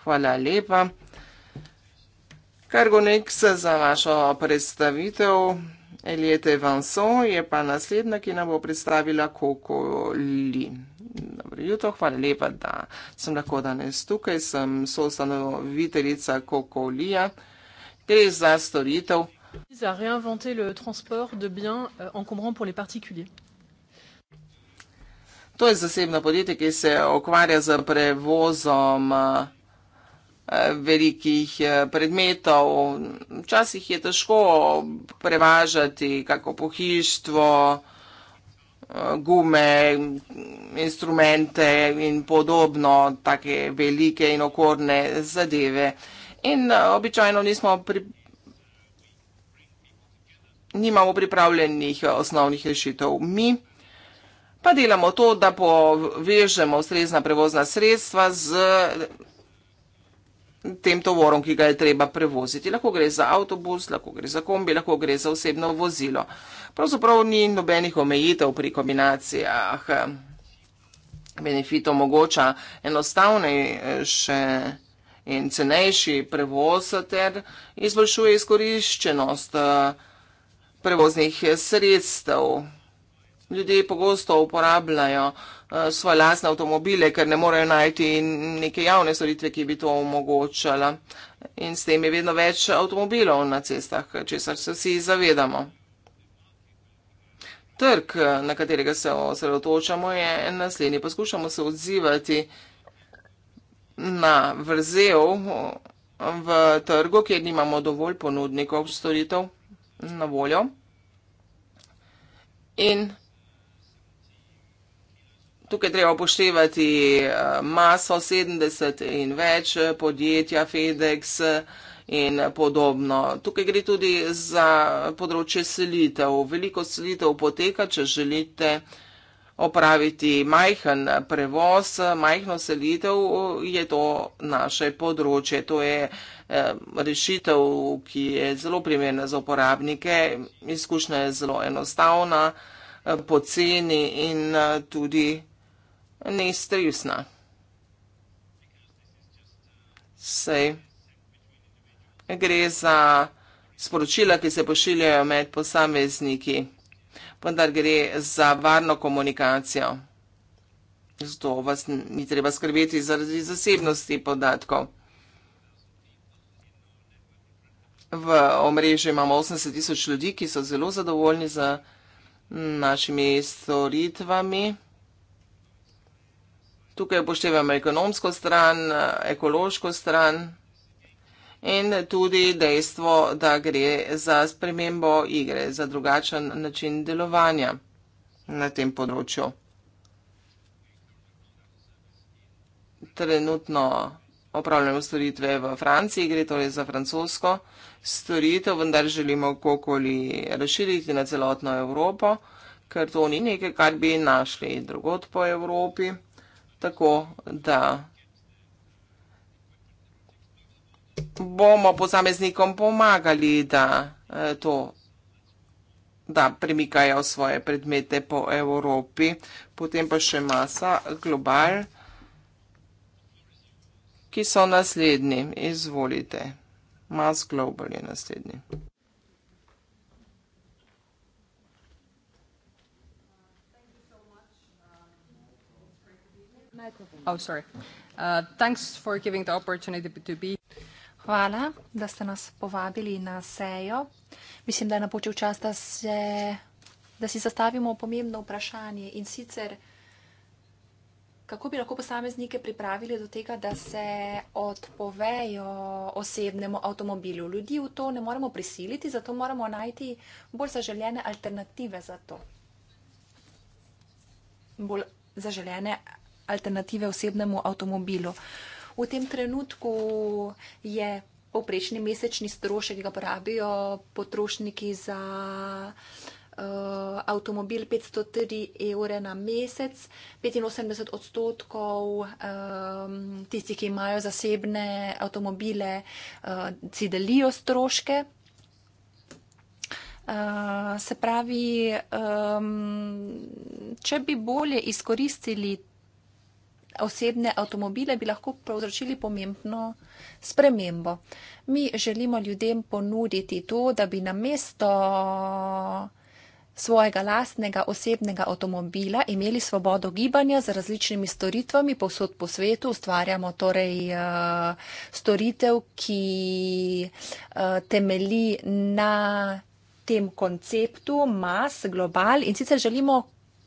Hvala lepa. Kargonex za vašo predstavitev. Eliete Vanson je pa naslednja, ki nam bo predstavila Koko Li. Dobro jutro, hvala lepa, da sem lahko danes tukaj. Sem soustanoviteljica Koko Lija. Gre za storitev vise à réinventer le transport de biens euh, encombrants pour les particuliers. To je zasebno podjetje, ki se ukvarja z prevozom eh, velikih eh, predmetov. Včasih je težko prevažati kako pohištvo, eh, gume, instrumente in podobno, take velike in okorne zadeve. In običajno nismo pripravljeni nimamo pripravljenih eh, osnovnih rešitev. Mi pa delamo to, da povežemo ustrezna prevozna sredstva z tem tovorom, ki ga je treba prevoziti. Lahko gre za avtobus, lahko gre za kombi, lahko gre za osebno vozilo. Pravzaprav ni nobenih omejitev pri kombinacijah. Benefit omogoča enostavnejše in cenejši prevoz ter izboljšuje izkoriščenost. Eh, prevoznih sredstev. Ljudje pogosto uporabljajo uh, svoje lasne avtomobile, ker ne morejo najti neke javne storitve, ki bi to omogočala. In s tem je vedno več avtomobilov na cestah, česar se vsi zavedamo. Trg, na katerega se osredotočamo, je naslednji. Poskušamo se odzivati na vrzel v trgu, kjer nimamo dovolj ponudnikov storitev na voljo. In tukaj treba upoštevati eh, maso 70 in več eh, podjetja FedEx eh, in podobno. Tukaj gre tudi za področje selitev. Veliko selitev poteka, če želite opraviti majhen prevoz, majhno selitev, je to naše področje. To je nekaj. Eh, rešitev, ki je zelo primerna za uporabnike. Izkušnja je zelo enostavna, eh, poceni in eh, tudi neistrivsna. Sej gre za sporočila, ki se pošiljajo med posamezniki, vendar gre za varno komunikacijo. Zato vas ni treba skrbeti zaradi zasebnosti podatkov v omrežju imamo 80 tisoč ljudi, ki so zelo zadovoljni z našimi storitvami. Tukaj upoštevamo ekonomsko stran, ekološko stran in tudi dejstvo, da gre za spremembo igre, za drugačen način delovanja na tem področju. Trenutno opravljamo storitve v Franciji, gre torej za francosko storitev, vendar želimo kakokoli razširiti na celotno Evropo, ker to ni nekaj, kar bi našli drugot po Evropi. Tako da bomo posameznikom pomagali, da eh, to da premikajo svoje predmete po Evropi. Potem pa še masa global, ki so naslednji. Izvolite. Mass Global je naslednji. Oh, sorry. Uh, for the to be. Hvala, da ste nas povabili na sejo. Mislim, da je napočil čas, da, se, da si zastavimo pomembno vprašanje in sicer kako bi lahko posameznike pripravili do tega, da se odpovejo osebnemu avtomobilu. Ljudi v to ne moremo prisiliti, zato moramo najti bolj zaželjene alternative za to. Bolj zaželjene alternative osebnemu avtomobilu. V tem trenutku je povprečni mesečni strošek, ki ga porabijo potrošniki za. Eh, avtomobil 503 evre na mesec, 85 odstotkov um, tistih, ki imajo zasebne avtomobile, uh, si delijo stroške. Uh, se pravi, um, če bi bolje izkoristili osebne avtomobile, bi lahko povzročili pomembno spremembo. Mi želimo ljudem ponuditi to, da bi na mesto uh, svojega lastnega osebnega avtomobila, imeli svobodo gibanja z različnimi storitvami povsod po svetu. Ustvarjamo torej eh, storitev, ki eh, temeli na tem konceptu mas global in sicer želimo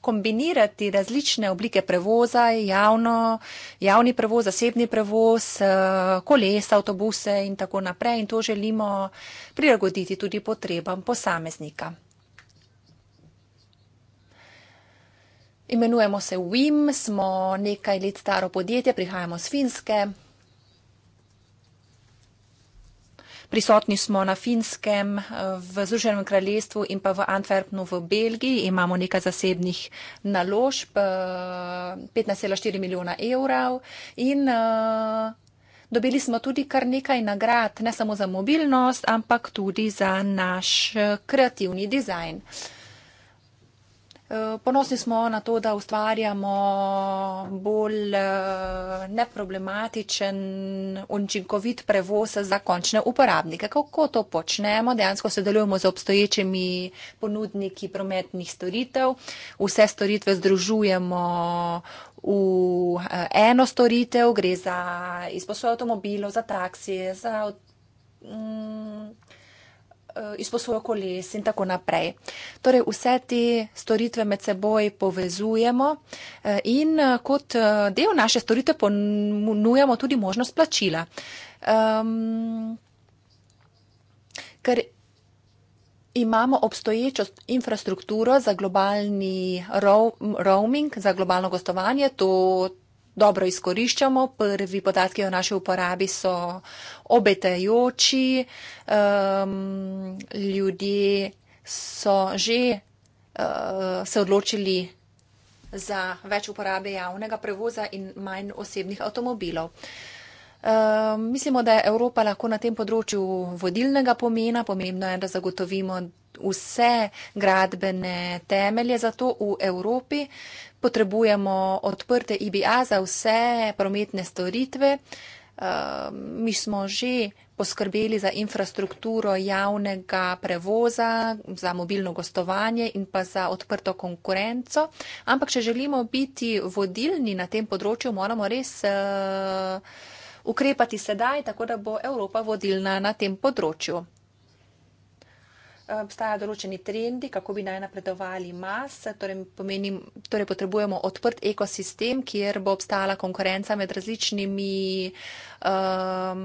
kombinirati različne oblike prevoza, javno, javni prevoz, zasebni prevoz, eh, kolesa, avtobuse in tako naprej. In to želimo prilagoditi tudi potrebam posameznika. Imenujemo se WIM, smo nekaj let staro podjetje, prihajamo z Finske. Prisotni smo na Finskem, v Združenem kraljestvu in pa v Antwerpnu v Belgiji. Imamo nekaj zasebnih naložb, 15,4 eh, milijona evrov. In eh, dobili smo tudi kar nekaj nagrad, ne samo za mobilnost, ampak tudi za naš kreativni dizajn. Ponosni smo na to, da ustvarjamo bolj eh, neproblematičen, učinkovit prevoz za končne uporabnike. Kako to počnemo? Dejansko sodelujemo z obstoječimi ponudniki prometnih storitev. Vse storitve združujemo v eh, eno storitev, gre za izposojo avtomobilov, za taksije, za. Mm, Eh, izposojo koles in tako naprej. Torej, vse te storitve med seboj povezujemo eh, in eh, kot del naše storitve ponujemo tudi možnost plačila. Um, ker imamo obstoječo infrastrukturo za globalni roaming, za globalno gostovanje, to dobro izkoriščamo. Prvi podatki o naši uporabi so obetajoči, um, ljudje so že uh, se odločili za več uporabe javnega prevoza in manj osebnih avtomobilov. Um, mislimo, da je Evropa lahko na tem področju vodilnega pomena. Pomembno je, da zagotovimo vse gradbene temelje za to v Evropi potrebujemo odprte IBA za vse prometne storitve. Eh, mi smo že poskrbeli za infrastrukturo javnega prevoza, za mobilno gostovanje in pa za odprto konkurenco. Ampak, če želimo biti vodilni na tem področju, moramo res uh, ukrepati sedaj, tako da bo Evropa vodilna na tem področju obstajajo določeni trendi, kako bi naj napredovali mase, torej, pomeni, torej potrebujemo odprt ekosistem, kjer bo obstajala konkurenca med različnimi um,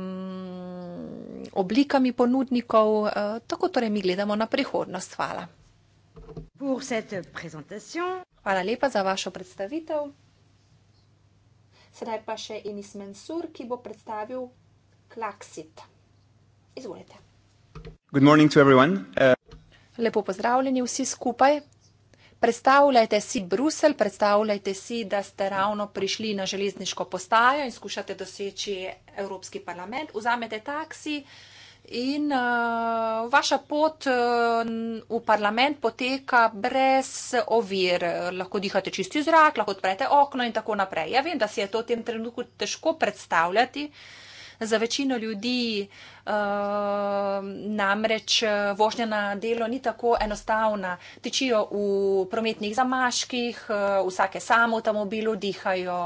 oblikami ponudnikov. Uh, tako torej mi gledamo na prihodnost. Hvala. Hvala lepa za vašo predstavitev. Sedaj pa še Enis Mensur, ki bo predstavil Klaxit. Izvolite. Uh, Lepo pozdravljeni vsi skupaj. Predstavljajte si Bruselj, predstavljajte si, da ste ravno prišli na železniško postajo in skušate doseči Evropski parlament. Vzamete taksi in uh, vaša pot uh, v parlament poteka brez ovir. Lahko dihate čisti zrak, lahko odprete okno in tako naprej. Ja vem, da si je to v tem trenutku težko predstavljati. Uh, Za večino ljudi uh, namreč eh, vožnja na delo ni tako enostavna. Tičijo v prometnih zamaških, uh, vsake samo v avtomobilu dihajo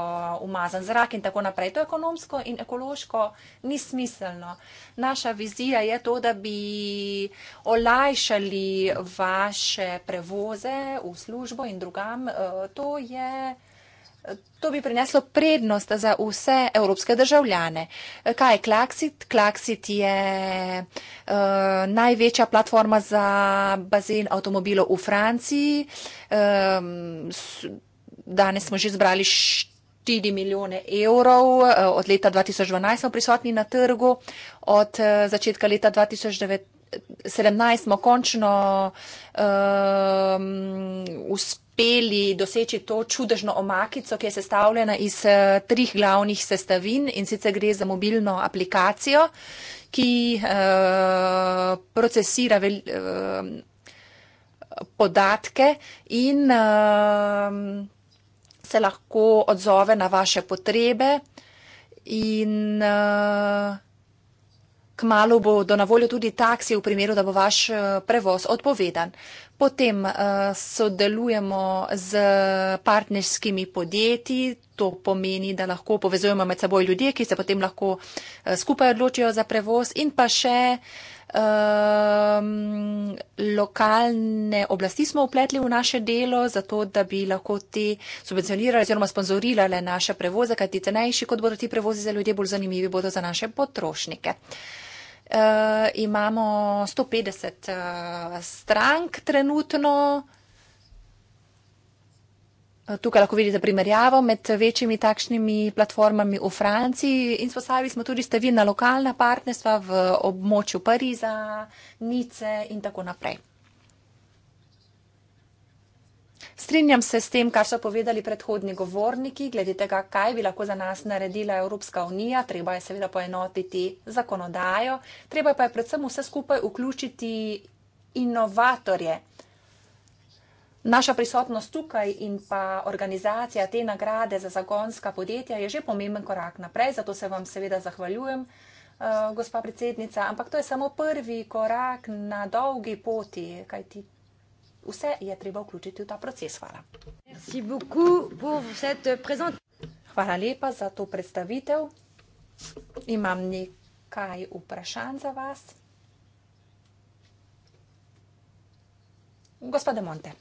umazan zrak in tako naprej. To ekonomsko in ekološko ni smiselno. Naša vizija je to, da bi olajšali vaše prevoze v službo in drugam. Uh, to je. To bi prineslo prednost za vse evropske državljane. Kaj je Klaxit? Klaxit je uh, največja platforma za bazen avtomobilov v Franciji. Um, danes smo že zbrali 4 milijone evrov, uh, od leta 2012 smo prisotni na trgu, od uh, začetka leta 2019. 17 smo končno uh, uspeli doseči to čudežno omakico, ki je sestavljena iz uh, eh, trih glavnih sestavin in sicer gre za mobilno aplikacijo, ki uh, procesira vel, uh, podatke in uh, se lahko odzove na vaše potrebe. In, uh, kmalo bodo na voljo tudi taksi v primeru, da bo vaš eh, prevoz odpovedan. Potem uh, sodelujemo z partnerskimi podjetji, to pomeni, da lahko povezujemo med seboj ljudje, ki se potem lahko uh, skupaj odločijo za prevoz in pa še um, lokalne oblasti smo upletli v naše delo, zato da bi lahko te subvencionirale oziroma sponzorirale naše prevoze, kajti cenejši kot bodo ti prevozi za ljudje, bolj zanimivi bodo za naše potrošnike. Uh, Uh, imamo 150 uh, eh, strank trenutno. Eh, tukaj lahko vidite primerjavo med večjimi takšnimi platformami v Franciji in spostavili smo tudi stavilna lokalna partnerstva v območju Pariza, Nice in tako naprej. strinjam se s tem, kar so povedali predhodni govorniki, glede tega, kaj bi lahko za nas naredila Evropska unija. Treba je seveda poenotiti zakonodajo, treba pa je predvsem vse skupaj vključiti inovatorje. Naša prisotnost tukaj in pa organizacija te nagrade za zagonska podjetja je že pomemben korak naprej, zato se vam seveda zahvaljujem, eh, gospa predsednica, ampak to je samo prvi korak na dolgi poti, kaj ti vse je treba vključiti v ta proces. Hvala. Hvala lepa za to predstavitev. Imam nekaj vprašanj za vas. Gospode Monte.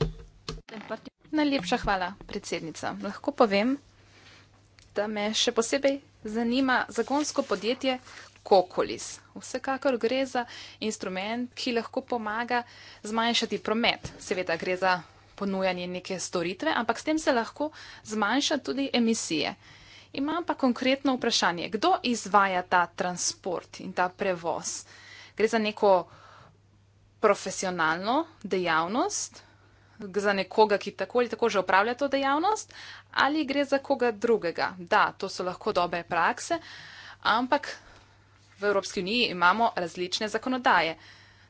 Najlepša hvala, predsednica. Lahko povem, da me še posebej zanima zagonsko podjetje kokolis. Vsekakor gre za instrument, ki lahko pomaga zmanjšati promet. Seveda gre za ponujanje neke storitve, ampak s tem se lahko zmanjša tudi emisije. Imam pa konkretno vprašanje, kdo izvaja ta transport in ta prevoz? Gre za neko profesionalno dejavnost, za nekoga, ki tako ali tako že upravlja to dejavnost, ali gre za koga drugega? Da, to so lahko dobre prakse, ampak V Evropski uniji imamo različne zakonodaje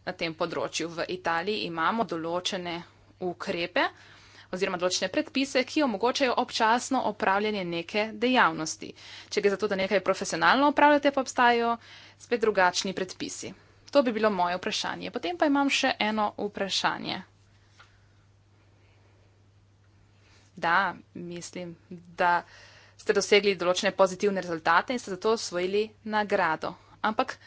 na tem področju. V Italiji imamo določene ukrepe oziroma določene predpise, ki omogočajo občasno opravljanje neke dejavnosti. Če gre za to, da nekaj profesionalno opravljate, pa obstajajo spet drugačni predpisi. To bi bilo moje vprašanje. Potem pa imam še eno vprašanje. Da, mislim, da ste dosegli določene pozitivne rezultate in ste zato osvojili nagrado. Ampak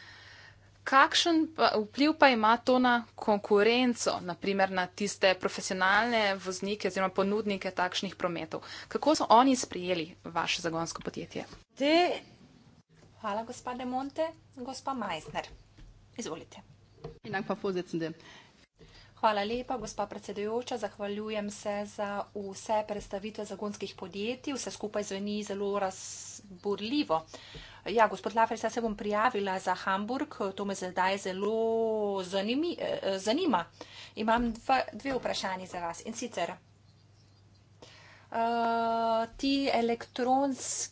kakšen pa, vpliv pa ima to na konkurenco, naprimer na tiste profesionalne voznike oziroma ponudnike takšnih prometov? Kako so oni sprijeli vaše zagonsko podjetje? De. Hvala, gospod De Monte. Gospa Majsner, izvolite. Hvala lepa, gospa predsedujoča. Zahvaljujem se za vse predstavitve zagonskih podjetij. Vse skupaj zveni zelo razburljivo. Uh, Ja, gospod Lafer, se bom prijavila za Hamburg, to me zdaj zelo zanimi, eh, zanima. Imam dva, dve vprašanje za vas in sicer. Uh, ti elektronski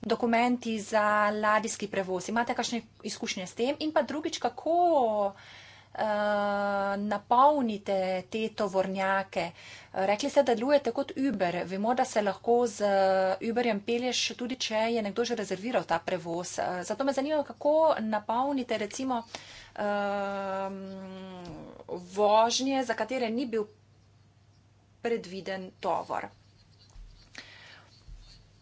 dokumenti za ladijski prevoz, imate kakšne izkušnje s tem? In pa drugič, kako uh, Eh, napolnite te tovornjake. Rekli ste, da delujete kot Uber. Vemo, da se lahko z eh, Uberjem pelješ, tudi če je nekdo že rezerviral ta prevoz. Eh, zato me zanima, kako napolnite recimo vožnje, za katere ni bil predviden tovor.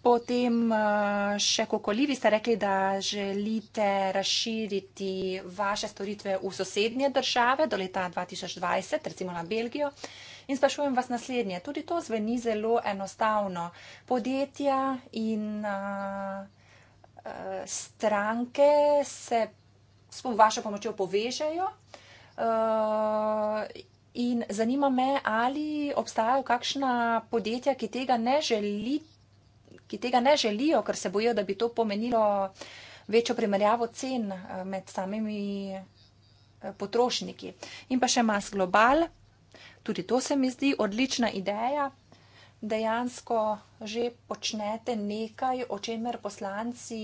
Potem eh, še kokolivi ste rekli, da želite razširiti vaše storitve v sosednje države do leta 2020, recimo na Belgijo. In sprašujem vas naslednje, tudi to zveni zelo enostavno. Podjetja in a, eh, a, eh, stranke se s vašo pomočjo povežejo. A, in zanima me, ali obstajajo kakšna podjetja, ki tega ne želite ki tega ne želijo, ker se bojijo, da bi to pomenilo večjo primerjavo cen eh, med samimi eh, potrošniki. In pa še Mas Global, tudi to se mi zdi odlična ideja. Dejansko že počnete nekaj, o čemer poslanci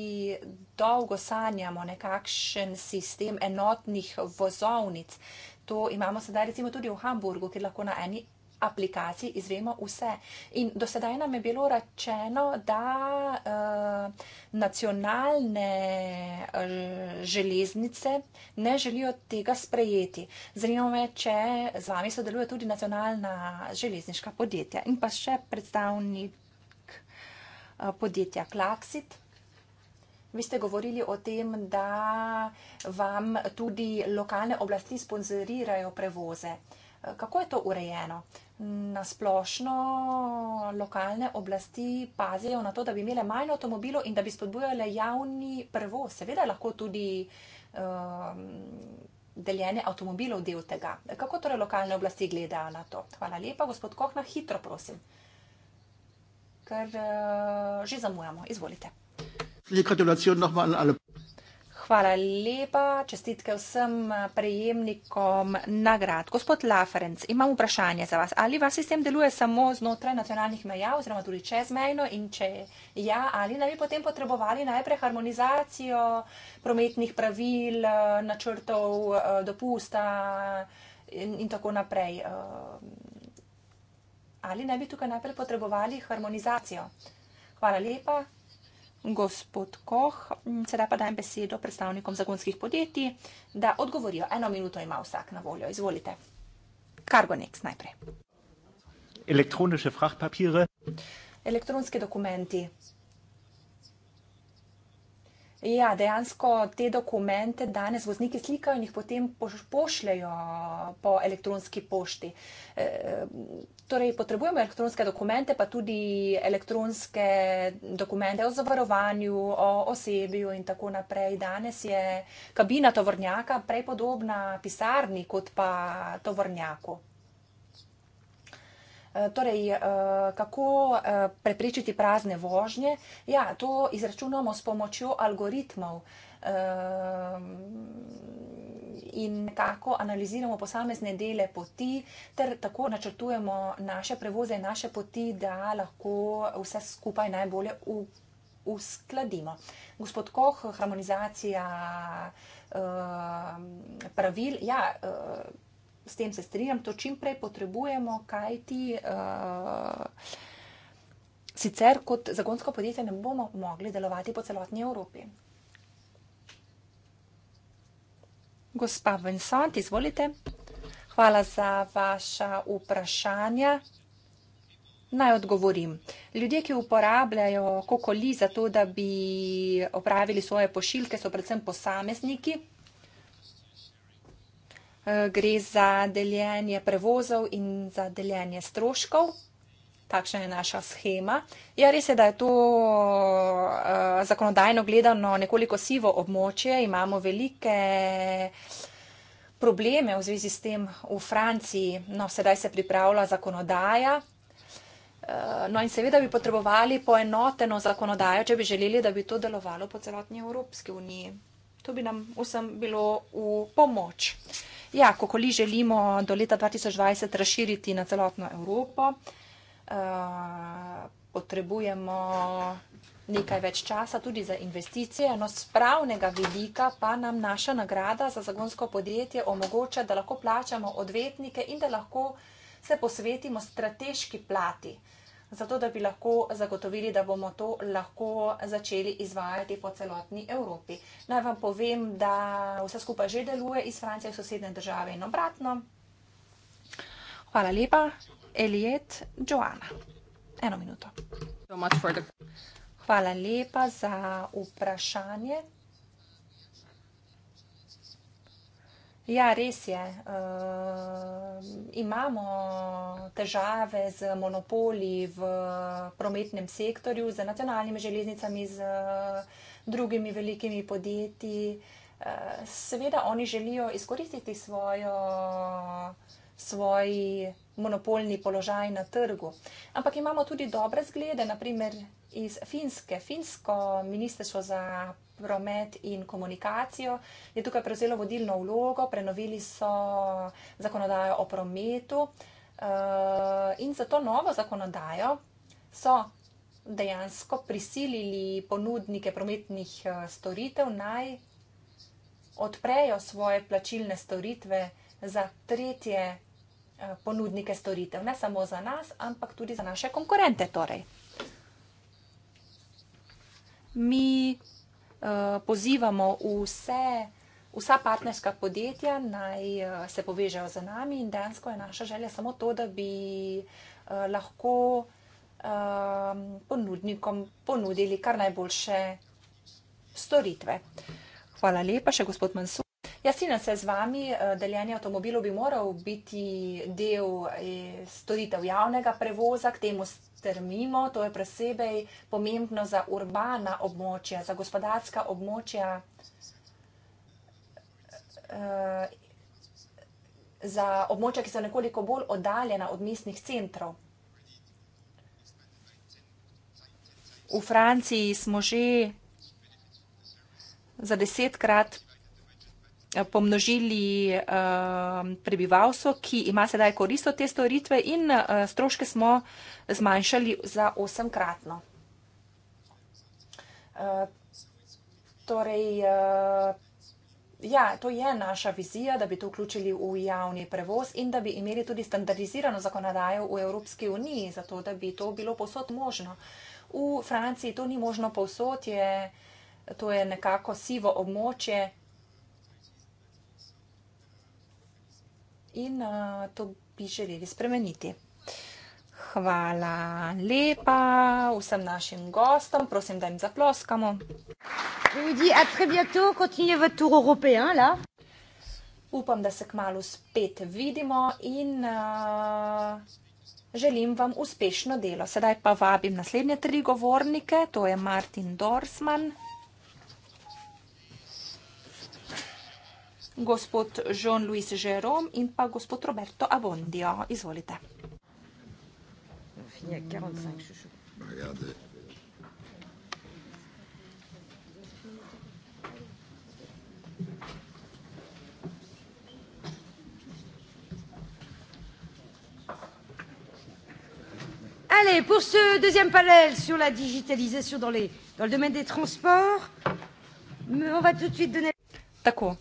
dolgo sanjamo, nekakšen sistem enotnih vozovnic. To imamo sedaj recimo tudi v Hamburgu, kjer lahko na eni aplikacij izvemo vse. In do sedaj nam je bilo rečeno, da uh, nacionalne eh, železnice ne želijo tega sprejeti. Zanima me, če z vami sodeluje tudi nacionalna železniška podjetja in pa še predstavnik uh, podjetja Klaxit. Vi ste govorili o tem, da vam tudi lokalne oblasti sponzorirajo prevoze. Uh, kako je to urejeno? Na splošno lokalne oblasti pazijo na to, da bi imele manj avtomobilov in da bi spodbujale javni prvo, seveda lahko tudi um, deljene avtomobilov del tega. Kako torej lokalne oblasti gledajo na to? Hvala lepa, gospod Kohna, hitro prosim, ker uh, že zamujamo. Izvolite. Gratulacijo, nohman ali. Hvala lepa, čestitke vsem eh, prejemnikom nagrad. Gospod Laferenc, imam vprašanje za vas. Ali vaš sistem deluje samo znotraj nacionalnih meja oziroma tudi čezmejno in če ja, ali naj bi potem potrebovali najprej harmonizacijo prometnih pravil, eh, načrtov, eh, dopusta in, in tako naprej? Ali naj bi tukaj najprej potrebovali harmonizacijo? Hvala lepa gospod Koh. Sedaj pa dajem besedo predstavnikom zagonskih podjetij, da odgovorijo. Eno minuto ima vsak na voljo. Izvolite. Cargonex najprej. Elektronske dokumenti. Ja, dejansko te dokumente danes vozniki slikajo in jih potem pošljajo po elektronski pošti. E, e, torej, potrebujemo elektronske dokumente, pa tudi elektronske dokumente o zavarovanju, o osebju in tako naprej. Danes je kabina tovornjaka prej podobna pisarni kot pa tovornjaku. Eh, torej, eh, kako eh, preprečiti prazne vožnje. Ja, to izračunamo s pomočjo algoritmov in tako analiziramo posamezne dele poti, ter tako načrtujemo naše prevoze in naše poti, da lahko vse skupaj najbolje uskladimo. Gospod Koh, harmonizacija pravil. Ja, s tem se strinjam, to čim prej potrebujemo, kaj ti. Uh, eh, Sicer kot zagonsko podjetje ne bomo mogli delovati po celotni Evropi. Gospa Vincent, izvolite. Hvala za vaša vprašanja. Naj odgovorim. Ljudje, ki uporabljajo kokoli za to, da bi opravili svoje pošiljke, so predvsem posamezniki. Eh, gre za deljenje prevozov in za deljenje stroškov. Takšna je naša schema. Ja, res je, da je to eh, zakonodajno gledano nekoliko sivo območje. Imamo velike probleme v zvezi s tem v Franciji. No, sedaj se pripravlja zakonodaja. Eh, no in seveda bi potrebovali poenoteno zakonodajo, če bi želeli, da bi to delovalo po celotni Evropski uniji. To bi nam vsem bilo v pomoč. Ja, Kokoli želimo do leta 2020 razširiti na celotno Evropo, eh, potrebujemo nekaj več časa tudi za investicije, no z pravnega vidika pa nam naša nagrada za zagonsko podjetje omogoča, da lahko plačamo odvetnike in da lahko se posvetimo strateški plati zato da bi lahko zagotovili, da bomo to lahko začeli izvajati po celotni Evropi. Naj vam povem, da vse skupaj že deluje iz Francije v sosedne države in obratno. Hvala lepa. Elijet Joana. Eno minuto. Hvala lepa za vprašanje. Ja, res je. Uh, imamo težave z monopoli v prometnem sektorju, z nacionalnimi železnicami, z eh, drugimi velikimi podjetji. Uh, seveda oni želijo izkoristiti svojo, svoj monopolni položaj na trgu. Ampak imamo tudi dobre zglede, naprimer iz Finske. Finsko ministrstvo za promet in komunikacijo, je tukaj prevzelo vodilno vlogo, prenovili so zakonodajo o prometu eh, in za to novo zakonodajo so dejansko prisilili ponudnike prometnih eh, storitev naj odprejo svoje plačilne storitve za tretje eh, ponudnike storitev, ne samo za nas, ampak tudi za naše konkurente. Torej. Mi Eh, pozivamo vse, vsa partnerska podjetja naj eh, se povežejo z nami in dejansko je naša želja samo to, da bi eh, lahko ponudnikom ponudili kar najboljše storitve. Hvala lepa še gospod Mansu. Jasina se z vami, deljenje avtomobilov bi moral biti del storitev javnega prevoza, k temu strmimo, to je presebej pomembno za urbana območja, za gospodarska območja, eh, za območja, ki so nekoliko bolj oddaljena od mestnih centrov. V Franciji smo že za desetkrat pomnožili eh, prebivalstvo, ki ima sedaj koristo te storitve in eh, stroške smo zmanjšali za osemkratno. Eh, torej, ja, to je naša vizija, da bi to vključili v javni prevoz in da bi imeli tudi standardizirano zakonodajo v Evropski uniji, zato da bi to bilo posod možno. V Franciji to ni možno posod, to je nekako sivo območje, in uh, to bi želeli spremeniti. Hvala lepa vsem našim gostom, prosim, da jim zaploskamo. Upam, da se kmalo spet vidimo in uh, želim vam uspešno delo. Sedaj pa vabim naslednje tri govornike, to je Martin Dorsman. gospod Jean-Louis Jerome in pa gospod Roberto Abondio. Izvolite. Allez, pour ce deuxième panel sur la digitalisation dans, les, dans le domaine des transports, on va tout de suite donner. D'accord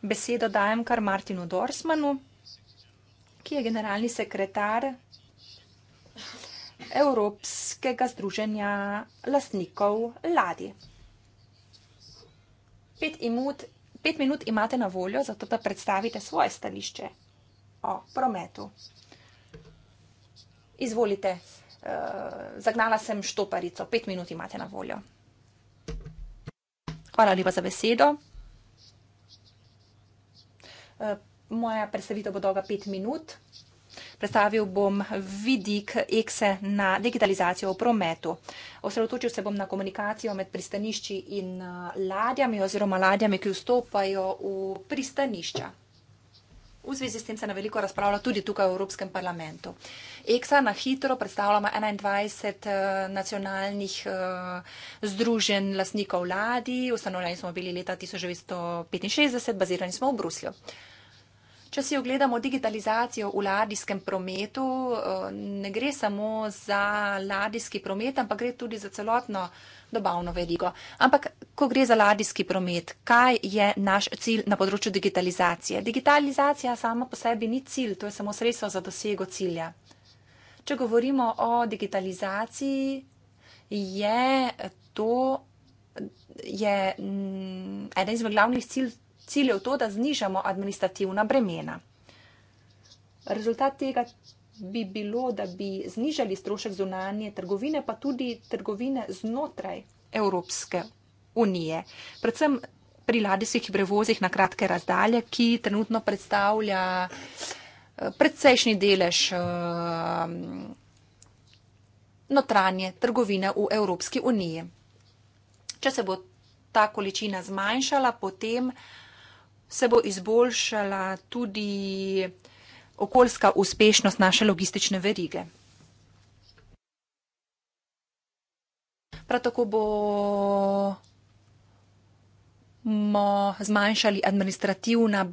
besedo dajem kar Martinu Dorsmanu, ki je generalni sekretar Evropskega združenja lastnikov ladij. Pet, imut, pet minut imate na voljo, zato da predstavite svoje stališče o prometu. Izvolite, eh, zagnala sem štoparico, pet minut imate na voljo. Hvala lepa za besedo. Eh, moja predstavitev bo dolga pet minut. Predstavil bom vidik EXE na digitalizacijo v prometu. Osredotočil se bom na komunikacijo med pristanišči in eh, ladjami oziroma ladjami, ki vstopajo v pristanišča. V zvezi s tem se na veliko razpravlja tudi tukaj v Evropskem parlamentu. EXA na hitro predstavljamo 21 eh, nacionalnih združen lastnikov ladij. Ustanovljeni smo bili leta 1965, bazirani smo v Bruslju. Če si ogledamo digitalizacijo v ladijskem prometu, eh, ne gre samo za ladijski promet, ampak gre tudi za celotno dobavno verigo. Ampak, ko gre za ladijski promet, kaj je naš cilj na področju digitalizacije? Digitalizacija sama po sebi ni cilj, to je samo sredstvo za dosego cilja. Če govorimo o digitalizaciji, je to je mm, eden izmed glavnih ciljev cilj je v to, da znižamo administrativna bremena. Rezultat tega bi bilo, da bi znižali strošek zunanje trgovine, pa tudi trgovine znotraj Evropske unije. Predvsem pri ladijskih prevozih na kratke razdalje, ki trenutno predstavlja eh, predsejšnji delež eh, notranje trgovine v Evropski uniji. Če se bo ta količina zmanjšala, potem uh, se bo izboljšala tudi okoljska uspešnost naše logistične verige. Prav tako bomo zmanjšali administrativna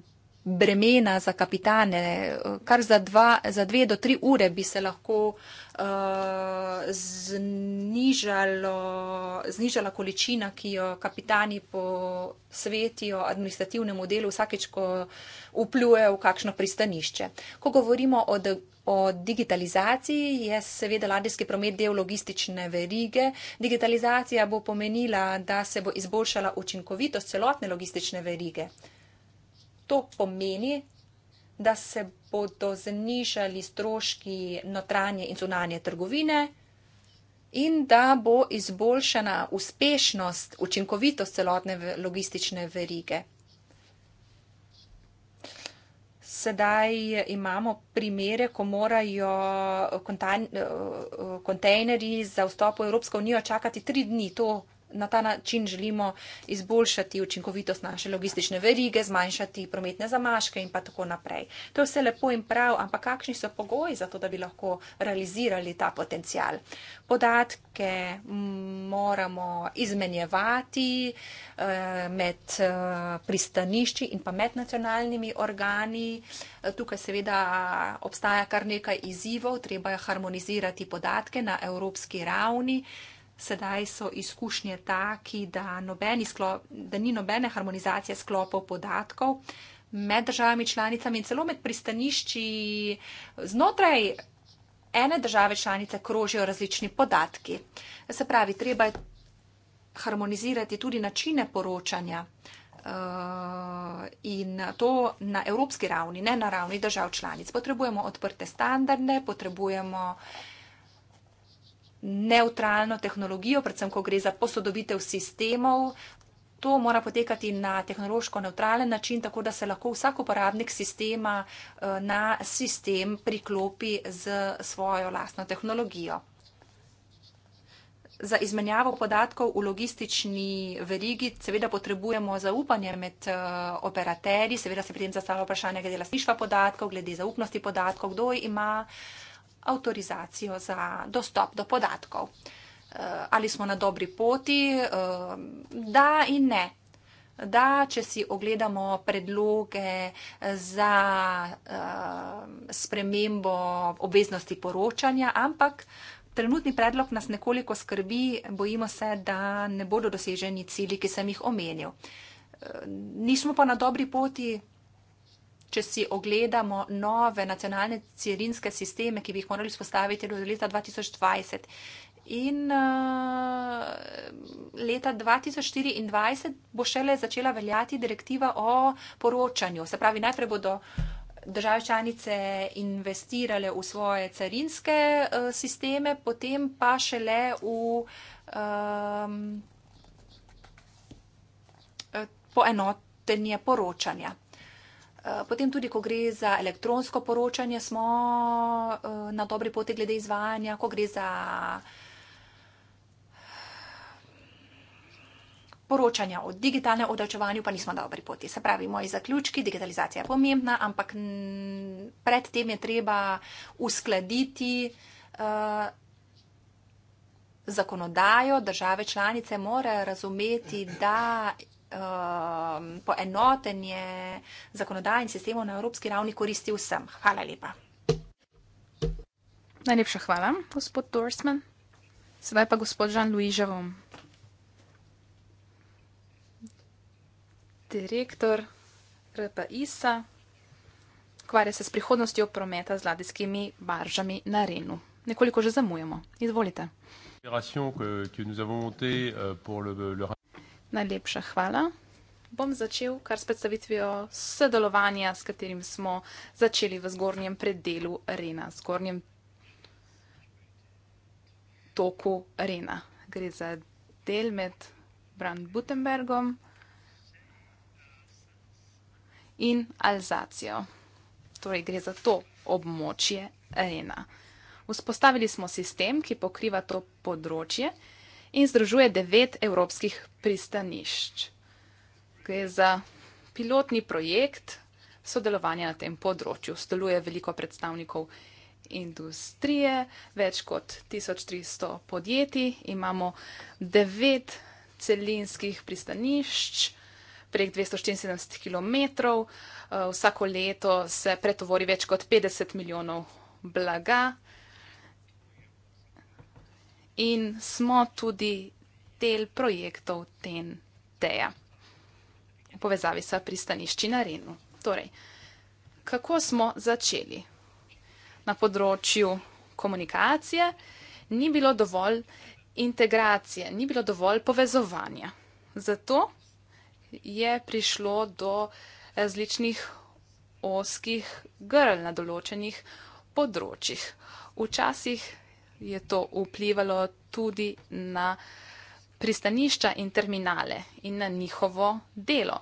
bremena za kapitane. Kar za, dva, za dve do tri ure bi se lahko uh, znižalo, znižala količina, ki jo kapitani posvetijo administrativnemu delu vsakeč, ko vplujejo v kakšno pristanišče. Ko govorimo o, o digitalizaciji, je seveda ladijski promet del logistične verige. Digitalizacija bo pomenila, da se bo izboljšala učinkovitost celotne logistične verige to pomeni, da se bodo znižali stroški notranje in zunanje trgovine in da bo izboljšana uspešnost, učinkovitost celotne logistične verige. Sedaj imamo primere, ko morajo kontejnerji za vstop v Evropsko unijo čakati tri dni. To na ta način želimo izboljšati učinkovitost naše logistične verige, zmanjšati prometne zamaške in pa tako naprej. To je vse lepo in prav, ampak kakšni so pogoji za to, da bi lahko realizirali ta potencial? Podatke moramo izmenjevati eh, med eh, pristanišči in pa med nacionalnimi organi. Eh, tukaj seveda obstaja kar nekaj izzivov, treba je harmonizirati podatke na evropski ravni sedaj so izkušnje taki, da, sklop, da ni nobene harmonizacije sklopov podatkov med državami članicami in celo med pristanišči znotraj ene države članice krožijo različni podatki. Se pravi, treba je harmonizirati tudi načine poročanja eh, in to na evropski ravni, ne na ravni držav članic. Potrebujemo odprte standarde, potrebujemo neutralno tehnologijo, predvsem, ko gre za posodobitev sistemov. To mora potekati na tehnološko neutralen način, tako da se lahko vsak uporabnik sistema eh, na sistem priklopi z svojo lastno tehnologijo. Za izmenjavo podatkov v logistični verigi seveda potrebujemo zaupanje med eh, operaterji, seveda se pri tem zastavlja vprašanje glede lastništva podatkov, glede zaupnosti podatkov, kdo ima uh, avtorizacijo za dostop do podatkov. Eh, ali smo na dobri poti? Eh, da in ne. Da, če si ogledamo predloge za eh, spremembo obveznosti poročanja, ampak trenutni predlog nas nekoliko skrbi, bojimo se, da ne bodo doseženi cili, ki sem jih omenil. Nismo pa na dobri poti, če si ogledamo nove nacionalne cirinske sisteme, ki bi jih morali spostaviti do leta 2020. In uh, leta 2024 bo šele začela veljati direktiva o poročanju. Se pravi, najprej bodo države članice investirale v svoje carinske uh, sisteme, potem pa šele v. Um, poenotenje poročanja. Eh, potem tudi, ko gre za elektronsko poročanje, smo eh, na dobri poti glede izvajanja, ko gre za poročanja o digitalnem odračevanju, pa nismo na dobri poti. Se pravi, moji zaključki, digitalizacija je pomembna, ampak predtem je treba uskladiti eh, zakonodajo, države članice morajo razumeti, da um, poenotenje zakonodaj in sistemov na evropski ravni koristi vsem. Hvala lepa. Najlepša hvala, gospod Dorsman. Sedaj pa gospod Jean-Louis Javom. Direktor RP ISA ukvarja se s prihodnostjo prometa z ladijskimi baržami na Renu. Nekoliko že zamujamo. Izvolite. Que, que Najlepša hvala. Bom začel kar s predstavitvijo sodelovanja, s katerim smo začeli v zgornjem predelu Rena, zgornjem toku Rena. Gre za del med Brandbutenbergom in Alzacijo. Torej gre za to območje Rena. Vzpostavili smo sistem, ki pokriva to področje in združuje devet evropskih pristanišč. Gre za pilotni projekt sodelovanja na tem področju. Sodeluje veliko predstavnikov industrije, več kot 1300 podjetij, imamo devet celinskih pristanišč. Prek 274 km eh, vsako leto se pretovori več kot 50 milijonov blaga in smo tudi del projektov TEN-TEA v povezavi s pristanišči na Renu. Torej, kako smo začeli? Na področju komunikacije ni bilo dovolj integracije, ni bilo dovolj povezovanja. Zato je prišlo do različnih oskih grl na določenih področjih. Včasih je to vplivalo tudi na pristanišča in terminale in na njihovo delo.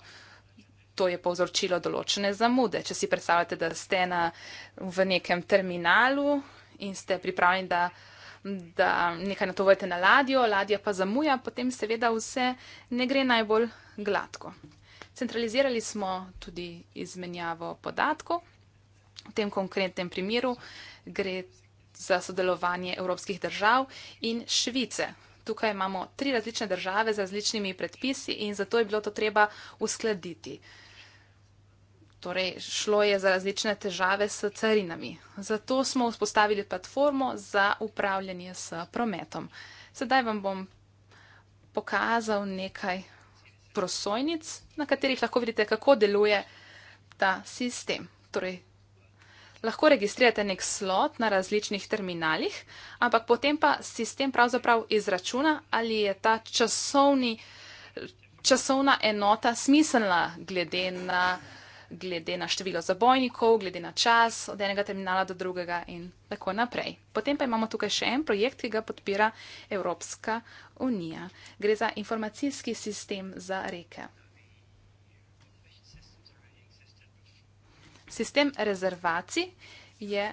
To je povzročilo določene zamude. Če si predstavljate, da ste na, v nekem terminalu in ste pripravljeni, da, da nekaj natovojite na ladjo, ladja pa zamuja, potem seveda vse ne gre najbolj gladko. Centralizirali smo tudi izmenjavo podatkov. V tem konkretnem primeru gre za sodelovanje evropskih držav in Švice tukaj imamo tri različne države z različnimi predpisi in zato je bilo to treba uskladiti. Torej, šlo je za različne težave s carinami. Zato smo vzpostavili platformo za upravljanje s prometom. Sedaj vam bom pokazal nekaj prosojnic, na katerih lahko vidite, kako deluje ta sistem. Torej, lahko registrirate nek slot na različnih terminalih, ampak potem pa sistem pravzaprav izračuna, ali je ta časovni, časovna enota smiselna glede na, glede na število zabojnikov, glede na čas od enega terminala do drugega in tako naprej. Potem pa imamo tukaj še en projekt, ki ga podpira Evropska unija. Gre za informacijski sistem za reke. Sistem rezervacij je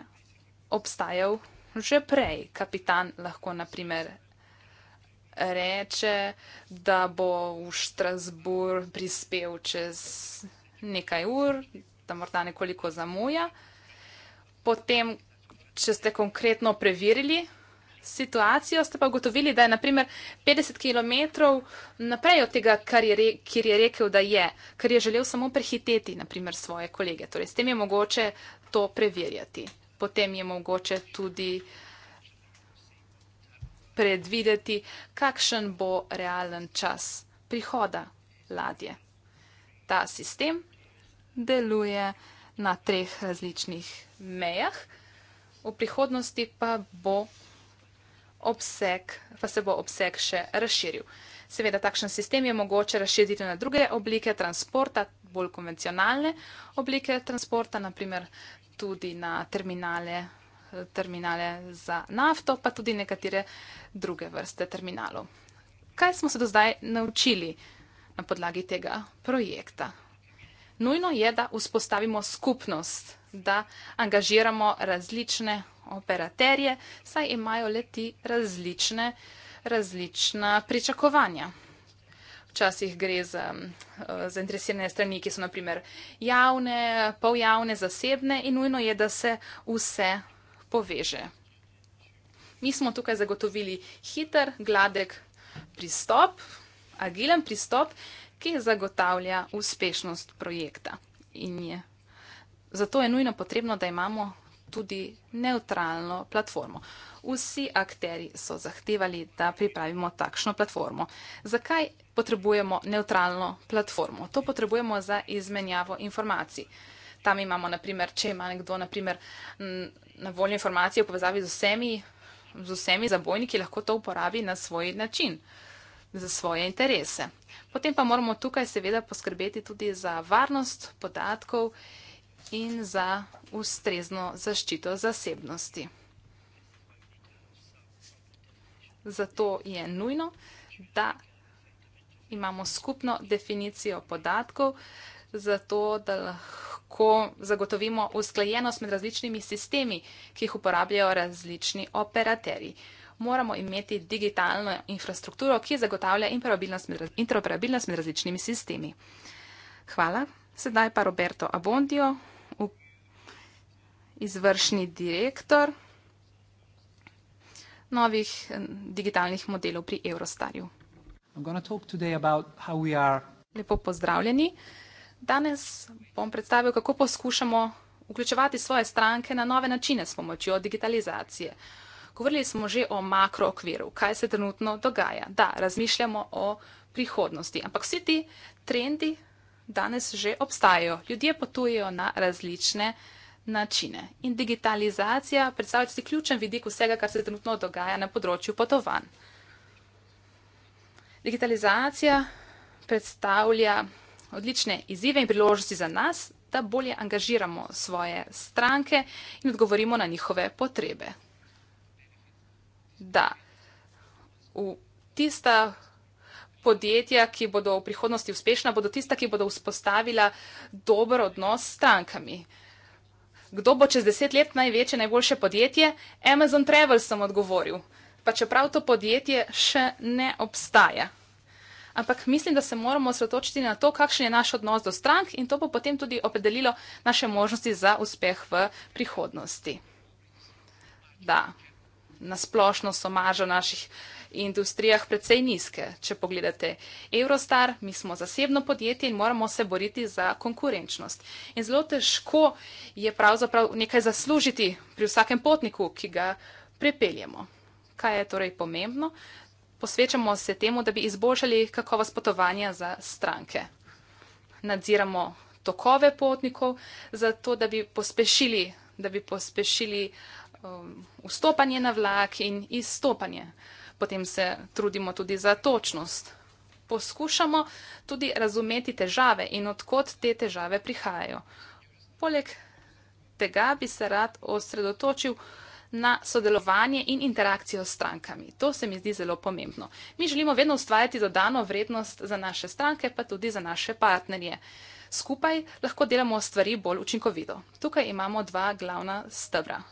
obstajal že prej. Kapitan lahko naprimer reče, da bo v Štrasbur prispel čez nekaj ur, da morda nekoliko zamuja. Potem, če ste konkretno preverili, situacijo, ste pa ugotovili, da je naprimer 50 km naprej od tega, je re, kjer je rekel, da je, ker je želel samo prehiteti naprimer, svoje kolege. Torej, s tem je mogoče to preverjati. Potem je mogoče tudi predvideti, kakšen bo realen čas prihoda ladje. Ta sistem deluje na treh različnih mejah. V prihodnosti pa bo obseg, pa se bo obseg še razširil. Seveda, takšen sistem je mogoče razširiti na druge oblike transporta, bolj konvencionalne oblike transporta, naprimer tudi na terminale, terminale za nafto, pa tudi nekatere druge vrste terminalov. Kaj smo se do zdaj naučili na podlagi tega projekta? Nujno je, da vzpostavimo skupnost da angažiramo različne operaterje, saj imajo le ti različne, različna pričakovanja. Včasih gre za eh, zainteresirane strani, ki so naprimer javne, poljavne, zasebne in nujno je, da se vse poveže. Mi smo tukaj zagotovili hiter, gladek pristop, agilen pristop, ki zagotavlja uspešnost projekta in je Zato je nujno potrebno, da imamo tudi neutralno platformo. Vsi akteri so zahtevali, da pripravimo takšno platformo. Zakaj potrebujemo neutralno platformo? To potrebujemo za izmenjavo informacij. Tam imamo, naprimer, če ima nekdo naprimer, na voljo informacije v povezavi z vsemi, z vsemi zabojniki, lahko to uporabi na svoj način, za svoje interese. Potem pa moramo tukaj seveda poskrbeti tudi za varnost podatkov in za ustrezno zaščito zasebnosti. Zato je nujno, da imamo skupno definicijo podatkov, zato da lahko zagotovimo usklajenost med različnimi sistemi, ki jih uporabljajo različni operateri. Moramo imeti digitalno infrastrukturo, ki zagotavlja interoperabilnost med različnimi sistemi. Hvala. Sedaj pa Roberto Abondio izvršni direktor novih eh, digitalnih modelov pri Eurostarju. Lepo pozdravljeni. Danes bom predstavil, kako poskušamo vključevati svoje stranke na nove načine s pomočjo digitalizacije. Govorili smo že o makrookviru, kaj se trenutno dogaja. Da, razmišljamo o prihodnosti, ampak vsi ti trendi danes že obstajajo. Ljudje potujejo na različne načine načine. In digitalizacija predstavlja tudi ključen vidik vsega, kar se trenutno dogaja na področju potovanj. Digitalizacija predstavlja odlične izzive in priložnosti za nas, da bolje angažiramo svoje stranke in odgovorimo na njihove potrebe. Da, v tista podjetja, ki bodo v prihodnosti uspešna, bodo tista, ki bodo vzpostavila dober odnos s strankami kdo bo čez deset let največje, najboljše podjetje? Amazon Travel sem odgovoril, pa čeprav to podjetje še ne obstaja. Ampak mislim, da se moramo osredotočiti na to, kakšen je naš odnos do strank in to bo potem tudi opredelilo naše možnosti za uspeh v prihodnosti. Da na splošno so marže v naših industrijah precej nizke. Če pogledate Eurostar, mi smo zasebno podjetje in moramo se boriti za konkurenčnost. In zelo težko je pravzaprav nekaj zaslužiti pri vsakem potniku, ki ga prepeljemo. Kaj je torej pomembno? Posvečamo se temu, da bi izboljšali kakovost potovanja za stranke. Nadziramo tokove potnikov, zato da bi pospešili, da bi pospešili uh, Um, vstopanje na vlak in izstopanje. Potem se trudimo tudi za točnost. Poskušamo tudi razumeti težave in odkot te težave prihajajo. Poleg tega bi se rad osredotočil na sodelovanje in interakcijo s strankami. To se mi zdi zelo pomembno. Mi želimo vedno ustvarjati dodano vrednost za naše stranke, pa tudi za naše partnerje. Skupaj lahko delamo stvari bolj učinkovito. Tukaj imamo dva glavna stebra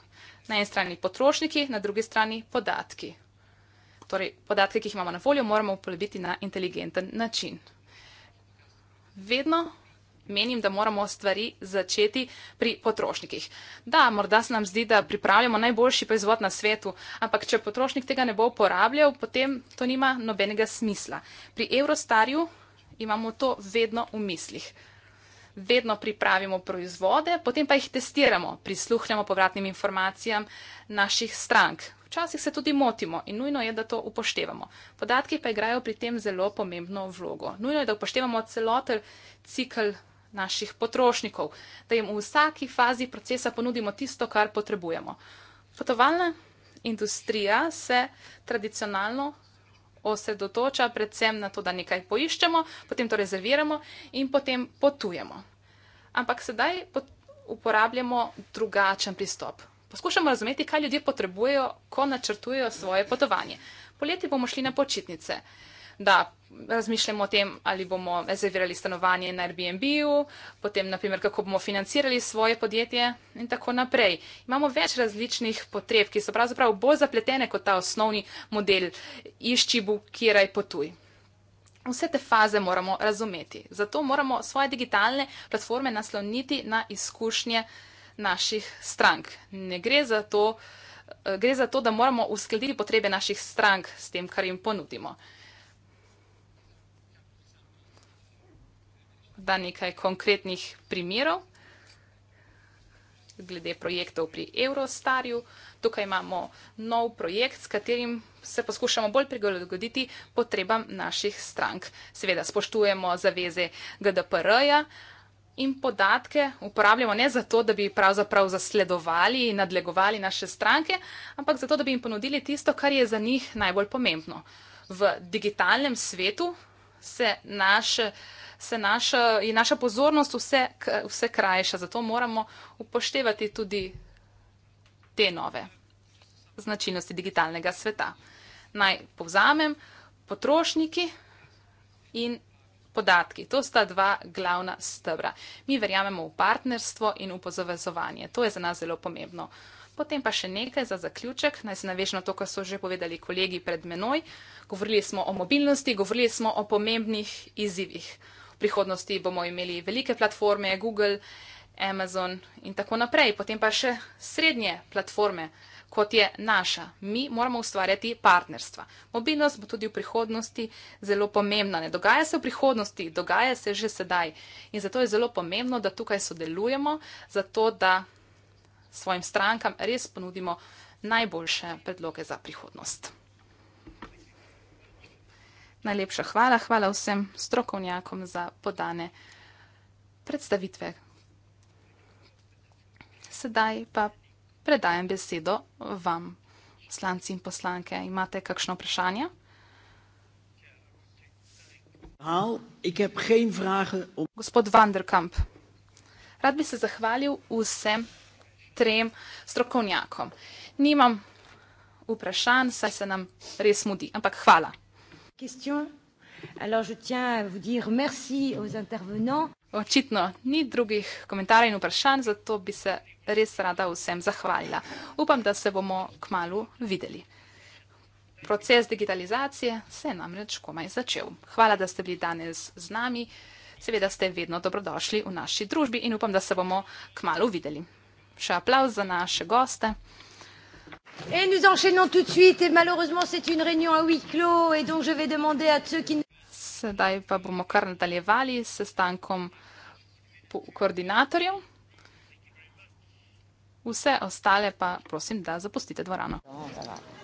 na eni strani potrošniki, na drugi strani podatki. Torej, podatke, ki jih imamo na voljo, moramo uporabiti na inteligenten način. Vedno menim, da moramo stvari začeti pri potrošnikih. Da, morda se nam zdi, da pripravljamo najboljši proizvod na svetu, ampak če potrošnik tega ne bo uporabljal, potem to nima nobenega smisla. Pri Eurostarju imamo to vedno v mislih vedno pripravimo proizvode, potem pa jih testiramo, prisluhnemo povratnim informacijam naših strank. Včasih se tudi motimo in nujno je, da to upoštevamo. Podatki pa igrajo pri tem zelo pomembno vlogo. Nujno je, da upoštevamo celoten cikl naših potrošnikov, da jim v vsaki fazi procesa ponudimo tisto, kar potrebujemo. Potovalna industrija se tradicionalno osredotoča predvsem na to, da nekaj poiščemo, potem to rezerviramo in potem potujemo ampak sedaj uporabljamo drugačen pristop. Poskušamo razumeti, kaj ljudje potrebujejo, ko načrtujejo svoje potovanje. Poleti bomo šli na počitnice. Da, razmišljamo o tem, ali bomo rezervirali stanovanje na Airbnb-u, potem, naprimer, kako bomo financirali svoje podjetje in tako naprej. Imamo več različnih potreb, ki so pravzaprav bolj zapletene kot ta osnovni model, išči, bukiraj, potuj. Vse te faze moramo razumeti, zato moramo svoje digitalne platforme nasloniti na izkušnje naših strank. Ne gre za to, eh, gre za to da moramo uskladiti potrebe naših strank s tem, kar jim ponudimo. Da nekaj konkretnih primerov glede projektov pri Eurostarju. Uh, tukaj imamo nov projekt, s katerim se poskušamo bolj prilagoditi potrebam naših strank. Seveda spoštujemo zaveze GDPR-ja. In podatke uporabljamo ne zato, da bi pravzaprav zasledovali in nadlegovali naše stranke, ampak zato, da bi jim ponudili tisto, kar je za njih najbolj pomembno. V digitalnem svetu se naš, se naša, je naša pozornost vse, vse krajša, zato moramo upoštevati tudi te nove značilnosti digitalnega sveta. Naj povzamem, potrošniki in podatki. To sta dva glavna stebra. Mi verjamemo v partnerstvo in v pozavezovanje. To je za nas zelo pomembno. Potem pa še nekaj za zaključek. Naj se navežem na to, kar so že povedali kolegi pred menoj. Govorili smo o mobilnosti, govorili smo o pomembnih izzivih. V prihodnosti bomo imeli velike platforme, Google, Amazon in tako naprej. Potem pa še srednje platforme, kot je naša. Mi moramo ustvarjati partnerstva. Mobilnost bo tudi v prihodnosti zelo pomembna. Ne dogaja se v prihodnosti, dogaja se že sedaj. In zato je zelo pomembno, da tukaj sodelujemo, zato da svojim strankam res ponudimo najboljše predloge za prihodnost. Najlepša hvala, hvala vsem strokovnjakom za podane predstavitve sedaj pa predajam besedo vam, poslanci in poslanke. Imate kakšno vprašanje? Gospod Vanderkamp, rad bi se zahvalil vsem trem strokovnjakom. Nimam vprašanj, saj se nam res mudi, ampak hvala. Question? Alors, je tiens à vous dire merci aux intervenants. Očitno ni drugih komentarjev in vprašanj, zato bi se res rada vsem zahvalila. Upam, da se bomo kmalo videli. Proces digitalizacije se je namreč komaj začel. Hvala, da ste bili danes z nami. Seveda ste vedno dobrodošli v naši družbi in upam, da se bomo kmalo videli. Še aplauz za naše goste. In nous enchaînons tout de suite, in malheureusement, c'est une réunion à huis clos, in donc je vais demander à ceux qui sedaj pa bomo kar nadaljevali s sestankom koordinatorjev. Vse ostale pa prosim, da zapustite dvorano. No, da, da.